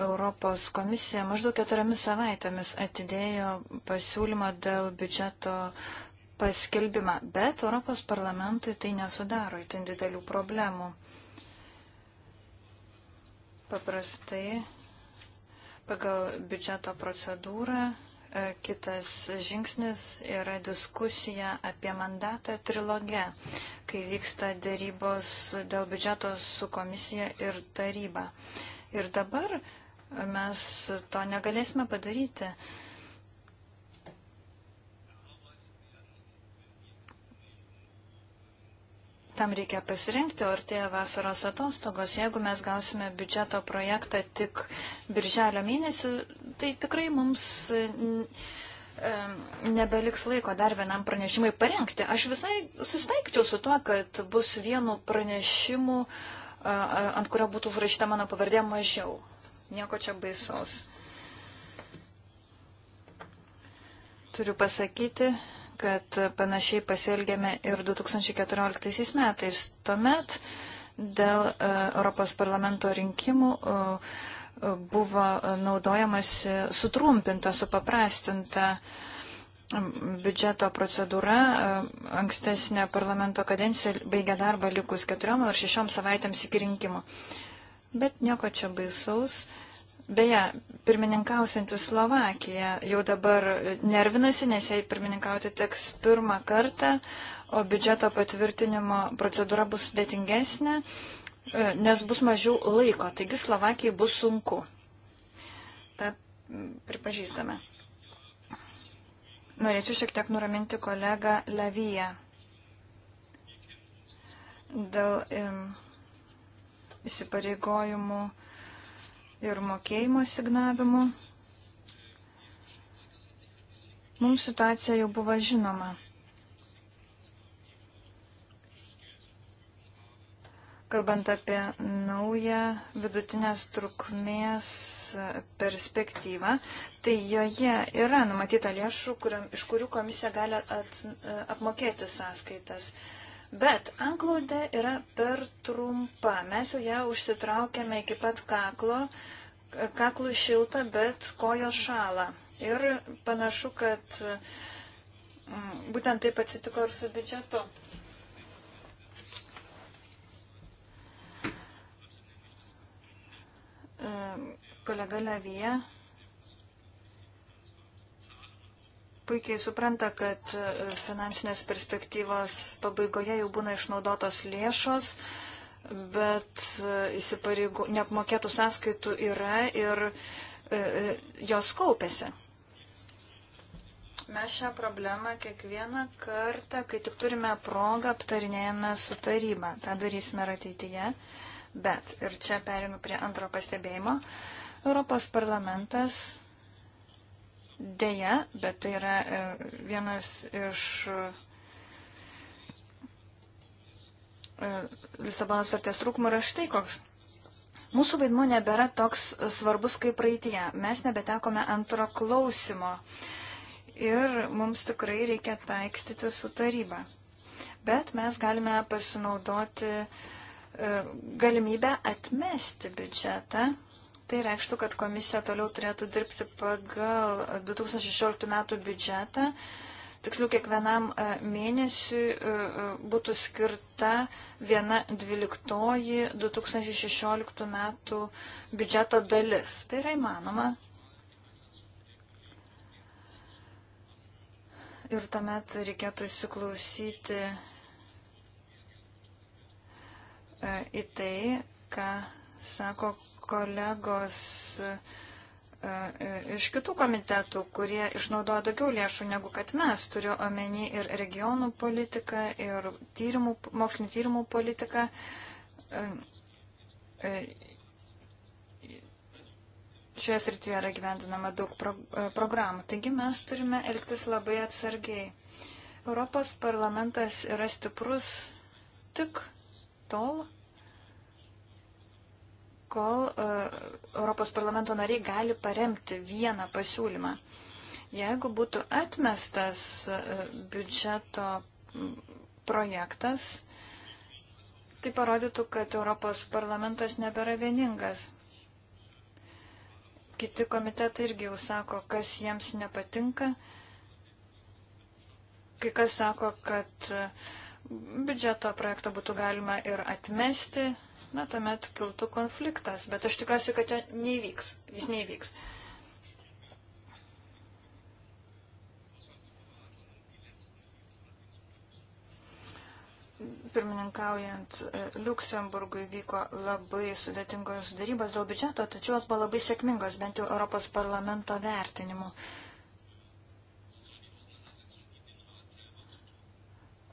Europos komisija maždaug keturiomis savaitėmis atidėjo pasiūlymą dėl biudžeto paskelbimą, bet Europos parlamentui tai nesudaro itin didelių problemų. Paprastai pagal biudžeto procedūrą E, kitas žingsnis yra diskusija apie mandatą trilogę, kai vyksta dėrybos dėl biudžeto su komisija ir taryba. Ir dabar mes to negalėsime padaryti. Uh, tam reikia pasirinkti, o artėja vasaros atostogos. Jeigu mes gausime biudžeto projektą tik birželio mėnesį, tai tikrai mums nebeliks laiko dar vienam pranešimui parengti. Aš visai susitaikčiau su tuo, kad bus vienu pranešimu, ant kurio būtų užrašyta mano pavardė mažiau. Nieko čia baisaus. Turiu pasakyti, kad panašiai pasielgėme ir 2014 metais. Tuomet dėl e, Europos parlamento rinkimų e, buvo naudojamas sutrumpinta, supaprastinta biudžeto procedūra. E, ankstesnė parlamento kadencija baigė darbą likus keturiom ar šešiom savaitėms iki rinkimų. Bet nieko čia baisaus. Beje, pirmininkausianti Slovakija jau dabar nervinasi, nes jai pirmininkauti teks pirmą kartą, o biudžeto patvirtinimo procedūra bus sudėtingesnė, e, nes bus mažiau laiko, taigi Slovakijai bus sunku. Ta pripažįstame. Norėčiau šiek tiek nuraminti kolegą Levyje dėl įsipareigojimų. Um, ir mokėjimo signavimu. Mums situacija jau buvo žinoma. Kalbant apie naują vidutinės trukmės perspektyvą, tai joje yra numatyta lėšų, kuriam, iš kurių komisija gali at, apmokėti sąskaitas. Uh, Bet anglaudė yra per trumpa. Mes jau ją užsitraukėme iki pat kaklo. Kaklų šilta, bet kojos šala. Ir panašu, kad mm, būtent taip atsitiko ir su biudžetu. E, kolega Levija puikiai supranta, kad e, finansinės perspektyvos pabaigoje jau būna išnaudotos lėšos, bet e, įsipareigų, neapmokėtų sąskaitų yra ir e, jos kaupėsi. Mes šią problemą kiekvieną kartą, kai tik turime progą, aptarinėjame su taryba. Ta darysime ir ateityje. Bet, ir čia perinu prie antro pastebėjimo, Europos parlamentas Deja, bet tai yra e, vienas iš e, Lisabono starties trūkumų yra štai koks. Mūsų vaidmuo nebėra toks svarbus kaip praeitie. Mes nebetekome antro klausimo ir mums tikrai reikia taikstyti su taryba. Bet mes galime pasinaudoti e, galimybę atmesti biudžetą Tai reikštų, kad komisija toliau turėtų dirbti pagal 2016 metų biudžetą. Tiksliau, kiekvienam e, mėnesiui e, e, būtų skirta viena dvyliktoji 2016 metų biudžeto dalis. Tai yra įmanoma. Ir tuomet reikėtų įsiklausyti į tai, ką sako kolegos e, iš kitų komitetų, kurie išnaudoja daugiau lėšų negu kad mes. Turiu omeny ir regionų politiką, ir tyrimų, mokslinio tyrimų politiką. E, e, Šioje srityje yra gyvendinama daug pro, programų, taigi mes turime elgtis labai atsargiai. Europos parlamentas yra stiprus tik tol, kol e, Europos parlamento nariai gali paremti vieną pasiūlymą. Jeigu būtų atmestas e, biudžeto projektas, tai parodytų, kad Europos parlamentas nebėra vieningas. Kiti komitetai irgi jau sako, kas jiems nepatinka. Kai kas sako, kad biudžeto projektą būtų galima ir atmesti, na, tuomet kiltų konfliktas, bet aš tikiuosi, kad jo neįvyks, jis neįvyks. Pirmininkaujant e, Luksemburgui vyko labai sudėtingos darybos dėl biudžeto, tačiau jos buvo labai sėkmingos, bent jau Europos parlamento vertinimu. Uh,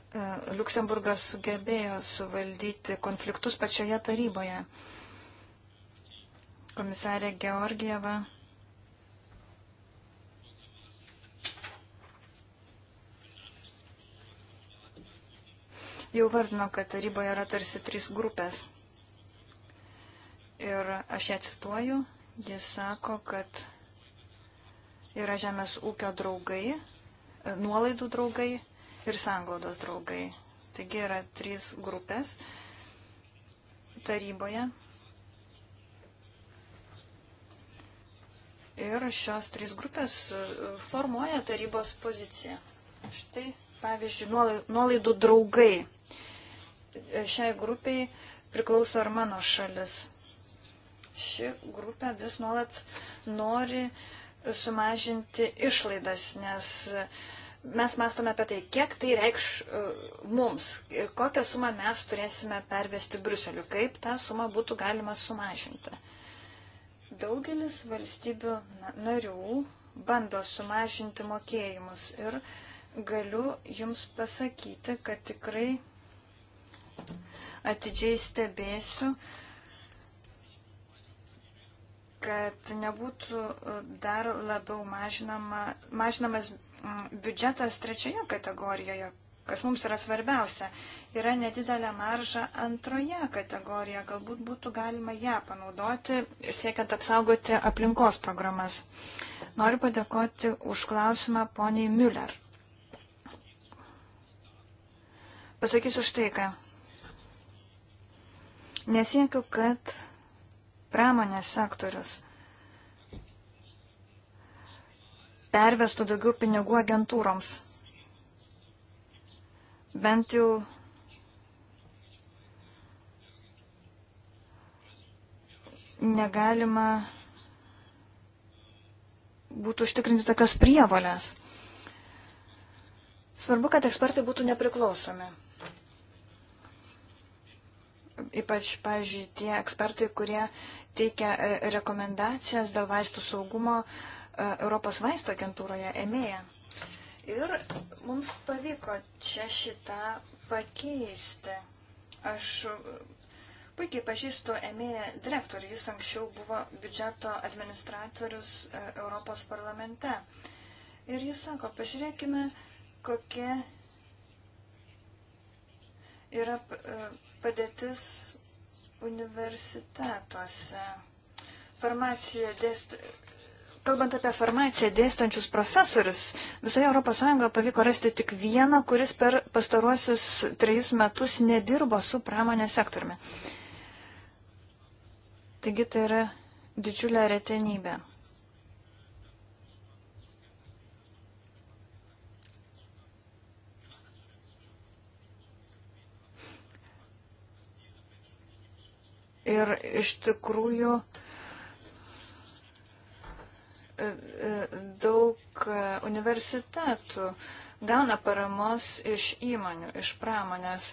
E, Luksemburgas sugebėjo suvaldyti konfliktus pačioje taryboje. Komisarė Georgieva jau vardino, kad taryboje yra tarsi trys grupės. Ir aš ją cituoju, jis sako, kad yra žemės ūkio draugai, e, nuolaidų draugai, ir sanglaudos draugai. Taigi yra trys grupės taryboje. Ir šios trys grupės e, formuoja tarybos poziciją. Štai, pavyzdžiui, nuolaidų draugai. E, šiai grupiai priklauso ir mano šalis. Ši grupė vis nuolat nori sumažinti išlaidas, nes uh, mes mastome apie tai, kiek tai reikš e, mums, kokią sumą mes turėsime pervesti Bruseliu, kaip tą sumą būtų galima sumažinti. Daugelis valstybių narių bando sumažinti mokėjimus ir galiu jums pasakyti, kad tikrai atidžiai stebėsiu, kad nebūtų e, dar labiau mažinama, mažinamas biudžetas trečioje kategorijoje, kas mums yra svarbiausia, yra nedidelė marža antroje kategorijoje. Galbūt būtų galima ją panaudoti, siekiant apsaugoti aplinkos programas. Noriu padėkoti už klausimą poniai Müller. Pasakysiu štai ką. Nesiekiu, kad pramonės sektorius pervestų daugiau pinigų agentūroms. Bent jau negalima būtų užtikrinti tokios prievalės. Svarbu, kad ekspertai būtų nepriklausomi. Ypač, pavyzdžiui, tie ekspertai, kurie teikia e, rekomendacijas dėl vaistų saugumo, uh, E, Europos vaisto agentūroje EMEA. Ir mums pavyko čia šitą pakeisti. Aš puikiai pažįstu EMEA direktorių, jis anksčiau buvo biudžeto administratorius e, Europos parlamente. Ir jis sako, pažiūrėkime, kokia yra e, padėtis universitetuose. Farmacija dėst, Kalbant apie farmaciją dėstančius profesorius, visoje ES pavyko rasti tik vieną, kuris per pastaruosius trejus metus nedirbo su pramonės sektoriumi. Taigi tai yra didžiulė retenybė. Ir iš tikrųjų, uh, daug e, universitetų gauna paramos iš įmonių, iš pramonės.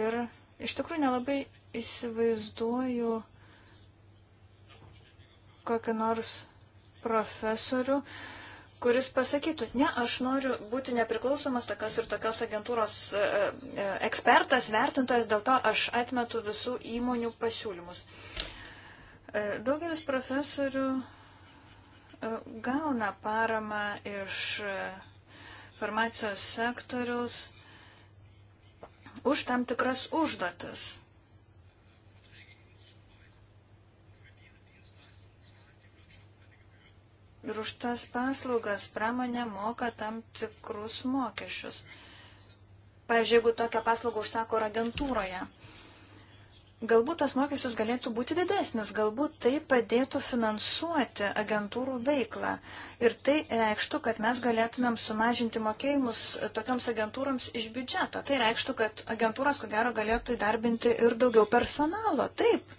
Ir iš tikrųjų nelabai įsivaizduoju kokį nors profesorių, kuris pasakytų, ne, aš noriu būti nepriklausomas tokios ir tokios agentūros e, e, ekspertas, vertintojas, dėl to aš atmetu visų įmonių pasiūlymus. E, daugelis profesorių e, gauna paramą iš e, farmacijos sektoriaus už tam tikras užduotis. Ir už tas paslaugas pramonė moka tam tikrus mokesčius. Pavyzdžiui, jeigu tokią paslaugą užsako agentūroje, Galbūt tas mokestis galėtų būti didesnis, galbūt tai padėtų finansuoti agentūrų veiklą. Ir tai reikštų, kad mes galėtumėm sumažinti mokėjimus tokiams agentūrams iš biudžeto. Tai reikštų, kad agentūros, ko gero, galėtų įdarbinti ir daugiau personalo. Taip.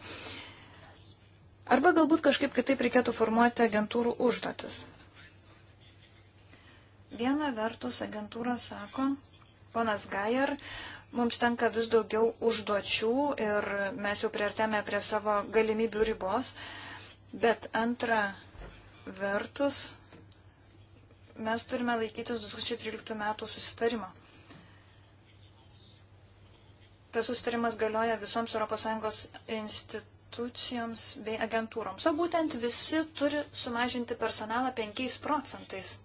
Arba galbūt kažkaip kitaip reikėtų formuoti agentūrų užduotis. Viena vertus agentūra sako, ponas Gajar, Mums tenka vis daugiau užduočių ir mes jau priartėme prie savo galimybių ribos. Bet antra vertus, mes turime laikytis 2013 metų susitarimo. Tas susitarimas galioja visoms ES institucijoms bei agentūroms. O būtent visi turi sumažinti personalą 5 procentais.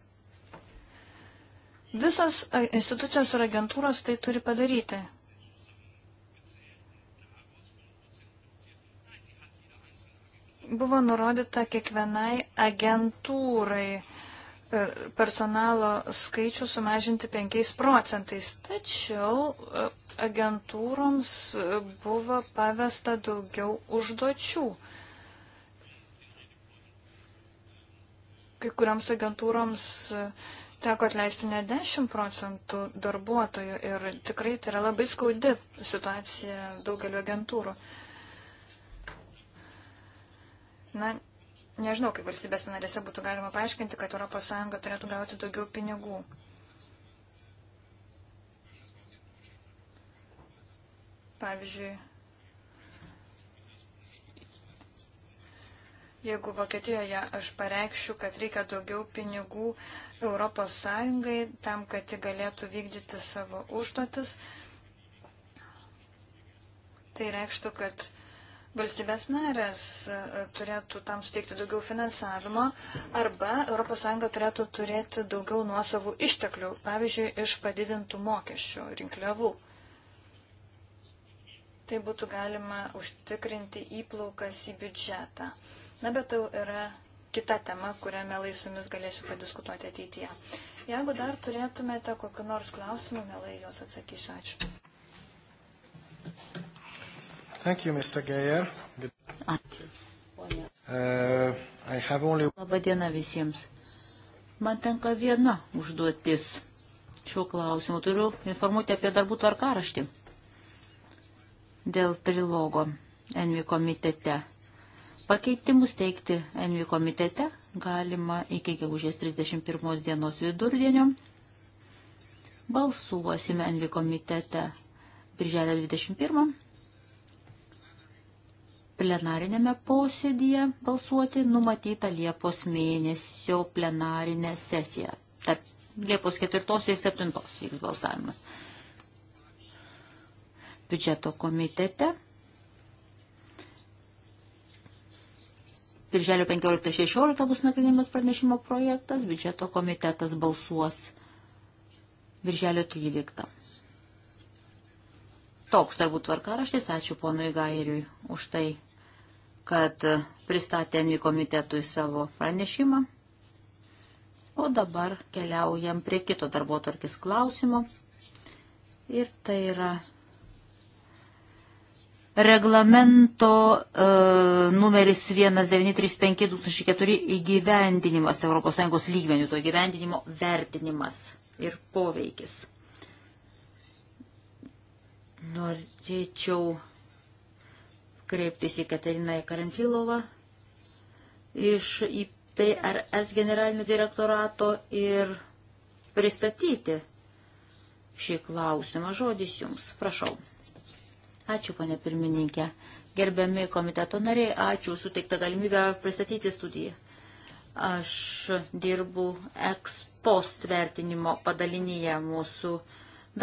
Visos institucijos ir agentūros tai turi padaryti. Buvo nurodyta kiekvienai agentūrai e, personalo skaičių sumažinti 5 procentais, tačiau e, agentūroms e, buvo pavesta daugiau užduočių. Kai kuriams agentūroms uh, teko atleisti ne 10 procentų darbuotojų ir tikrai tai yra labai skaudi situacija daugelio agentūrų. Na, nežinau, kaip valstybės narėse būtų galima paaiškinti, kad ES turėtų gauti daugiau pinigų. Pavyzdžiui, Jeigu Vokietijoje aš pareikščiau, kad reikia daugiau pinigų ES tam, kad ji galėtų vykdyti savo užduotis, tai reikštų, kad valstybės narės e, turėtų tam suteikti daugiau finansavimo arba ES turėtų turėti daugiau nuosavų išteklių, pavyzdžiui, iš padidintų mokesčių rinkliavų. Tai būtų galima užtikrinti įplaukas į biudžetą. Na, bet tai yra kita tema, kurią mielai su jumis galėsiu padiskutuoti ateityje. Jeigu dar turėtumėte kokiu nors klausimu, mielai juos atsakysiu. Ačiū. Thank you, Mr. Geyer. Ačiū. Uh, only... Labadiena visiems. Man tenka viena užduotis šiuo klausimu. Turiu informuoti apie darbų tvarkaraštį dėl trilogo Envi komitete. Pakeitimus teikti NV komitete galima iki gegužės 31 dienos vidurdienio. Balsuosime NV komitete birželio 21. Plenarinėme posėdėje balsuoti numatyta Liepos mėnesio plenarinė sesija. Tarp Liepos 4 ir 7 vyks balsavimas. Biudžeto komitete Birželio 15-16 bus nagrinimas pranešimo projektas, biudžeto komitetas balsuos Birželio 13. Toks turbūt tvarkaraštis, ačiū ponui Gairiui už tai, kad pristatė Envi komitetui savo pranešimą. O dabar keliaujam prie kito darbo tvarkis klausimo. Ir tai yra Reglamento e, numeris 1935-2004 įgyvendinimas ES lygmenių, to įgyvendinimo vertinimas ir poveikis. Norėčiau kreiptis į Kateriną Karanfilovą iš IPRS generalinio direktorato ir pristatyti šį klausimą. Žodis jums, prašau. Ačiū, ponė pirmininkė. Gerbiami komiteto nariai, ačiū suteikta galimybę pristatyti studiją. Aš dirbu ekspost vertinimo padalinyje mūsų.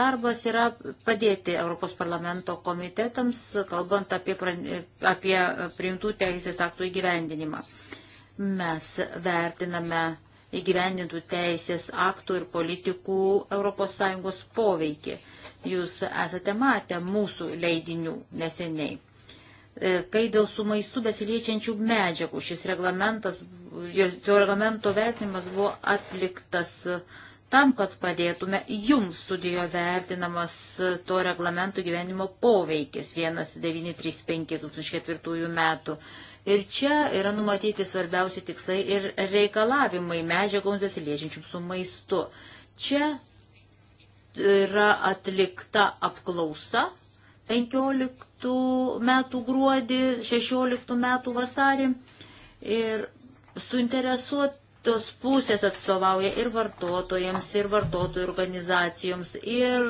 Darbas yra padėti Europos parlamento komitetams, kalbant apie, apie priimtų teisės aktų įgyvendinimą. Mes vertiname įgyvendintų teisės aktų ir politikų ES poveikį. Jūs esate matę mūsų leidinių neseniai. E, kai dėl su maistu besiliečiančių medžiagų šis reglamentas, jo reglamento vertinimas buvo atliktas tam, kad padėtume jums studijo vertinamas to reglamento gyvenimo poveikis 1935-2004 metų. Ir čia yra numatyti svarbiausi tikslai ir reikalavimai medžiagoms besiliečiančiam su maistu. Čia yra atlikta apklausa 15 metų gruodį, 16 metų vasarį ir suinteresuotos pusės atstovauja ir vartotojams, ir vartotojų organizacijoms, ir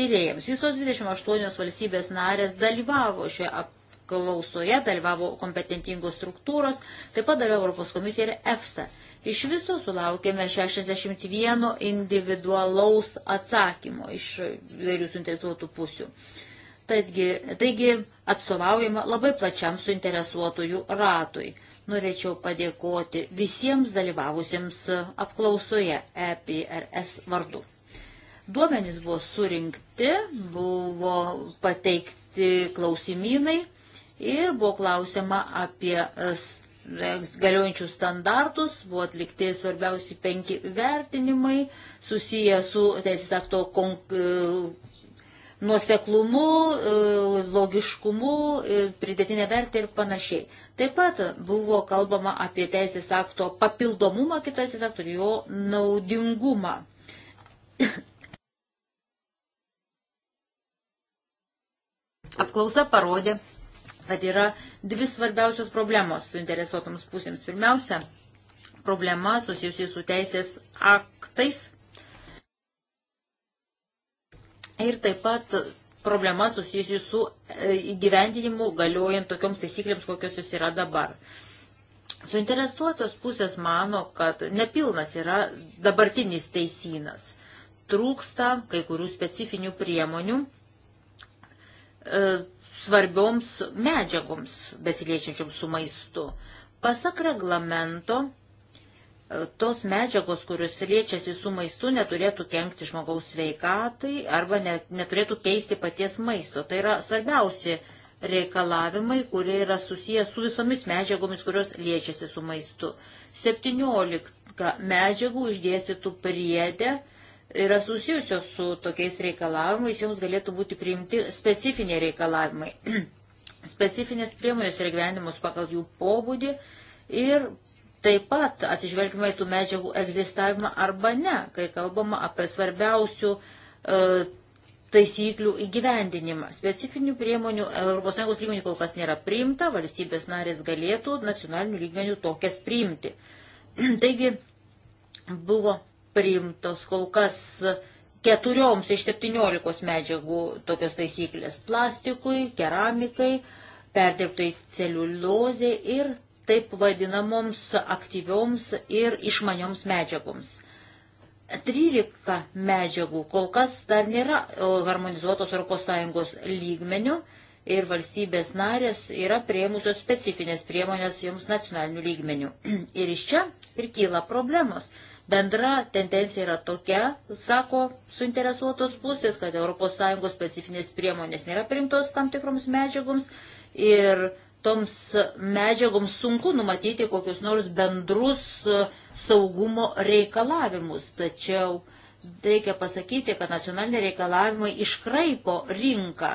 tyrėjams. Visos 28 valstybės narės dalyvavo šioje apklausoje klausoje dalyvavo kompetentingos struktūros, taip pat dalyvavo Europos komisija ir EFSA. Iš viso sulaukėme 61 individualaus atsakymo iš vairių suinteresuotų pusių. Taigi, taigi atstovaujama labai plačiam suinteresuotųjų ratui. Norėčiau padėkoti visiems dalyvavusiems apklausoje EPRS vardu. Duomenys buvo surinkti, buvo pateikti klausimynai ir buvo klausima apie e, galiojančius standartus, buvo atlikti svarbiausi penki vertinimai susiję su teisės akto e, nuoseklumu, e, logiškumu, pridėtinė vertė ir panašiai. Taip pat buvo kalbama apie teisės akto papildomumą, kitas teisės akto jo naudingumą. Apklausa parodė, kad yra dvi svarbiausios problemos suinteresuotoms pusėms. Pirmiausia, problema susijusi su teisės aktais ir taip pat problema susijusi su e, įgyvendinimu galiojant tokioms taisyklėms, kokios jos yra dabar. Suinteresuotos pusės mano, kad nepilnas yra dabartinis teisinas. Trūksta kai kurių specifinių priemonių e, svarbioms medžiagoms besiliečiančioms su maistu. Pasak reglamento, e, tos medžiagos, kurios liečiasi su maistu, neturėtų kenkti žmogaus sveikatai arba ne, neturėtų keisti paties maisto. Tai yra svarbiausi reikalavimai, kurie yra susijęs su visomis medžiagomis, kurios liečiasi su maistu. 17 medžiagų išdėstytų priedė yra susijusios su tokiais reikalavimais, jums galėtų būti priimti specifiniai reikalavimai. *clears throat* Specifinės priemonės ir gyvenimus pagal jų pobūdį ir taip pat atsižvelgime į tų medžiagų egzistavimą arba ne, kai kalbama apie svarbiausių e, taisyklių įgyvendinimą. Specifinių priemonių ES lygmenių kol kas nėra priimta, valstybės narės galėtų nacionalinių lygmenių tokias priimti. *clears throat* Taigi buvo priimtos kol kas keturioms iš septyniolikos medžiagų tokios taisyklės - plastikui, keramikai, perdirbtai celiuliozė ir taip vadinamoms aktyvioms ir išmanioms medžiagoms. 13 medžiagų kol kas dar nėra harmonizuotos ES lygmenių ir valstybės narės yra prieimusios specifinės priemonės joms nacionalinių lygmenių. *clears throat* Ir iš čia ir kyla problemos. Bendra tendencija yra tokia, sako suinteresuotos pusės, kad ES specifinės priemonės nėra primtos tam tikroms medžiagoms ir toms medžiagoms sunku numatyti kokius nors bendrus e, saugumo reikalavimus. Tačiau reikia pasakyti, kad nacionaliniai reikalavimai iškraipo rinką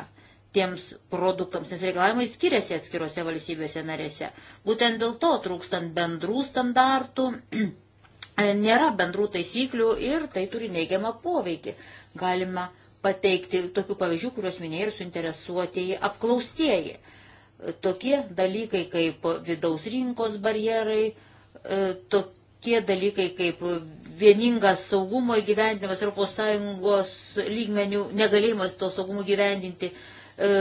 tiems produktams, nes reikalavimai skiriasi atskirose valstybėse narėse. Būtent dėl to trūkstant bendrų standartų *clears throat* E, nėra bendrų taisyklių ir tai turi neigiamą poveikį. Galima pateikti tokių pavyzdžių, kuriuos minėjai ir suinteresuotieji apklaustieji. Tokie dalykai kaip vidaus rinkos barjerai, e, tokie dalykai kaip vieningas saugumo įgyvendinimas ES lygmenių, negalėjimas to saugumo įgyvendinti, e,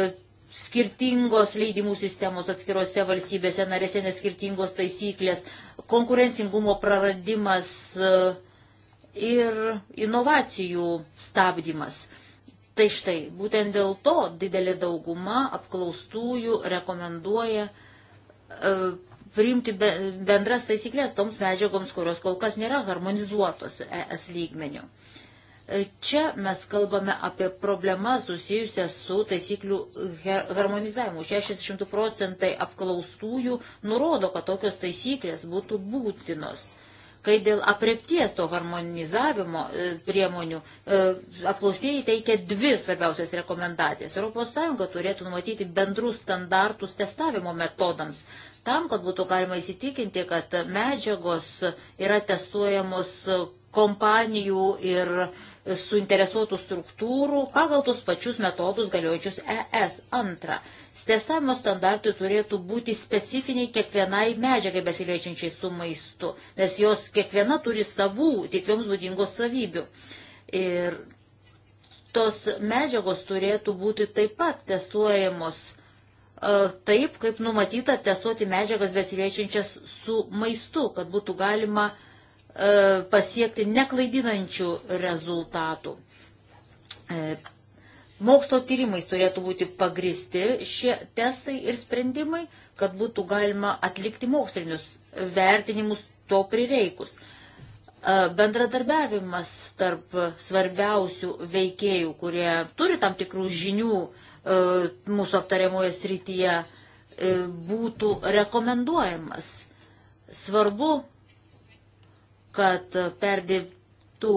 skirtingos leidimų sistemos atskirose valstybėse narėse, nes skirtingos taisyklės, konkurencingumo praradimas e, ir inovacijų stabdymas. Tai štai, būtent dėl to didelė dauguma apklaustųjų rekomenduoja e, priimti bendras taisyklės toms medžiagoms, kurios kol kas nėra harmonizuotos ES lygmeniu. Čia mes kalbame apie problemas susijusias su taisyklių harmonizavimu. 60 procentai apklaustųjų nurodo, kad tokios taisyklės būtų būtinos. Kai dėl apriepties to harmonizavimo e, priemonių e, apklausėjai teikia dvi svarbiausias rekomendacijas. ES turėtų numatyti bendrus standartus testavimo metodams, tam, kad būtų galima įsitikinti, kad medžiagos yra testuojamos kompanijų ir suinteresuotų struktūrų pagal tos pačius metodus galiojančius ES. Antra, testavimo standartai turėtų būti specifiniai kiekvienai medžiagai besiliečiančiai su maistu, nes jos kiekviena turi savų, tik joms būdingos savybių. Ir tos medžiagos turėtų būti taip pat testuojamos e, taip, kaip numatyta testuoti medžiagas besiliečiančias su maistu, kad būtų galima uh, E, pasiekti neklaidinančių rezultatų. E, mokslo tyrimais turėtų būti pagristi šie testai ir sprendimai, kad būtų galima atlikti mokslinius vertinimus to prireikus. E, bendradarbiavimas tarp svarbiausių veikėjų, kurie turi tam tikrų žinių mūsų aptariamoje srityje, būtų rekomenduojamas. Svarbu kad perdirbtų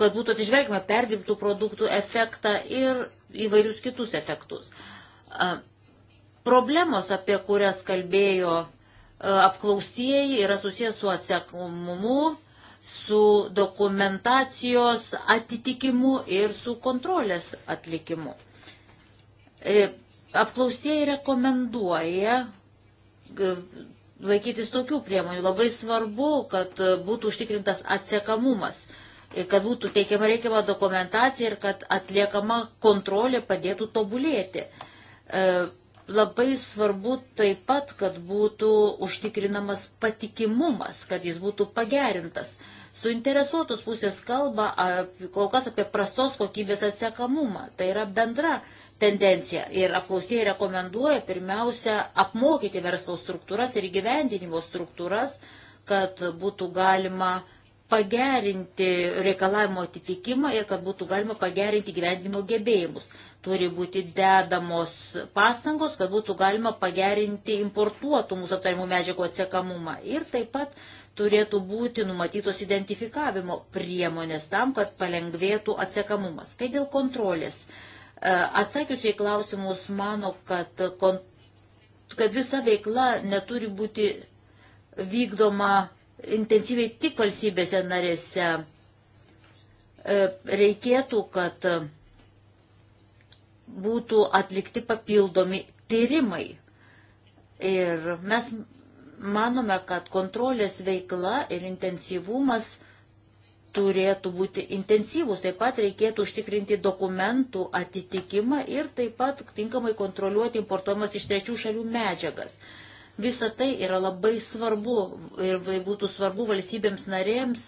kad būtų atsižvelgiama perdirbtų produktų efektą ir įvairius kitus efektus. Problemos, apie kurias kalbėjo apklausieji, yra susijęs su atsekomumu, su dokumentacijos atitikimu ir su kontrolės atlikimu. E, apklausieji rekomenduoja laikytis tokių priemonių. Labai svarbu, kad būtų užtikrintas atsiekamumas, kad būtų teikiama reikiama dokumentacija ir kad atliekama kontrolė padėtų tobulėti. E, labai svarbu taip pat, kad būtų užtikrinamas patikimumas, kad jis būtų pagerintas. Suinteresuotos pusės kalba kol kas apie prastos kokybės atsiekamumą. Tai yra bendra tendencija. Ir apklaustieji rekomenduoja pirmiausia apmokyti verslo struktūras ir gyvendinimo struktūras, kad būtų galima pagerinti reikalavimo atitikimą ir kad būtų galima pagerinti gyvendimo gebėjimus. Turi būti dedamos pastangos, kad būtų galima pagerinti importuotų mūsų aptarimų medžiagų atsiekamumą. Ir taip pat turėtų būti numatytos identifikavimo priemonės tam, kad palengvėtų atsiekamumas. Kai dėl kontrolės E, atsakius į klausimus, mano, kad, kad visa veikla neturi būti vykdoma intensyviai tik valstybėse narėse. E, reikėtų, kad būtų atlikti papildomi tyrimai. Ir mes manome, kad kontrolės veikla ir intensyvumas turėtų būti intensyvus. Taip pat reikėtų užtikrinti dokumentų atitikimą ir taip pat tinkamai kontroliuoti importuomas iš trečių šalių medžiagas. Visa tai yra labai svarbu ir tai būtų svarbu valstybėms narėms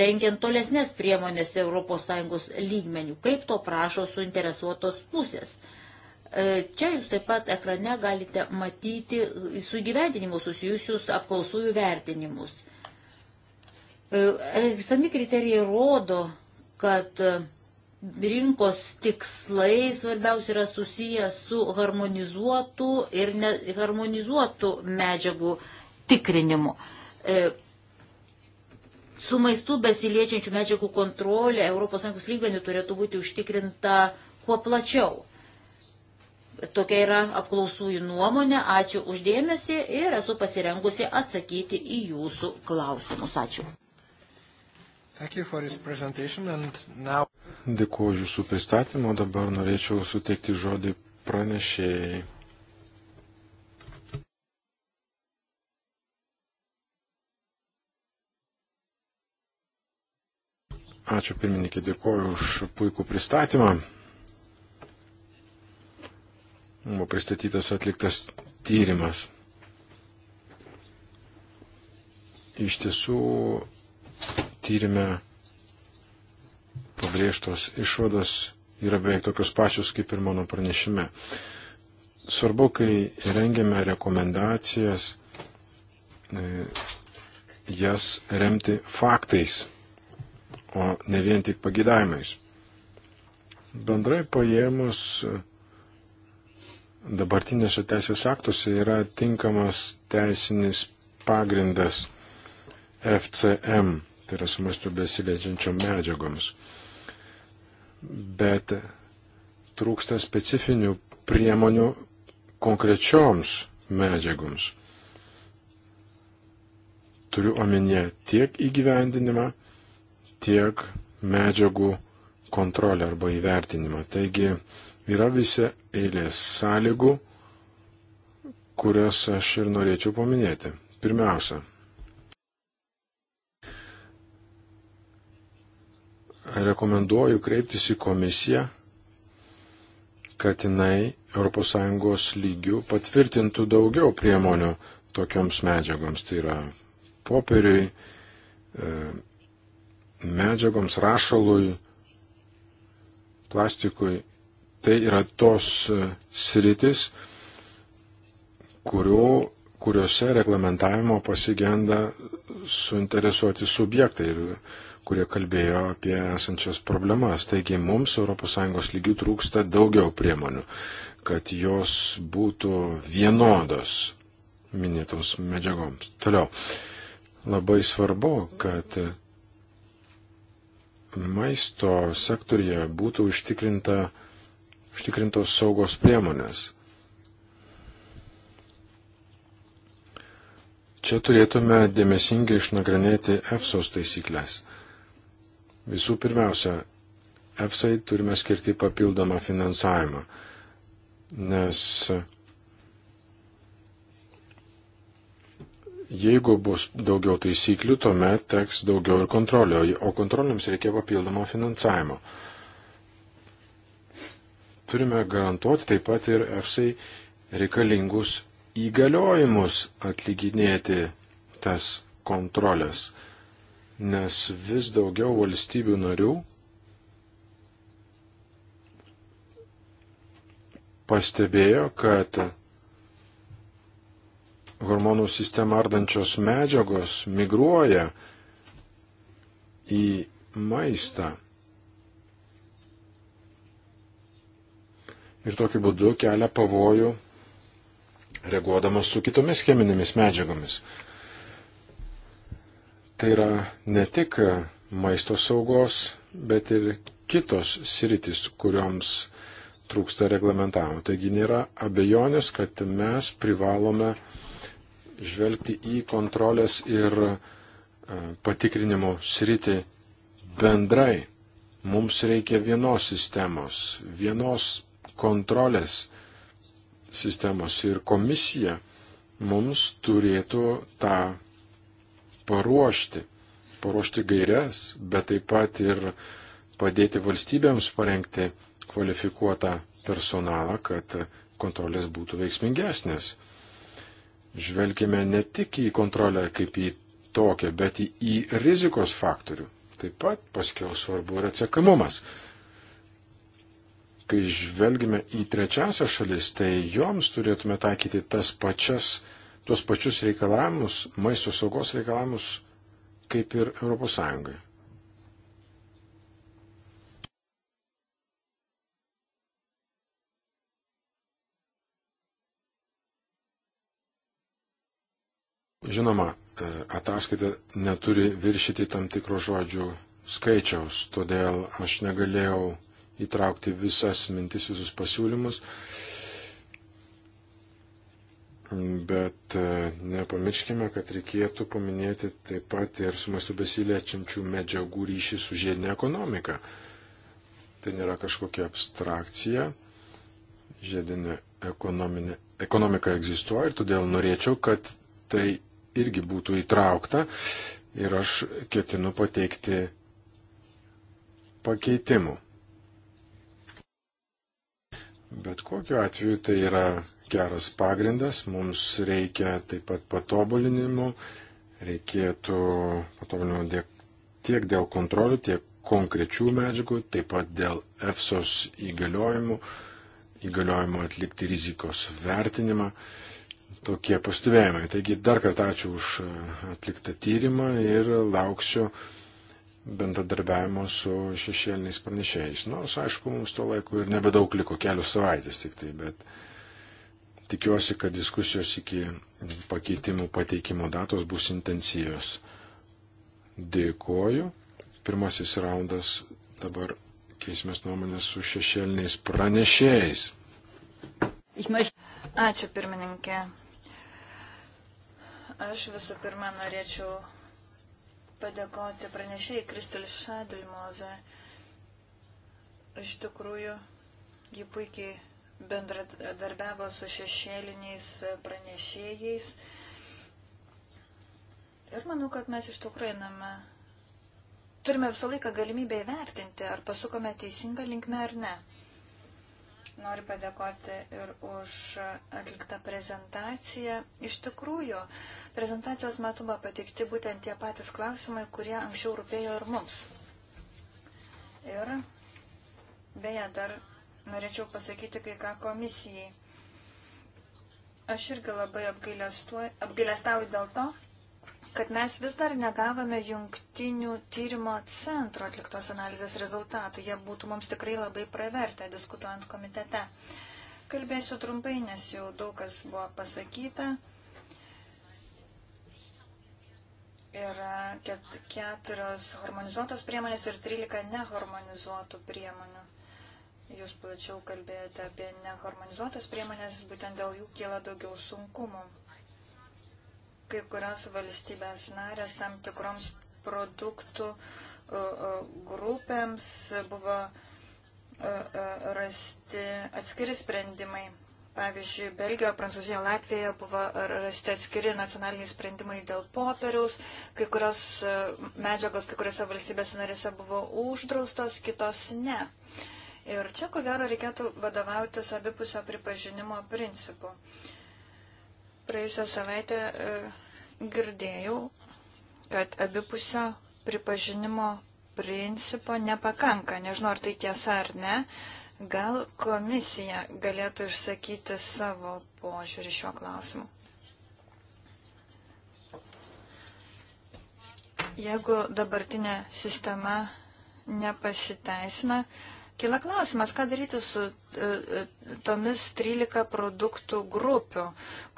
rengiant tolesnės priemonės ES lygmenių, kaip to prašo suinteresuotos pusės. E, čia jūs taip pat ekrane galite matyti su gyvendinimu susijusius apklausųjų vertinimus. Egzami kriterijai rodo, kad e, rinkos tikslai svarbiausia yra susiję su harmonizuotų ir neharmonizuotų medžiagų tikrinimu. E, su maistu besiliečiančių medžiagų kontrolė ES lygmenių turėtų būti užtikrinta kuo plačiau. Tokia yra apklausųjų nuomonė. Ačiū uždėmesi ir esu pasirengusi atsakyti į jūsų klausimus. Ačiū. Now... Dėkuoju jūsų pristatymą, dabar norėčiau suteikti žodį pranešėjai. Ačiū pirmininkė, dėkuoju už puikų pristatymą. Buvo pristatytas atliktas tyrimas. Iš tiesų tyrimė pabrėžtos išvados yra beveik tokios pačios kaip ir mano pranešime. Svarbu, kai rengiame rekomendacijas, e, jas remti faktais, o ne vien tik pagidavimais. Bendrai paėmus dabartinėse teisės aktuose yra tinkamas teisinis pagrindas FCM tai yra su maistu besileidžiančiom medžiagoms. Bet trūksta specifinių priemonių konkrečioms medžiagoms. Turiu omenyje tiek įgyvendinimą, tiek medžiagų kontrolę arba įvertinimą. Taigi yra visi eilės sąlygų, kurias aš ir norėčiau paminėti. Pirmiausia, rekomenduoju kreiptis į komisiją, kad jinai ES lygių patvirtintų daugiau priemonių tokioms medžiagoms. Tai yra popieriui, e, medžiagoms, rašalui, plastikui. Tai yra tos e, sritis, kurio, kuriuose reglamentavimo pasigenda suinteresuoti subjektai. Ir kurie kalbėjo apie esančias problemas. Taigi mums ES lygių trūksta daugiau priemonių, kad jos būtų vienodos minėtoms medžiagoms. Toliau, labai svarbu, kad maisto sektorija būtų užtikrinta, užtikrintos saugos priemonės. Čia turėtume dėmesingai išnagrinėti EFSOS taisyklės. Visų pirmiausia, EFSAI turime skirti papildomą finansavimą, nes jeigu bus daugiau taisyklių, tuomet teks daugiau ir kontrolio, o kontroliams reikia papildomo finansavimo. Turime garantuoti taip pat ir EFSAI reikalingus įgaliojimus atlyginėti tas kontrolės nes vis daugiau valstybių narių pastebėjo, kad hormonų sistemą ardančios medžiagos migruoja į maistą. Ir tokiu būdu kelia pavojų reaguodamas su kitomis cheminėmis medžiagomis. Tai yra ne tik maisto saugos, bet ir kitos sritis, kurioms trūksta reglamentavimo. Taigi nėra abejonės, kad mes privalome žvelgti į kontrolės ir e, patikrinimo sritį bendrai. Mums reikia vienos sistemos, vienos kontrolės sistemos ir komisija mums turėtų tą paruošti, paruošti gairias, bet taip pat ir padėti valstybėms parengti kvalifikuotą personalą, kad kontrolės būtų veiksmingesnės. Žvelgime ne tik į kontrolę kaip į tokią, bet į, į rizikos faktorių. Taip pat paskiau svarbu ir atsiekamumas. Kai žvelgime į trečiasią šalis, tai joms turėtume taikyti tas pačias tuos pačius reikalavimus, maisto saugos reikalavimus, kaip ir ES. Žinoma, e, ataskaita neturi viršyti tam tikro žodžių skaičiaus, todėl aš negalėjau įtraukti visas mintis, visus pasiūlymus. Bet e, nepamirškime, kad reikėtų paminėti taip pat ir su maistu besiliečiančių medžiagų ryšį su žiedinė ekonomika. Tai nėra kažkokia abstrakcija. Žiedinė ekonomika egzistuoja ir todėl norėčiau, kad tai irgi būtų įtraukta ir aš ketinu pateikti pakeitimų. Bet kokiu atveju tai yra geras pagrindas, mums reikia taip pat patobulinimų, reikėtų patobulinimų tiek dėl kontrolių, tiek konkrečių medžiagų, taip pat dėl EFSOS įgaliojimų, įgaliojimų atlikti rizikos vertinimą. Tokie pastebėjimai. Taigi dar kartą ačiū už e, atliktą tyrimą ir lauksiu bendradarbiavimo su šešėliniais pranešėjais. Nors, nu, aišku, mums to laiko ir nebedaug liko, kelios savaitės tik tai, bet Tikiuosi, kad diskusijos iki pakeitimų pateikimo datos bus intensyvios. Dėkoju. Pirmasis raundas dabar keismės nuomonės su šešėliniais pranešėjais. Ačiū pirmininkė. Aš visų pirma norėčiau padėkoti pranešėjai Kristel Šadilmoze. Iš tikrųjų, ji puikiai bendradarbiavo su šešėliniais pranešėjais. Ir manau, kad mes iš tikrųjų einame. Turime visą laiką galimybę įvertinti, ar pasukome teisingą linkmę ar ne. Noriu padėkoti ir už atliktą prezentaciją. Iš tikrųjų, prezentacijos metu buvo pateikti būtent tie patys klausimai, kurie anksčiau rūpėjo ir mums. Ir beje, dar norėčiau pasakyti kai ką komisijai. Aš irgi labai apgailestauju dėl to, kad mes vis dar negavome jungtinių tyrimo centro atliktos analizės rezultatų. Jie būtų mums tikrai labai pravertę diskutuojant komitete. Kalbėsiu trumpai, nes jau daug kas buvo pasakyta. Yra keturios harmonizuotos priemonės ir trylika neharmonizuotų priemonių. Jūs plačiau kalbėjote apie neharmonizuotas priemonės, būtent dėl jų kyla daugiau sunkumų. Kai kurios valstybės narės tam tikroms produktų e, e, grupėms buvo e, rasti atskiri sprendimai. Pavyzdžiui, Belgijoje, Prancūzijoje, Latvijoje buvo rasti atskiri nacionaliniai sprendimai dėl popieriaus, kai kurios medžiagos, kai kuriuose valstybėse narėse buvo uždraustos, kitos ne. Uh, Ir čia, ko gero, reikėtų vadovautis abipusio pripažinimo principu. Praėjusią savaitę e, girdėjau, kad abipusio pripažinimo principo nepakanka. Nežinau, ar tai tiesa ar ne. Gal komisija galėtų išsakyti savo požiūrį šiuo klausimu. Jeigu dabartinė sistema nepasiteisina, Kila klausimas, ką daryti su e, e, tomis 13 produktų grupių,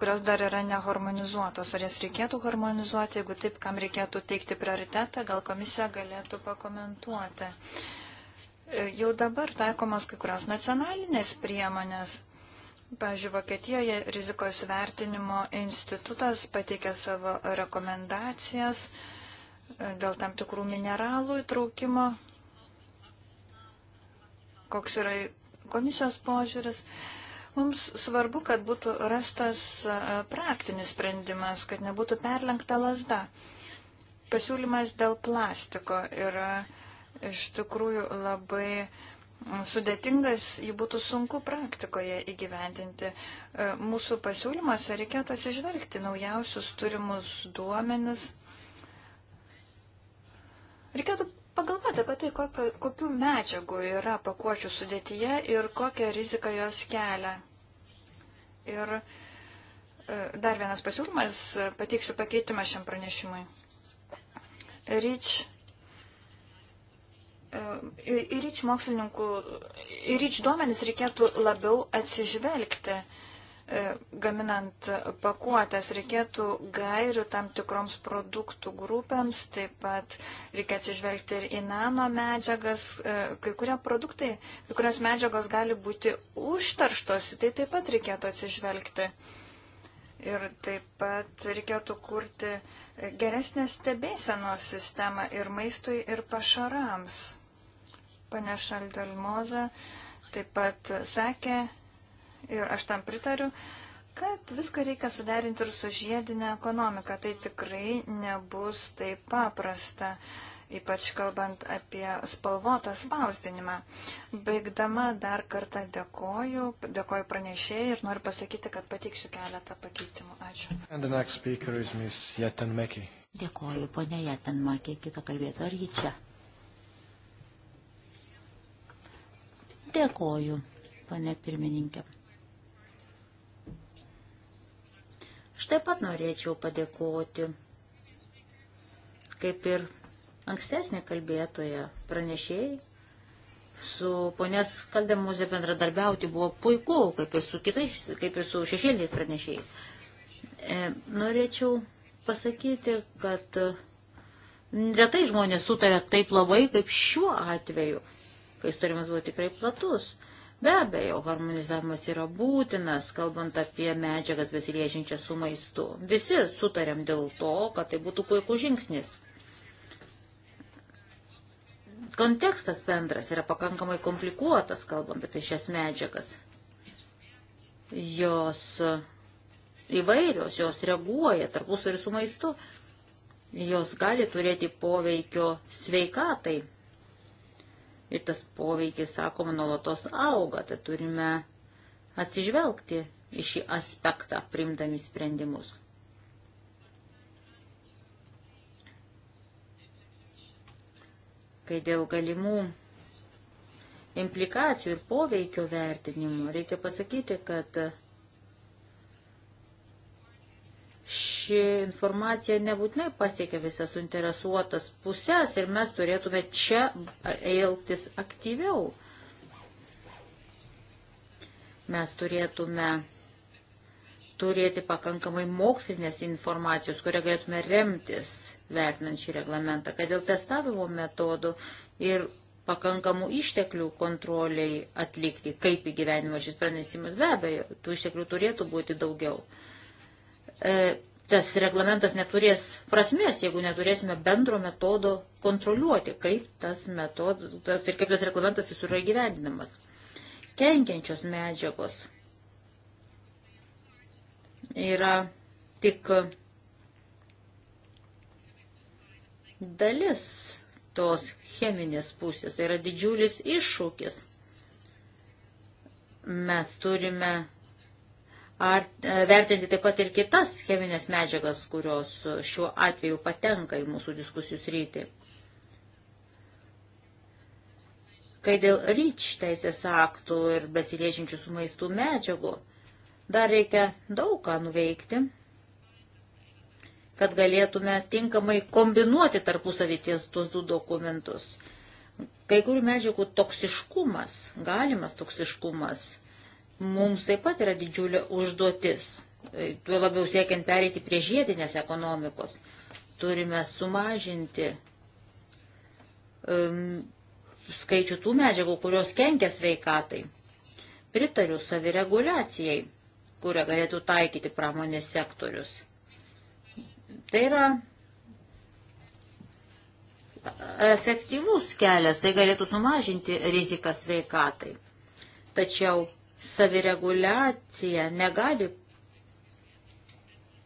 kurios dar yra neharmonizuotos. Ar jas reikėtų harmonizuoti, jeigu taip, kam reikėtų teikti prioritetą, gal komisija galėtų pakomentuoti. E, jau dabar taikomos kai kurios nacionalinės priemonės. Pavyzdžiui, Vokietijoje rizikos vertinimo institutas pateikė savo rekomendacijas dėl tam tikrų mineralų įtraukimo koks yra komisijos požiūris. Mums svarbu, kad būtų rastas e, praktinis sprendimas, kad nebūtų perlenkta lasda. Pasiūlymas dėl plastiko yra e, iš tikrųjų labai sudėtingas, jį būtų sunku praktikoje įgyvendinti. E, mūsų pasiūlymuose reikėtų atsižvelgti naujausius turimus duomenis. Reikėtų pagalvoti apie tai, kokio, kokių medžiagų yra pakuočių sudėtyje ir kokią riziką jos kelia. Ir e, dar vienas pasiūlymas, pateiksiu pakeitimą šiam pranešimui. Ryč. E, į ryč mokslininkų, į ryč duomenis reikėtų labiau atsižvelgti. Uh, E, gaminant pakuotės reikėtų gairių tam tikroms produktų grupėms, taip pat reikia atsižvelgti ir į nano medžiagas. E, kai kurie produktai, kai kurios medžiagos gali būti užtarštos, tai taip pat reikėtų atsižvelgti. Ir taip pat reikėtų kurti geresnę stebėsenos sistemą ir maistui, ir pašarams. Pane Šaldelmoza taip pat sakė, ir aš tam pritariu, kad viską reikia suderinti ir su žiedinė ekonomika. Tai tikrai nebus taip paprasta, ypač kalbant apie spalvotą spausdinimą. Baigdama dar kartą dėkoju, dėkoju pranešėjai ir noriu pasakyti, kad patiksiu keletą pakeitimų. Ačiū. Dėkoju, ponia Jatanmakė, kitą kalbėtą, ar ji čia? Dėkoju, pane pirmininkė. Štai pat norėčiau padėkoti, kaip ir ankstesnė kalbėtoja pranešėjai, su ponės Kaldemuzė bendradarbiauti buvo puiku, kaip ir su kitais, kaip ir su šešėliniais pranešėjais. E, norėčiau pasakyti, kad e, retai žmonės sutarė taip labai, kaip šiuo atveju, kai sutarimas buvo tikrai platus. Be abejo, harmonizavimas yra būtinas, kalbant apie medžiagas besiliežinčias su maistu. Visi sutarėm dėl to, kad tai būtų puikus žingsnis. Kontekstas bendras yra pakankamai komplikuotas, kalbant apie šias medžiagas. Jos įvairios, jos reaguoja tarpusavį su maistu, jos gali turėti poveikio sveikatai ir tas poveikis, sakoma, nuolatos auga, tai turime atsižvelgti į šį aspektą, primdami sprendimus. Kai dėl galimų implikacijų ir poveikio vertinimų reikia pasakyti, kad ši informacija nebūtinai pasiekia visas suinteresuotas pusės ir mes turėtume čia elgtis aktyviau. Mes turėtume turėti pakankamai mokslinės informacijos, kurią galėtume remtis vertinant šį reglamentą, kad dėl testavimo metodų ir pakankamų išteklių kontroliai atlikti, kaip įgyvenimo šis pranešimas be abejo, tų išteklių turėtų būti daugiau. E, tas reglamentas neturės prasmės, jeigu neturėsime bendro metodo kontroliuoti, kaip tas metodas ir kaip tas reglamentas jis yra įgyvendinamas. Kenkiančios medžiagos yra tik dalis tos cheminės pusės. Tai yra didžiulis iššūkis. Mes turime ar e, vertinti taip pat ir kitas cheminės medžiagas, kurios e, šiuo atveju patenka į mūsų diskusijų sritį. Kai dėl ryč teisės aktų ir besiliečiančių su maistų medžiagų, dar reikia daug ką nuveikti, kad galėtume tinkamai kombinuoti tarpusavyties tuos du dokumentus. Kai kurių medžiagų toksiškumas, galimas toksiškumas, mums taip pat yra didžiulė užduotis. E, tuo labiau siekiant pereiti prie žiedinės ekonomikos, turime sumažinti um, skaičių tų medžiagų, kurios kenkia sveikatai. Pritariu savireguliacijai, kurią galėtų taikyti pramonės sektorius. Tai yra efektyvus kelias, tai galėtų sumažinti riziką sveikatai. Tačiau savireguliacija negali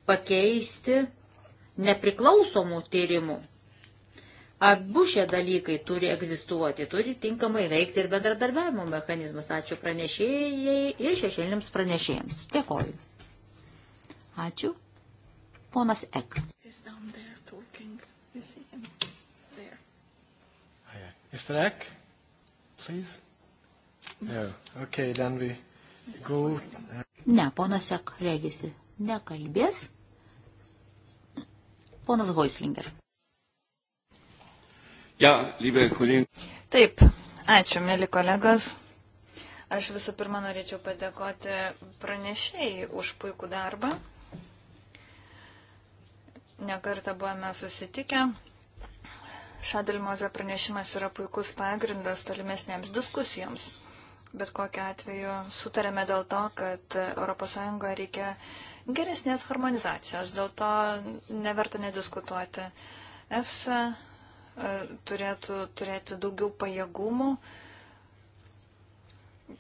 pakeisti nepriklausomų tyrimų. Abu šie dalykai turi egzistuoti, turi tinkamai veikti ir bendradarbiavimo mechanizmas. Ačiū pranešėjai ir šešėlėms pranešėjams. Dėkoju. Ačiū. Ponas Ek. Mr. Eck, please. No. Okay, then we go. Ne, ponas Sek, regisi, nekalbės. Ponas Hoislinger. Ja, liebe Kollegen. Taip, ačiū, mėly kolegos. Aš visų pirma norėčiau padėkoti pranešėjai už puikų darbą. Nekartą buvome susitikę. Šadilmoze pranešimas yra puikus pagrindas tolimesnėms diskusijoms bet kokiu atveju sutarėme dėl to, kad ES reikia geresnės harmonizacijos, dėl to neverta nediskutuoti. EFSA e, turėtų turėti daugiau pajėgumų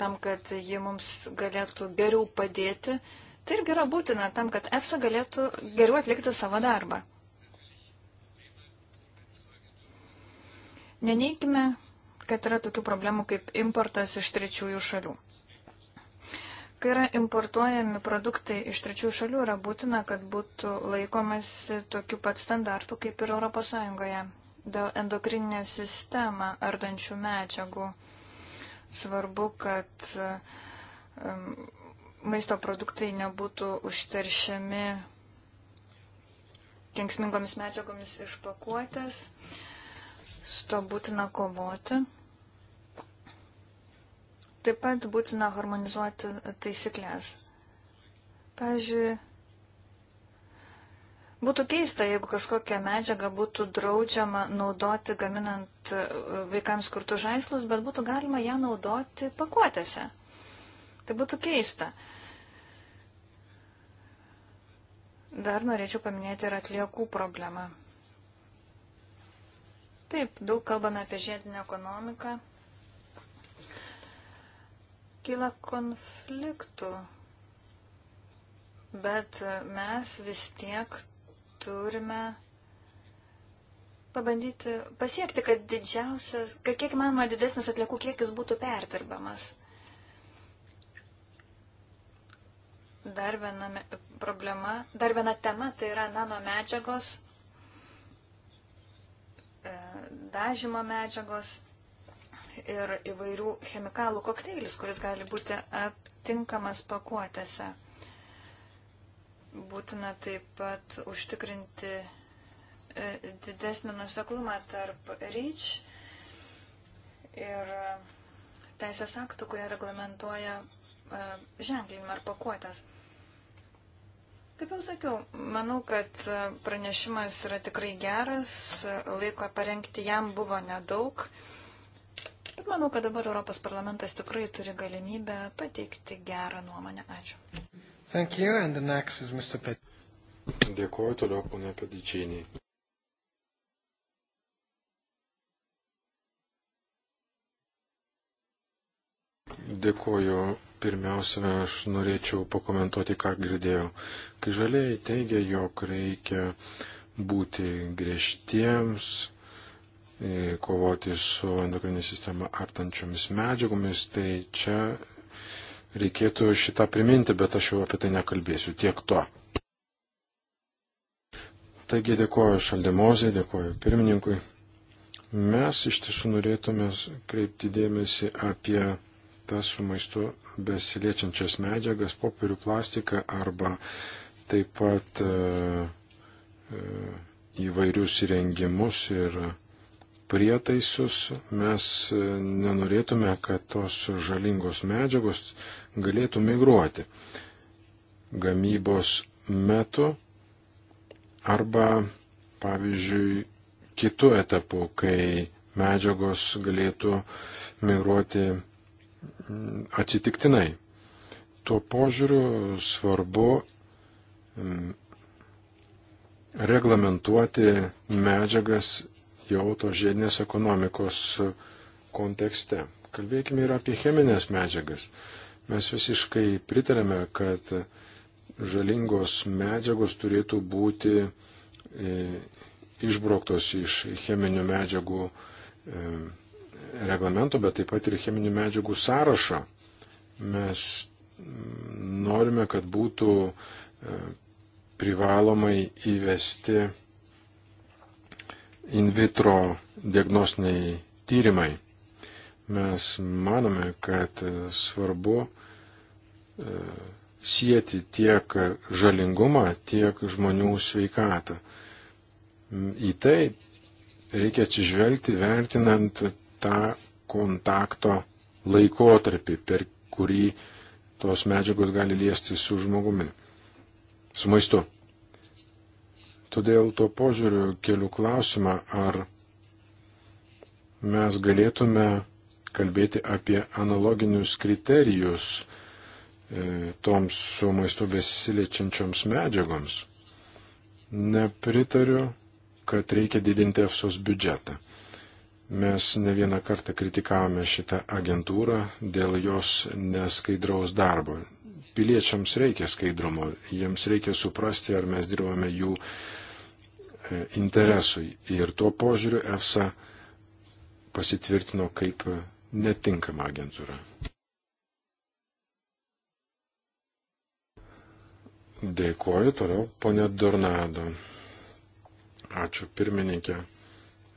tam, kad ji mums galėtų geriau padėti. Tai irgi yra būtina tam, kad EFSA galėtų geriau atlikti savo darbą. Neneikime, kad yra tokių problemų kaip importas iš trečiųjų šalių. Kai yra importuojami produktai iš trečių šalių, yra būtina, kad būtų laikomas tokių pat standartų kaip ir ES dėl endokrininę sistemą ardančių medžiagų. Svarbu, kad um, maisto produktai nebūtų užteršiami kenksmingomis medžiagomis iš pakuotės. Uh, Su to būtina kovoti. Taip pat būtina harmonizuoti taisyklės. Pavyzdžiui, būtų keista, jeigu kažkokią medžiagą būtų draudžiama naudoti gaminant e, vaikams skirtus žaislus, bet būtų galima ją naudoti pakuotėse. Tai būtų keista. Dar norėčiau paminėti ir atliekų problemą. Taip, daug kalbame apie žiedinę ekonomiką. Kyla konfliktų, bet mes vis tiek turime pabandyti pasiekti, kad didžiausias, kad kiek įmanoma didesnis atliekų kiekis būtų perdirbamas. Dar viena problema, dar viena tema tai yra nano medžiagos E, dažymo medžiagos ir įvairių chemikalų kokteilis, kuris gali būti aptinkamas pakuotėse. Būtina taip pat užtikrinti e, didesnį nuseklumą tarp REACH ir teisės aktų, kurie reglamentuoja e, ženklinimą ar pakuotės. Kaip jau sakiau, manau, kad pranešimas yra tikrai geras, laiko parengti jam buvo nedaug. Bet manau, kad dabar Europos parlamentas tikrai turi galimybę pateikti gerą nuomonę. Ačiū. Thank you, and the next is Mr. Pet. Dėkuoju toliau, ponė Pedičinį. Dėkuoju Pirmiausia, aš norėčiau pakomentuoti, ką girdėjau. Kai žaliai teigia, jog reikia būti griežtiems, e, kovoti su endokrininė sistema artančiomis medžiagomis, tai čia reikėtų šitą priminti, bet aš jau apie tai nekalbėsiu. Tiek to. Taigi dėkoju Šaldemozai, dėkoju pirmininkui. Mes iš tiesų norėtume kreipti dėmesį apie tas su maistu besiliečiančias medžiagas, popierių plastiką arba taip pat e, e, įvairius įrengimus ir prietaisus. Mes e, nenorėtume, kad tos žalingos medžiagos galėtų migruoti gamybos metu arba, pavyzdžiui, kitų etapų, kai medžiagos galėtų migruoti atsitiktinai. Tuo požiūriu svarbu mm, reglamentuoti medžiagas jau to žiedinės ekonomikos kontekste. Kalbėkime ir apie cheminės medžiagas. Mes visiškai pritarėme, kad žalingos medžiagos turėtų būti e, išbrauktos iš cheminių medžiagų e, reglamento, bet taip pat ir cheminių medžiagų sąrašo. Mes norime, kad būtų e, privalomai įvesti in vitro diagnostiniai tyrimai. Mes manome, kad svarbu e, sieti tiek žalingumą, tiek žmonių sveikatą. Į tai reikia atsižvelgti vertinant tą kontakto laikotarpį, per kurį tos medžiagos gali liesti su žmogumi, su maistu. Todėl tuo požiūriu keliu klausimą, ar mes galėtume kalbėti apie analoginius kriterijus e, toms su maistu besiliečiančioms medžiagoms. Nepritariu, kad reikia didinti EFSOS biudžetą. Mes ne vieną kartą kritikavome šitą agentūrą dėl jos neskaidraus darbo. Piliečiams reikia skaidrumo, jiems reikia suprasti, ar mes dirbame jų e, interesui. Ir tuo požiūriu EFSA pasitvirtino kaip netinkama agentūra. Dėkuoju toliau, ponė Dornado. Ačiū pirmininkė.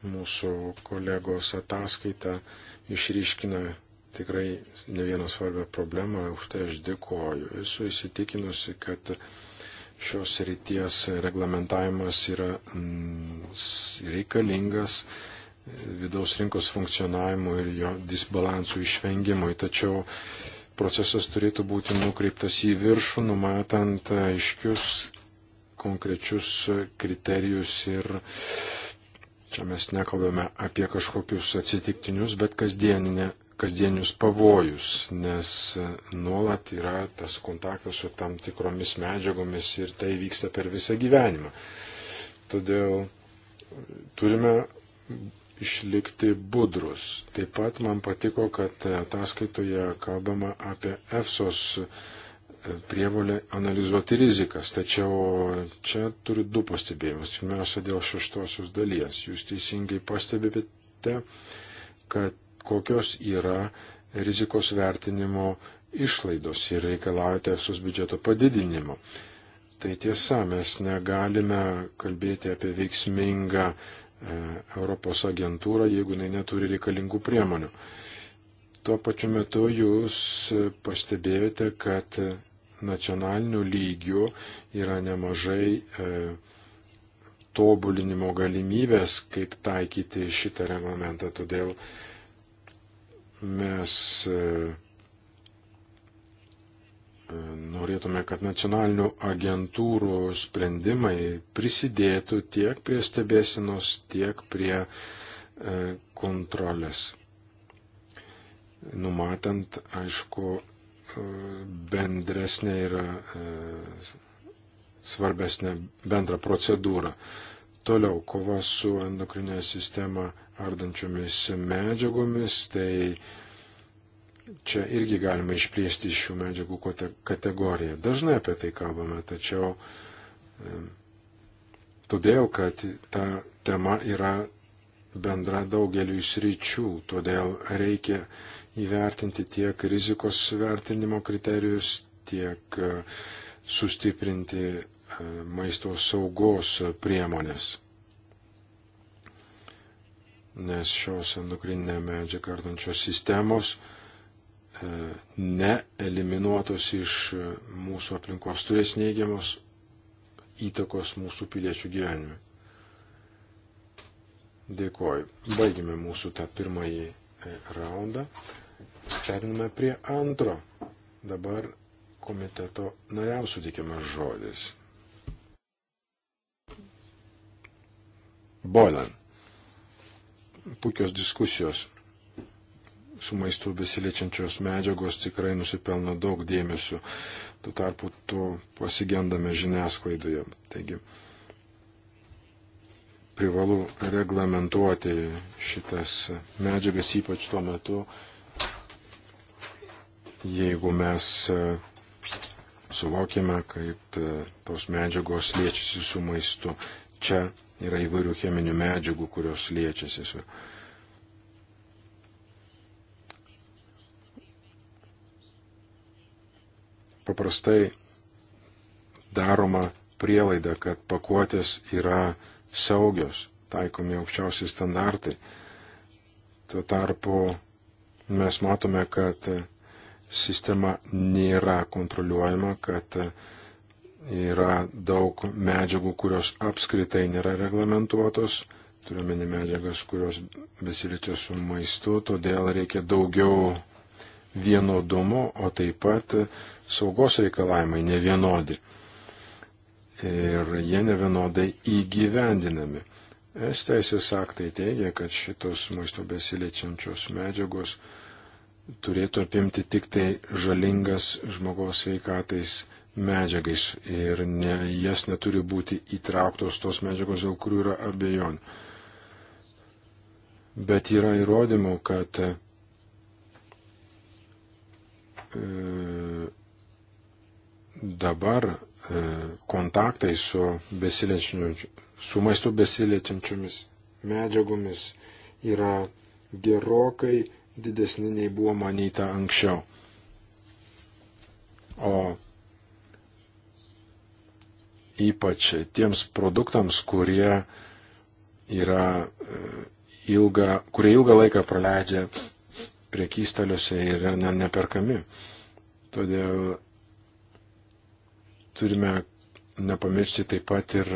Mūsų kolegos ataskaita išryškina tikrai ne vieną svarbią problemą, už tai aš dėkoju. Esu įsitikinusi, kad šios ryties reglamentavimas yra mm, reikalingas vidaus rinkos funkcionavimui ir jo disbalansų išvengimui. Tačiau procesas turėtų būti nukreiptas į viršų, numatant aiškius konkrečius kriterijus ir Čia mes nekalbame apie kažkokius atsitiktinius, bet kasdieninius pavojus, nes e, nuolat yra tas kontaktas su tam tikromis medžiagomis ir tai vyksta per visą gyvenimą. Todėl e, turime išlikti budrus. Taip pat man patiko, kad e, ataskaitoje kalbama apie EFSOS prievolė analizuoti rizikas. Tačiau čia turiu du pastebėjimus. Pirmiausia, dėl šeštosios dalies. Jūs teisingai pastebėte, kad kokios yra rizikos vertinimo išlaidos ir reikalaujate visus biudžeto padidinimo. Tai tiesa, mes negalime kalbėti apie veiksmingą e, Europos agentūrą, jeigu jinai neturi reikalingų priemonių. Tuo pačiu metu jūs pastebėjote, kad nacionaliniu lygiu yra nemažai e, tobulinimo galimybės, kaip taikyti šitą reglamentą. Todėl mes e, e, norėtume, kad nacionalinių agentūrų sprendimai prisidėtų tiek prie stebėsinos, tiek prie e, kontrolės. Numatant, aišku, bendresnė ir e, svarbesnė bendra procedūra. Toliau kova su endokrinė sistema ardančiomis medžiagomis, tai čia irgi galima išplėsti šių medžiagų kategoriją. Dažnai apie tai kalbame, tačiau e, todėl, kad ta tema yra bendra daugeliu sričių, todėl reikia įvertinti tiek rizikos vertinimo kriterijus, tiek e, sustiprinti e, maisto saugos priemonės. Nes šios endokrininę medžiagą ardančios sistemos e, neeliminuotos iš mūsų aplinkos turės neigiamos įtakos mūsų piliečių gyvenime. Dėkoju. Baigime mūsų tą pirmąjį raundą. Periname prie antro. Dabar komiteto nariams sutikiamas žodis. Boilan. Puikios diskusijos su maistu besiliečiančios medžiagos tikrai nusipelno daug dėmesio. Tuo tarpu to pasigendame žiniasklaidoje. Taigi, privalu reglamentuoti šitas medžiagas, ypač tuo metu, jeigu mes e, suvokime, kaip e, tos medžiagos liečiasi su maistu. Čia yra įvairių cheminių medžiagų, kurios liečiasi su. Paprastai daroma prielaida, kad pakuotės yra saugios, taikomi aukščiausi standartai. Tuo tarpu mes matome, kad sistema nėra kontroliuojama, kad yra daug medžiagų, kurios apskritai nėra reglamentuotos, turiuomenį medžiagas, kurios besiličia su maistu, todėl reikia daugiau vienodumo, o taip pat saugos reikalavimai nevienodi. Ir jie nevienodai įgyvendinami. Es teisės aktai teigia, kad šitos maisto besiličiančios medžiagos turėtų apimti tik tai žalingas žmogaus sveikatais medžiagais ir ne, jas neturi būti įtrauktos tos medžiagos, dėl kurių yra abejonių. Bet yra įrodymų, kad e, dabar e, kontaktai su, su maistu besiliečiančiomis medžiagomis yra gerokai didesni nei buvo manyta anksčiau. O ypač tiems produktams, kurie yra e, ilga, kurie ilgą laiką praleidžia priekystaliuose ir yra ne, neperkami. Todėl turime nepamiršti taip pat ir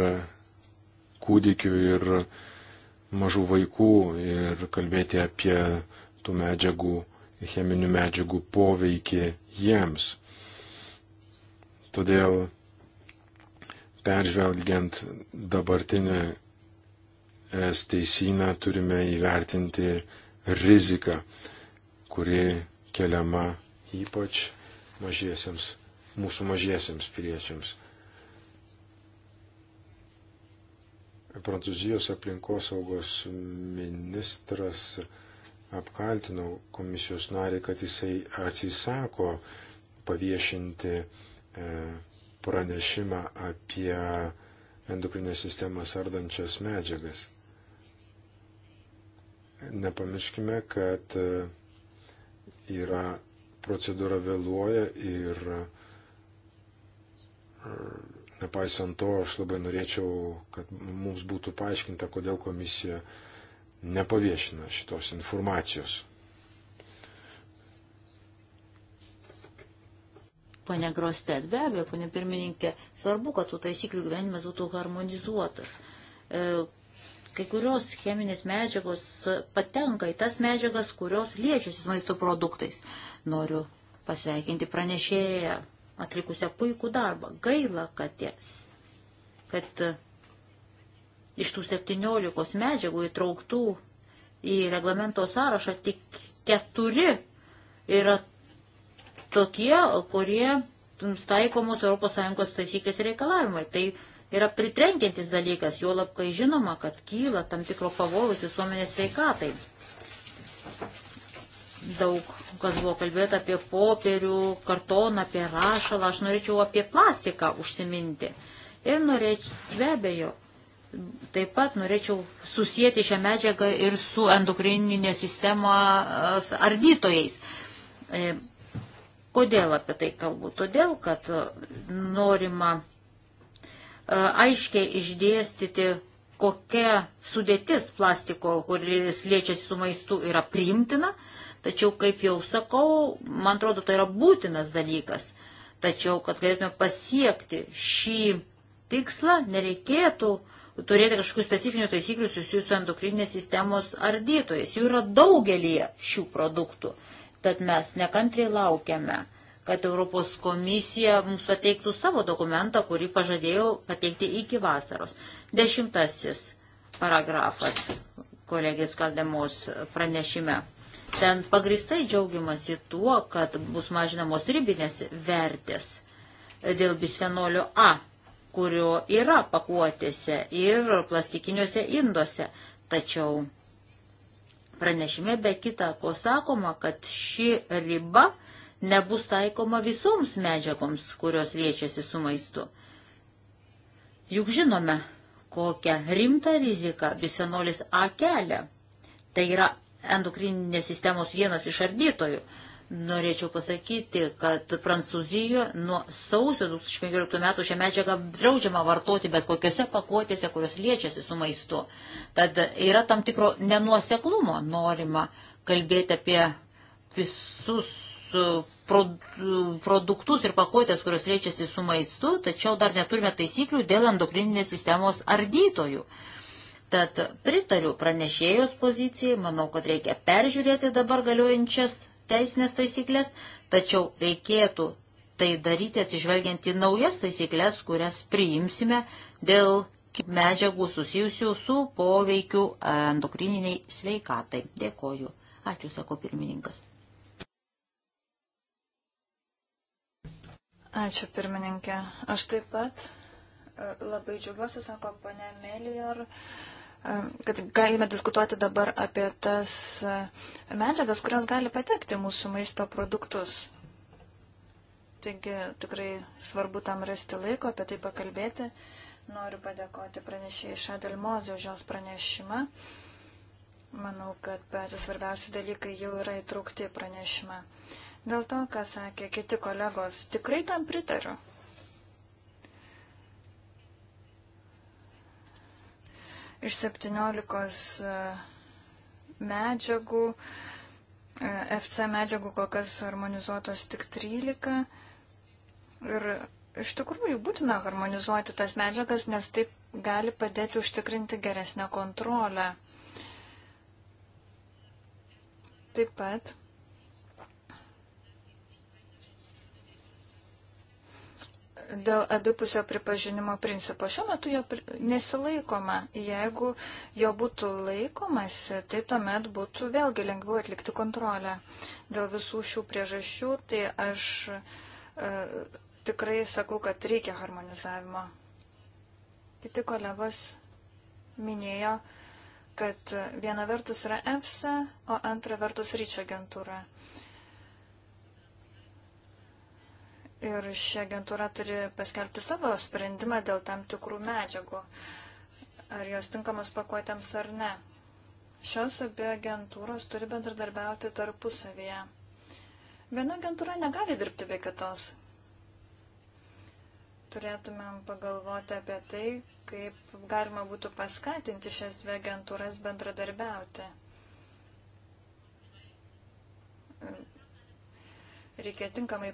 kūdikių ir mažų vaikų ir kalbėti apie tų medžiagų, cheminių medžiagų poveikį jiems. Todėl peržvelgiant dabartinę es teisyną turime įvertinti riziką, kuri keliama ypač mažiesiems, mūsų mažiesiems piliečiams. Prancūzijos aplinkosaugos ministras apkaltinau komisijos narį, kad jisai atsisako paviešinti e, pranešimą apie endokrinę sistemą sardančias medžiagas. Nepamirškime, kad e, yra procedūra vėluoja ir e, nepaisant to aš labai norėčiau, kad mums būtų paaiškinta, kodėl komisija uh, nepaviešina šitos informacijos. Pane Grostet, be abejo, pane pirmininkė, svarbu, kad tų taisyklių gyvenimas būtų harmonizuotas. E, kai kurios cheminės medžiagos patenka į tas medžiagas, kurios liečiasi maisto produktais. Noriu pasveikinti pranešėją atlikusią puikų darbą. Gaila, kad, ties, kad iš tų 17 medžiagų įtrauktų į reglamento sąrašą tik keturi yra tokie, kurie taikomos ES taisyklės reikalavimai. Tai yra pritrenkiantis dalykas, jo labai žinoma, kad kyla tam tikro pavojus visuomenės veikatai. Daug kas buvo kalbėta apie popierių, kartoną, apie rašalą, aš norėčiau apie plastiką užsiminti. Ir norėčiau, be abejo, Taip pat norėčiau susijęti šią medžiagą ir su endokrininė sistema ardytojais. E, kodėl apie tai kalbu? Todėl, kad norima e, aiškiai išdėstyti, kokia sudėtis plastiko, kuris liečiasi su maistu, yra priimtina, tačiau, kaip jau sakau, man atrodo, tai yra būtinas dalykas. Tačiau, kad galėtume pasiekti šį tikslą, nereikėtų uh, turėti kažkokių specifinių taisyklių susijusių endokrininės sistemos ardytojais. Jų yra daugelį šių produktų. Tad mes nekantriai laukiame, kad Europos komisija mums pateiktų savo dokumentą, kurį pažadėjau pateikti iki vasaros. Dešimtasis paragrafas kolegės Kaldemos pranešime. Ten pagristai džiaugiamasi tuo, kad bus mažinamos ribinės vertės dėl bisfenolio A kurio yra pakuotėse ir plastikiniuose induose. Tačiau pranešime be kita ko sakoma, kad ši riba nebus taikoma visoms medžiagoms, kurios liečiasi su maistu. Juk žinome, kokią rimtą riziką bisfenolis A kelia. Tai yra endokrininės sistemos vienas iš ardytojų. Norėčiau pasakyti, kad Prancūzijoje nuo sausio 2015 metų šią medžiagą draudžiama vartoti bet kokiose pakuotėse, kurios liečiasi su maistu. Tad yra tam tikro nenuoseklumo norima kalbėti apie visus e, e, produktus ir pakuotės, kurios liečiasi su maistu, tačiau dar neturime taisyklių dėl endokrininės sistemos ardytojų. Tad pritariu pranešėjos pozicijai, manau, kad reikia peržiūrėti dabar galiojančias teisinės taisyklės, tačiau reikėtų tai daryti atsižvelgiant į naujas taisyklės, kurias priimsime dėl medžiagų susijusių su poveikiu endokrininiai sveikatai. Dėkoju. Ačiū, sako pirmininkas. Ačiū, pirmininkė. Aš taip pat e, labai džiugiuosi, sako ponė Melior, kad galime diskutuoti dabar apie tas e, medžiagas, kurios gali patekti mūsų maisto produktus. Taigi tikrai svarbu tam rasti laiko, apie tai pakalbėti. Noriu padėkoti pranešėjai Šadelmozė už jos pranešimą. Manau, kad patys svarbiausi dalykai jau yra įtraukti pranešimą. Dėl to, ką sakė kiti kolegos, tikrai tam pritariu. iš 17 e, medžiagų, e, FC medžiagų kol kas harmonizuotos tik 13. Ir iš tikrųjų būtina harmonizuoti tas medžiagas, nes taip gali padėti užtikrinti geresnę kontrolę. Taip pat dėl abipusio pripažinimo principo. Šiuo metu jo nesilaikoma. Jeigu jo būtų laikomasi, tai tuomet būtų vėlgi lengviau atlikti kontrolę. Dėl visų šių priežasčių, tai aš e, tikrai sakau, kad reikia harmonizavimo. Kiti kolegos minėjo, kad viena vertus yra EFSA, o antra vertus ryčio agentūra. Ir ši agentūra turi paskelbti savo sprendimą dėl tam tikrų medžiagų, ar jos tinkamos pakuotėms ar ne. Šios abi agentūros turi bendradarbiauti tarpusavyje. Viena agentūra negali dirbti be kitos. Turėtumėm pagalvoti apie tai, kaip galima būtų paskatinti šias dvi agentūras bendradarbiauti. Reikia tinkamai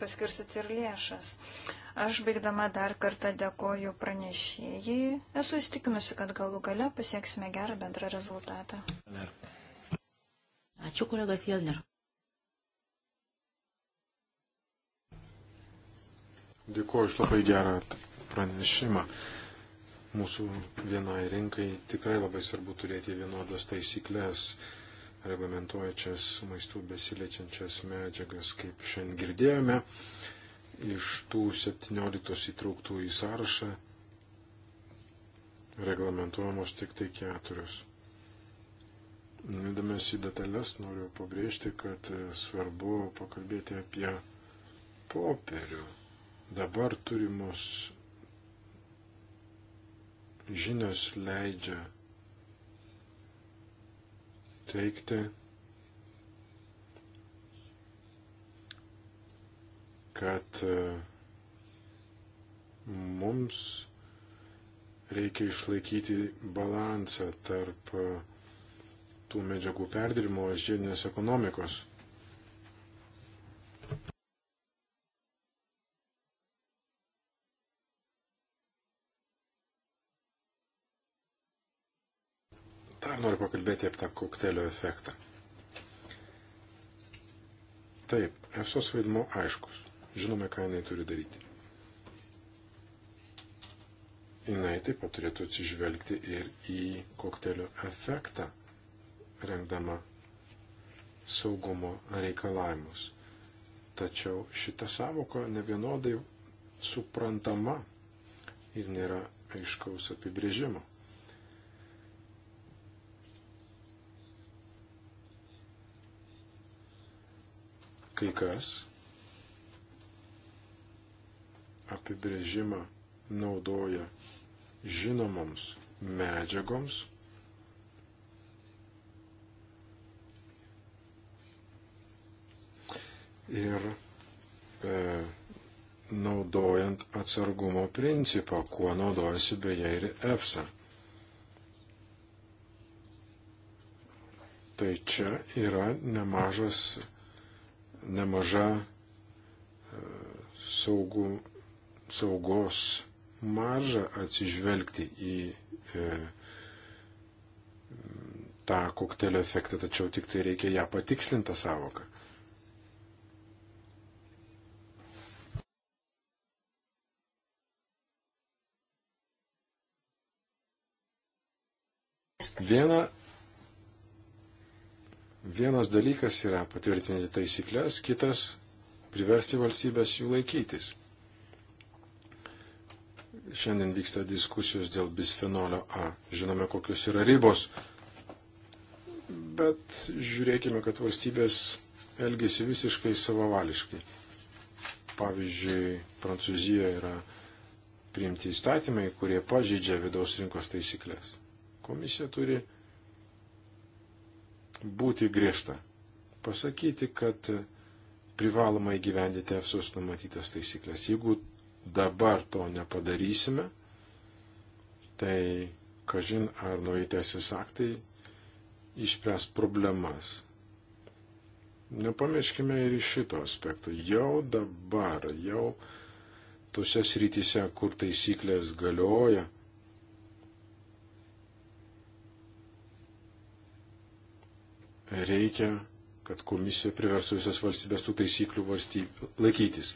paskirsit ir lėšas. Aš baigdama dar kartą dėkoju pranešėjai. Esu įstikinusi, kad galų gale pasieksime gerą bendrą rezultatą. Ačiū, kolega Fielner. Dėkuoju už labai gerą pranešimą. Mūsų vienai rinkai tikrai labai svarbu turėti vienodas taisyklės reglamentuojančias maistų besiliečiančias medžiagas, kaip šiandien girdėjome, iš tų 17 įtrauktų į sąrašą reglamentuojamos tik tai keturios. Nuėdamas į detalės noriu pabrėžti, kad svarbu pakalbėti apie popierių. Dabar turimos žinios leidžia teikti, kad e, mums reikia išlaikyti balansą tarp e, tų medžiagų perdirimo žiedinės ekonomikos Dar noriu pakalbėti apie tą koktelio efektą. Taip, EFSOS vaidmo aiškus. Žinome, ką jinai turi daryti. Jinai taip pat turėtų atsižvelgti ir į koktelio efektą, rengdama saugumo reikalavimus. Tačiau šita savoka nevienodai suprantama ir nėra aiškaus apibrėžimo. kai kas apibrėžimą naudoja žinomoms medžiagoms, ir e, naudojant atsargumo principą, kuo naudojasi beje ir EFSA. Tai čia yra nemažas nemaža e, saugų, saugos marža atsižvelgti į e, tą koktelio efektą, tačiau tik tai reikia ją patikslintą savoką. Viena Vienas dalykas yra patvirtinti taisyklės, kitas priversti valstybės jų laikytis. Šiandien vyksta diskusijos dėl bisfenolio A. Žinome, kokios yra ribos, bet žiūrėkime, kad valstybės elgesi visiškai savavališkai. Pavyzdžiui, Prancūzijoje yra priimti įstatymai, kurie pažydžia vidaus rinkos taisyklės. Komisija turi būti griežta. Pasakyti, kad privaloma įgyvendyti visus numatytas taisyklės. Jeigu dabar to nepadarysime, tai kažin ar nauji teisės aktai išspręs problemas. Nepamirškime ir iš šito aspekto. Jau dabar, jau tose srityse, kur taisyklės galioja, reikia, kad komisija priverstų visas valstybės tų taisyklių valstybių laikytis.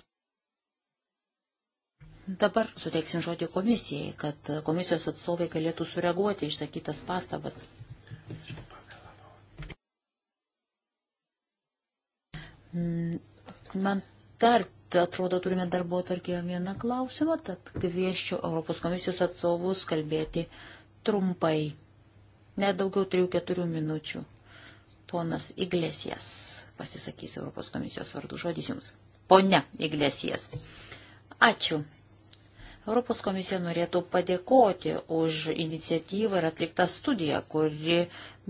Dabar suteiksim žodį komisijai, kad komisijos atstovai galėtų sureaguoti išsakytas pastabas. Mm, man dar, atrodo, turime darbo tarkėje vieną klausimą, tad kvieščiau Europos komisijos atstovus kalbėti trumpai, nedaugiau 3-4 minučių. Ponas Iglesijas pasisakys Europos komisijos vardu. Žodis jums. Pone Iglesijas. Ačiū. Europos komisija norėtų padėkoti už iniciatyvą ir atliktą studiją, kuri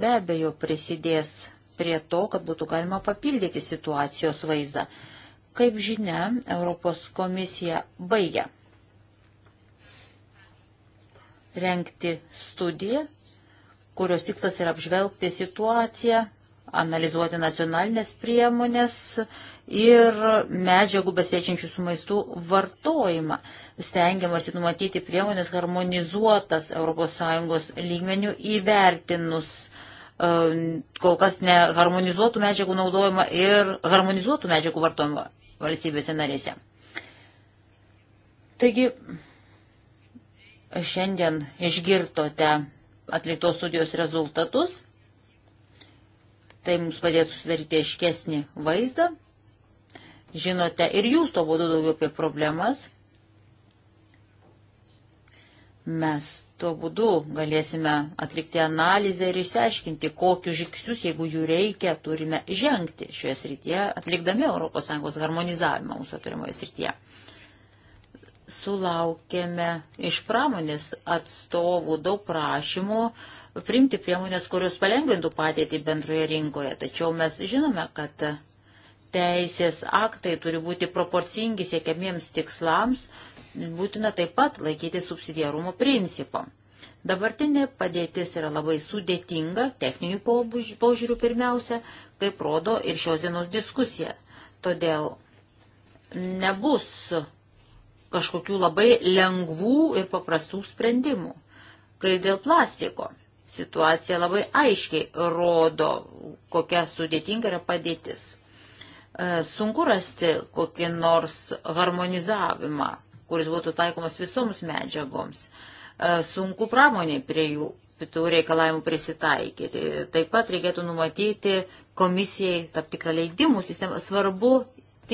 be abejo prisidės prie to, kad būtų galima papildyti situacijos vaizdą. Kaip žinia, Europos komisija baigia renkti studiją, kurios tikslas yra apžvelgti situaciją analizuoti nacionalinės priemonės ir medžiagų besiečiančių su maistu vartojimą. Stengiamasi numatyti priemonės harmonizuotas ES lygmenių įvertinus e, kol kas neharmonizuotų medžiagų naudojimą ir harmonizuotų medžiagų vartojimą valstybėse narėse. Taigi, šiandien išgirtote atliktos studijos rezultatus Tai mums padės susidaryti aiškesnį vaizdą. Žinote ir jūs to būdu daugiau apie problemas. Mes tuo būdu galėsime atlikti analizę ir išsiaiškinti, kokius žingsnius, jeigu jų reikia, turime žengti šioje srityje, atlikdami ES harmonizavimą mūsų turimoje srityje sulaukėme iš pramonės atstovų daug prašymų priimti priemonės, kurios palengvintų padėtį bendroje rinkoje. Tačiau mes žinome, kad teisės aktai turi būti proporcingi siekiamiems tikslams, būtina taip pat laikyti subsidiarumo principo. Dabartinė padėtis yra labai sudėtinga, techninių požiūrių pirmiausia, kaip rodo ir šios dienos diskusija. Todėl nebus kažkokių labai lengvų ir paprastų sprendimų. Kai dėl plastiko situacija labai aiškiai rodo, kokia sudėtinga yra padėtis. E, sunku rasti kokį nors harmonizavimą, kuris būtų taikomas visoms medžiagoms. E, sunku pramoniai prie jų tų reikalavimų prisitaikyti. Taip pat reikėtų numatyti komisijai tam tikrą leidimų sistemą. Svarbu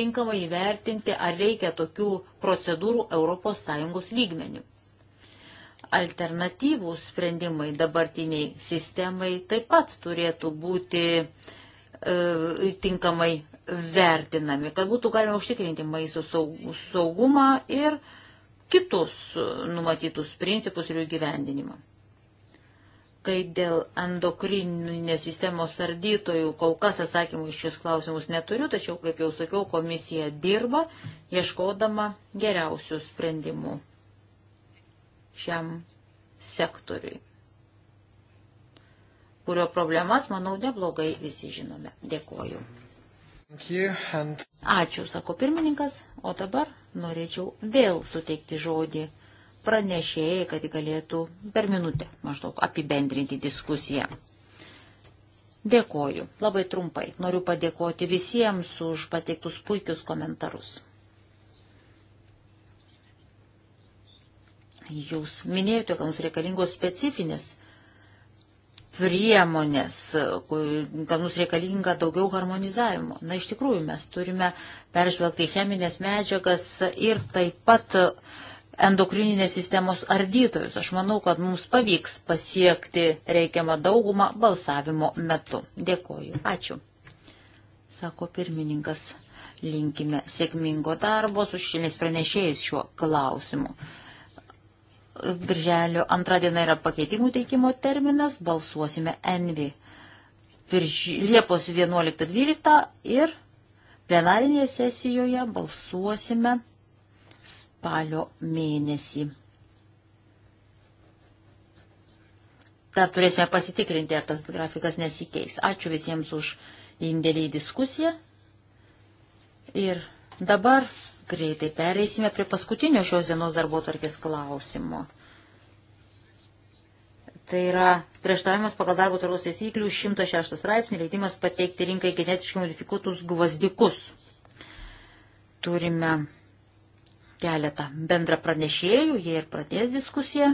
tinkamai įvertinti, ar reikia tokių procedūrų ES lygmenių alternatyvų sprendimai dabartiniai sistemai taip pat turėtų būti e, tinkamai vertinami, kad būtų galima užtikrinti maisto saugumą ir kitus numatytus principus ir jų gyvendinimą. Kai dėl endokrininės sistemos sardytojų kol kas atsakymų iš šios klausimus neturiu, tačiau, kaip jau sakiau, komisija dirba, ieškodama geriausių sprendimų šiam sektoriui, kurio problemas, manau, neblogai visi žinome. Dėkoju. Ačiū, sako pirmininkas, o dabar norėčiau vėl suteikti žodį pranešėjai, kad galėtų per minutę maždaug apibendrinti diskusiją. Dėkoju. Labai trumpai. Noriu padėkoti visiems už pateiktus puikius komentarus. Jūs minėjote, kad mums reikalingos specifinės priemonės, kad mums reikalinga daugiau harmonizavimo. Na, iš tikrųjų, mes turime peržvelgti cheminės medžiagas ir taip pat endokrininės sistemos ardytojus. Aš manau, kad mums pavyks pasiekti reikiamą daugumą balsavimo metu. Dėkoju. Ačiū. Sako pirmininkas. Linkime sėkmingo darbo su šiliniais pranešėjais šiuo klausimu. Birželio antrą dieną yra pakeitimų teikimo terminas, balsuosime Envi. Virž... Liepos 11-12 ir plenarinėje sesijoje balsuosime spalio mėnesį. Dar turėsime pasitikrinti, ar tas grafikas nesikeis. Ačiū visiems už indėlį į diskusiją. Ir dabar Greitai pereisime prie paskutinio šios dienos darbo tvarkės klausimo. Tai yra prieštaravimas pagal darbo tvarkos taisyklių 106 straipsnį leidimas pateikti rinkai genetiškai modifikuotus gvazdikus. Turime keletą bendra pranešėjų, jie ir pradės diskusiją.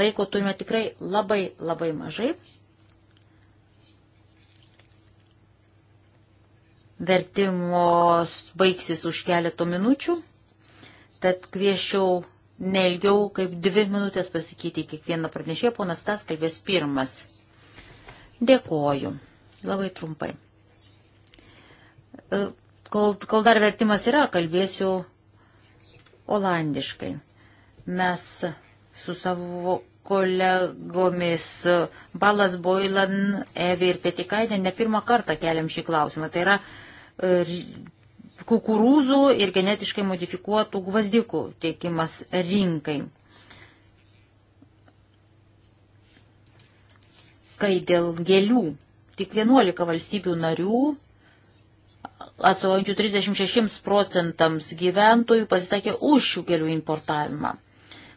Laiko turime tikrai labai labai mažai. Vertimos baigsis už keletų minučių, tad kviešiau neilgiau kaip dvi minutės pasakyti kiekvieną pranešėją, ponas Tas kalbės pirmas. Dėkoju. Labai trumpai. E, kol, kol dar vertimas yra, kalbėsiu olandiškai. Mes su savo kolegomis Balas Boilan, Evi ir Petikaitė ne pirmą kartą keliam šį klausimą. Tai yra kukurūzų ir genetiškai modifikuotų gvazdikų tiekimas rinkai. Kai dėl gėlių tik 11 valstybių narių atstovaujančių 36 procentams gyventojų pasitakė už šių gėlių importavimą.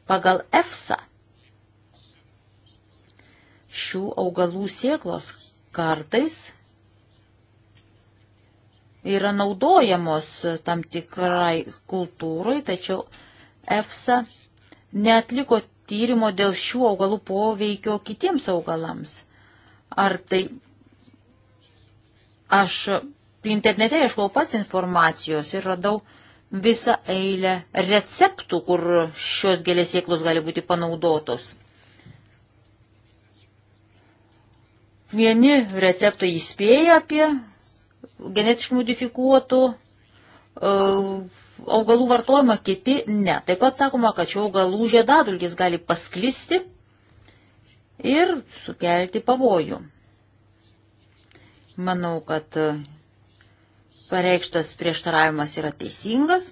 Pagal EFSA šių augalų sieklos kartais yra naudojamos tam tikrai kultūrai, tačiau EFSA netliko tyrimo dėl šių augalų poveikio kitiems augalams. Ar tai aš internete ieškau pats informacijos ir radau visą eilę receptų, kur šios gėlės sėklos gali būti panaudotos. Vieni receptai įspėja apie genetiškai modifikuotų e, augalų vartojimą, kiti ne. Taip pat sakoma, kad šio augalų žiedadulkis gali pasklisti ir sukelti pavojų. Manau, kad pareikštas prieštaravimas yra teisingas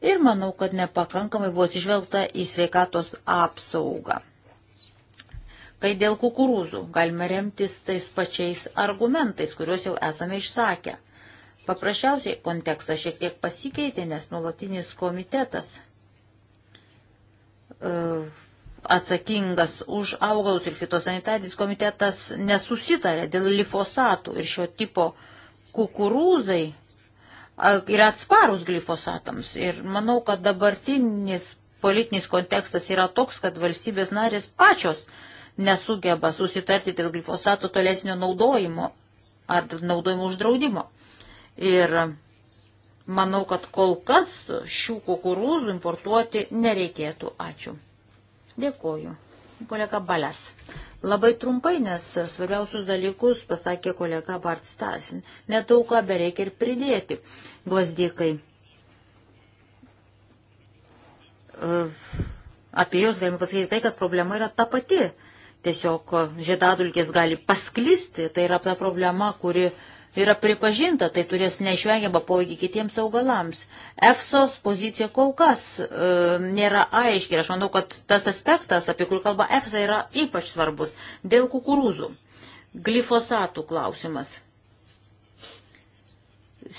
ir manau, kad nepakankamai buvo atsižvelgta į sveikatos apsaugą. Kai dėl kukurūzų galime remtis tais pačiais argumentais, kuriuos jau esame išsakę. Paprasčiausiai kontekstas šiek tiek pasikeitė, nes nulatinis komitetas e, atsakingas už augalus ir fitosanitarinis komitetas nesusitarė dėl glifosatų ir šio tipo kukurūzai yra atsparus glifosatams. Ir manau, kad dabartinis politinis kontekstas yra toks, kad valstybės narės pačios nesugeba susitarti dėl glifosato tolesnio naudojimo ar naudojimo uždraudimo. Ir manau, kad kol kas šių kukurūzų importuoti nereikėtų. Ačiū. Dėkoju. Kolega Balas. Labai trumpai, nes svarbiausius dalykus pasakė kolega Bart Stasin. Netaug ką bereikia ir pridėti. Gvazdikai. Apie juos galima pasakyti tai, kad problema yra ta pati. Tiesiog žiedadulkės gali pasklisti, tai yra ta problema, kuri yra pripažinta, tai turės neišvengiamą poveikį kitiems augalams. EFSOS pozicija kol kas e, nėra aiški ir aš manau, kad tas aspektas, apie kurį kalba EFSA, yra ypač svarbus. Dėl kukurūzų. Glifosatų klausimas.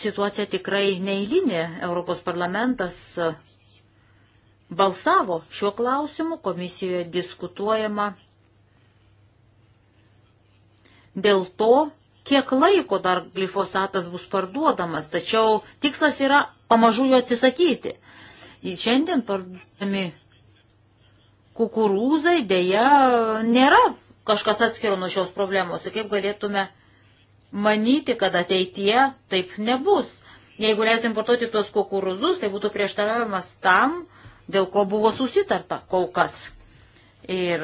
Situacija tikrai neįlinė. Europos parlamentas e, balsavo šiuo klausimu, komisijoje diskutuojama dėl to, kiek laiko dar glifosatas bus parduodamas, tačiau tikslas yra pamažu jo atsisakyti. Ir šiandien parduodami kukurūzai dėja nėra kažkas atskiro nuo šios problemos. Ir kaip galėtume manyti, kad ateityje taip nebus. Jeigu leisim importuoti tuos kukurūzus, tai būtų prieštaravimas tam, dėl ko buvo susitarta kol kas. Ir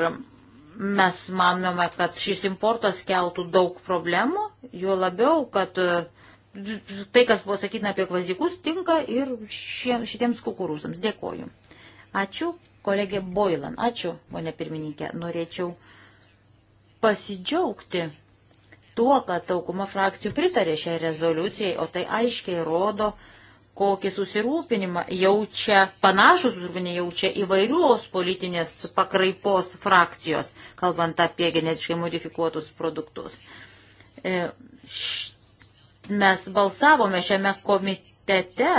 Mes manome, kad šis importas keltų daug problemų, juo labiau, kad e, tai, kas buvo sakytina apie kvazdikus, tinka ir šie, šitiems kukurūzams. Dėkoju. Ačiū, kolegė Boilan. Ačiū, ponė pirmininkė. Norėčiau pasidžiaugti tuo, kad dauguma frakcijų pritarė šiai rezoliucijai, o tai aiškiai rodo, kokį susirūpinimą jaučia, panašus susirūpinimą jaučia įvairios politinės pakraipos frakcijos, kalbant apie genetiškai modifikuotus produktus. E, mes balsavome šiame komitete,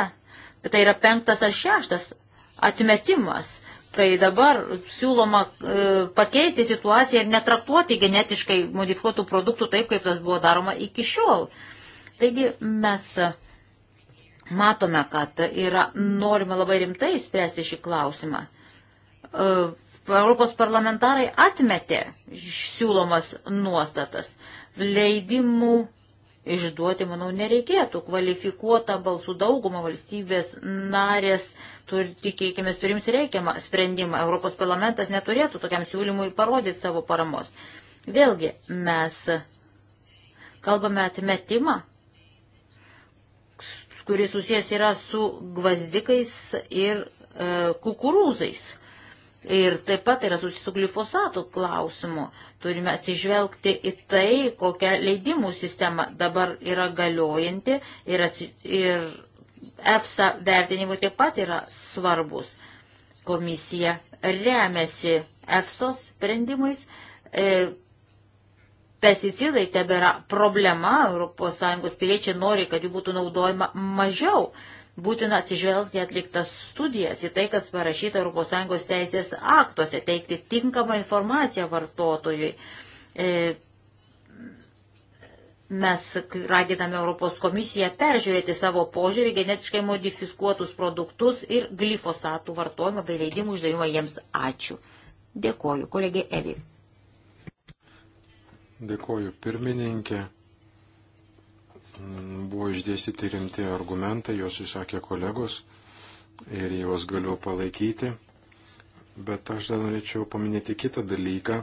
tai yra penktas ar šeštas atmetimas, kai dabar siūloma e, pakeisti situaciją ir netraktuoti genetiškai modifikuotų produktų taip, kaip tas buvo daroma iki šiol. Taigi mes Matome, kad yra norima labai rimtai spręsti šį klausimą. E, Europos parlamentarai atmetė siūlomas nuostatas. Leidimų išduoti, manau, nereikėtų. Kvalifikuota balsų dauguma valstybės narės, tikėkime, priims reikiamą sprendimą. Europos parlamentas neturėtų tokiam siūlymui parodyti savo paramos. Vėlgi mes kalbame atmetimą kuris susijęs yra su gvazdikais ir e, kukurūzais. Ir taip pat yra susijęs su glifosato klausimu. Turime atsižvelgti į tai, kokia leidimų sistema dabar yra galiojanti ir, atsi, ir EFSA vertinimui taip pat yra svarbus. Komisija remiasi EFSOS sprendimais, e, pesticidai tebėra problema, ES piliečiai nori, kad jų būtų naudojama mažiau. Būtina atsižvelgti atliktas studijas į tai, kas parašyta ES teisės aktuose, teikti tinkamą informaciją vartotojui. E, mes raginame Europos komisiją peržiūrėti savo požiūrį genetiškai modifikuotus produktus ir glifosatų vartojimą bei leidimų uždavimą jiems. Ačiū. Dėkoju, kolegė Evi. Dėkoju pirmininkė. Buvo išdėstyti rimti argumentai, juos išsakė kolegos ir juos galiu palaikyti. Bet aš dar norėčiau paminėti kitą dalyką,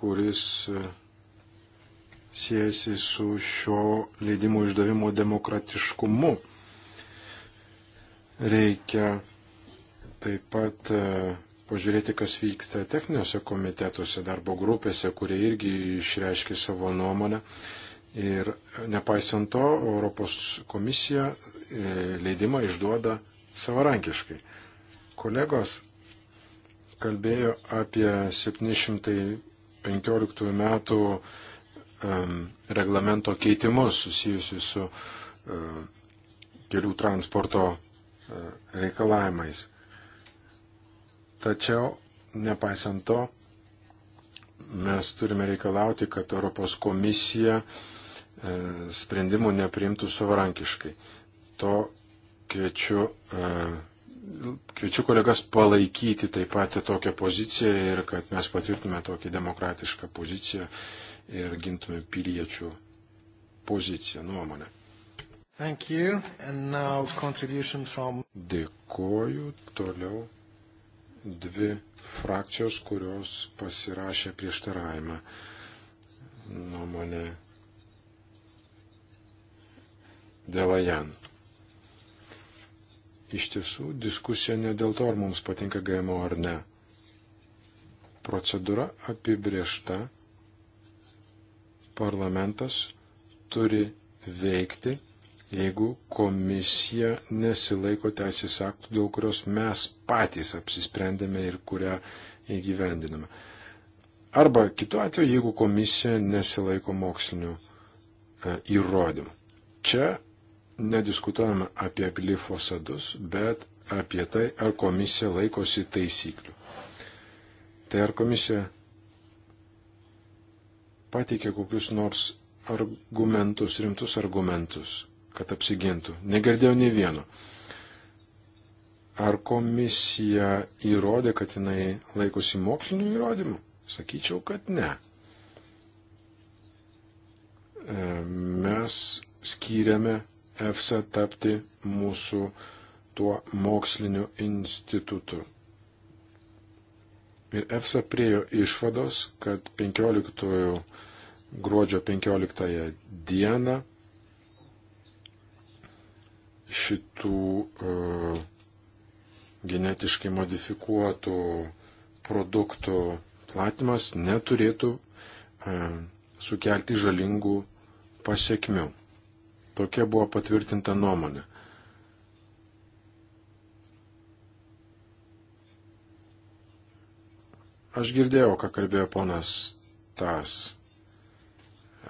kuris e, siejasi su šio leidimo išdavimo demokratiškumu. Reikia taip pat e, pažiūrėti, kas vyksta techniniuose komitetuose, darbo grupėse, kurie irgi išreiškia savo nuomonę. Ir nepaisant to, Europos komisija e, leidimą išduoda savarankiškai. Kolegos kalbėjo apie 715 metų reglamento keitimus susijusius su e, kelių transporto e, reikalavimais. Tačiau, nepaisant to, mes turime reikalauti, kad Europos komisija e, sprendimų neprimtų savarankiškai. To kviečiu, e, kviečiu kolegas palaikyti taip pat tokią poziciją ir kad mes patvirtume tokį demokratišką poziciją ir gintume piliečių poziciją, nuomonę. From... Dėkoju toliau dvi frakcijos, kurios pasirašė prieštaravimą nuomonę dėl Ajan. Iš tiesų, diskusija ne dėl to, ar mums patinka GMO ar ne. Procedūra apibriešta, parlamentas turi veikti jeigu komisija nesilaiko teisės aktų, dėl kurios mes patys apsisprendėme ir kurią įgyvendiname. Arba kitu atveju, jeigu komisija nesilaiko mokslinių e, įrodymų. Čia nediskutuojame apie glifosadus, bet apie tai, ar komisija laikosi taisyklių. Tai ar komisija pateikė kokius nors argumentus, rimtus argumentus kad apsigintų. Negirdėjau nei vieno. Ar komisija įrodė, kad jinai laikosi mokslinių įrodymų? Sakyčiau, kad ne. E, mes skyrėme EFSA tapti mūsų tuo moksliniu institutu. Ir EFSA priejo išvados, kad 15, gruodžio 15 dieną šitų e, genetiškai modifikuotų produktų platimas neturėtų e, sukelti žalingų pasiekmių. Tokia buvo patvirtinta nuomonė. Aš girdėjau, ką kalbėjo ponas Tas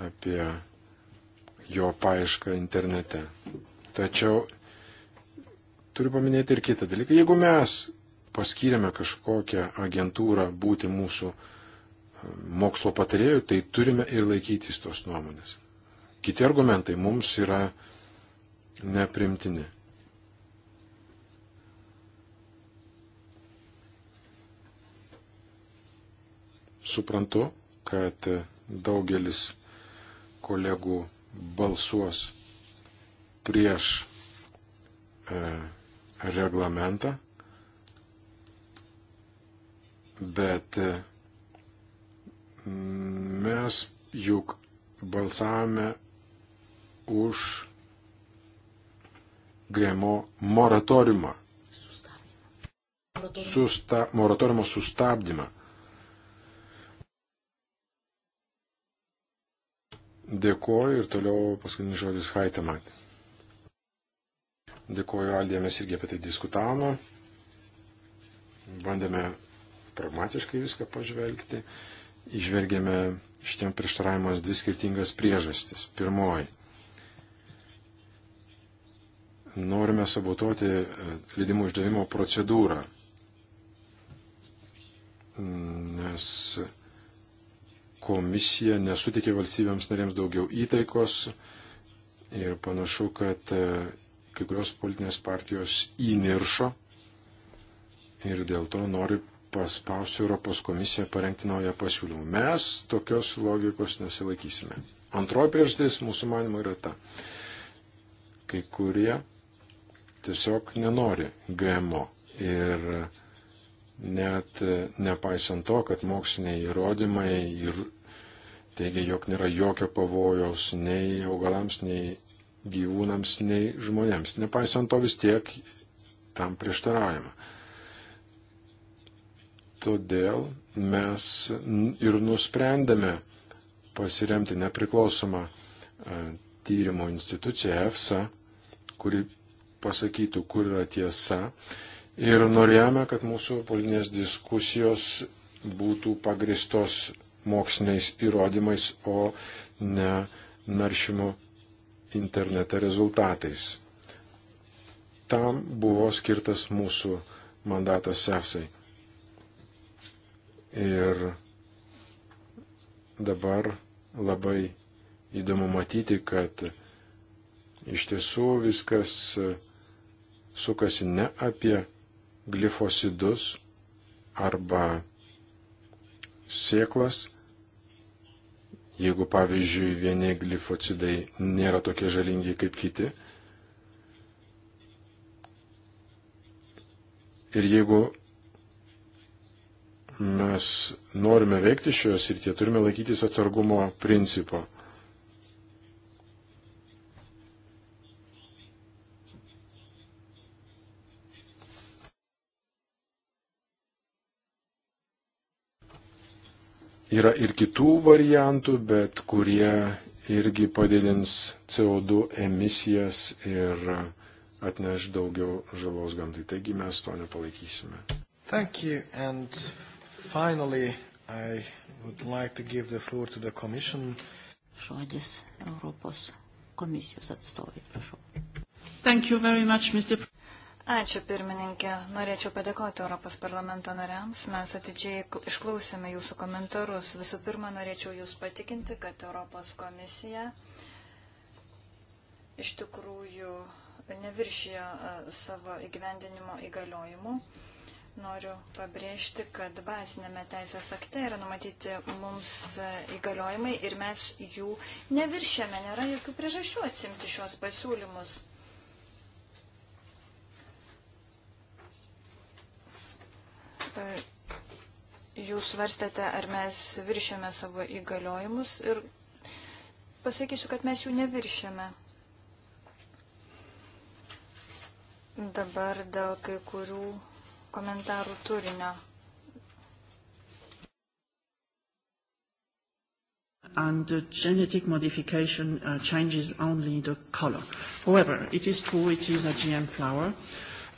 apie jo paaišką internete. Tačiau turiu paminėti ir kitą dalyką. Jeigu mes paskyrėme kažkokią agentūrą būti mūsų e, mokslo patarėjų, tai turime ir laikytis tos nuomonės. Kiti argumentai mums yra neprimtini. Suprantu, kad daugelis kolegų balsuos prieš e, reglamentą, bet e, mes juk balsavome už grėmo moratoriumą. Susta, moratoriumo sustabdymą. Dėkuoju ir toliau paskutinis žodis Haitematė. Dėkoju Aldė, mes irgi apie tai diskutavome. Bandėme pragmatiškai viską pažvelgti. Išvelgėme šitiem prieštaravimas dvi skirtingas priežastis. Pirmoji. Norime sabotuoti e, leidimų išdavimo procedūrą, nes komisija nesutikė valstybėms narėms daugiau įtaikos ir panašu, kad e, kai kurios politinės partijos įniršo ir dėl to nori paspausti Europos komisiją parengti naują pasiūlymą. Mes tokios logikos nesilaikysime. Antroji priežastis mūsų manimo yra ta. Kai kurie tiesiog nenori GMO ir net nepaisant to, kad moksliniai įrodymai ir teigia, jog nėra jokio pavojaus nei augalams, nei gyvūnams nei žmonėms. Nepaisant to vis tiek tam prieštaraujama. Todėl mes ir nusprendėme pasiremti nepriklausomą e, tyrimo instituciją EFSA, kuri pasakytų, kur yra tiesa. Ir norėjome, kad mūsų politinės diskusijos būtų pagristos moksliniais įrodymais, o ne naršymo internete rezultatais. Tam buvo skirtas mūsų mandatas SEFSAI. Ir dabar labai įdomu matyti, kad iš tiesų viskas sukasi ne apie glifosidus arba sėklas, jeigu pavyzdžiui vieni glifocidai nėra tokie žalingi kaip kiti. Ir jeigu mes norime veikti šioje srityje, turime laikytis atsargumo principo. Yra ir kitų variantų, bet kurie irgi padidins CO2 emisijas ir atneš daugiau žalos gamtai. Taigi mes to nepalaikysime. Thank you. And finally, I would like to give the floor to the Commission. Žodis Europos komisijos atstovai, prašau. Thank you very much, Mr. Ačiū pirmininkė. Norėčiau padėkoti Europos parlamento nariams. Mes atidžiai išklausėme jūsų komentarus. Visų pirma, norėčiau jūs patikinti, kad Europos komisija iš tikrųjų neviršijo e, savo įgyvendinimo įgaliojimų. Noriu pabrėžti, kad bazinėme teisės akte yra numatyti mums e, įgaliojimai ir mes jų neviršėme. Nėra jokių priežasčių atsimti šios pasiūlymus. E, jūs svarstėte, ar mes viršėme savo įgaliojimus ir pasakysiu, kad mes jų neviršėme. Dabar dėl kai kurių komentarų turinio. and genetic modification uh, changes only the color. However, it is true it is a GM flower. Uh,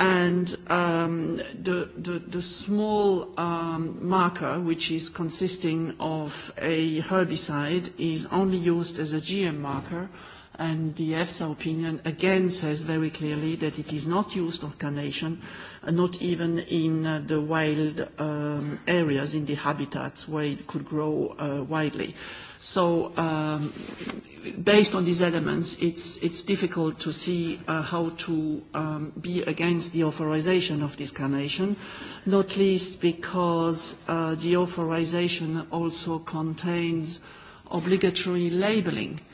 and um, the, the, the small um, marker, which is consisting of a herbicide, is only used as a GM marker. Uh, and the EFSA opinion again says very clearly that it is not used for carnation, uh, not even in uh, the wild um, areas, in the habitats where it could grow uh, widely. So um, based on these elements, it's, it's difficult to see uh, how to um, be against the authorization of this carnation, not least because uh, the authorization also contains obligatory labeling uh,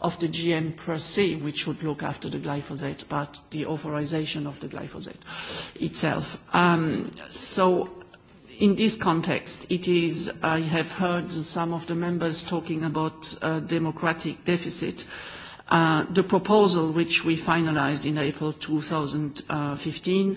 of the GM per se, which would look after the glyphosate, but the authorization of the glyphosate itself. Um, so in this context, it is, I have heard some of the members talking about uh, democratic deficit. Uh, the proposal which we finalized in April 2015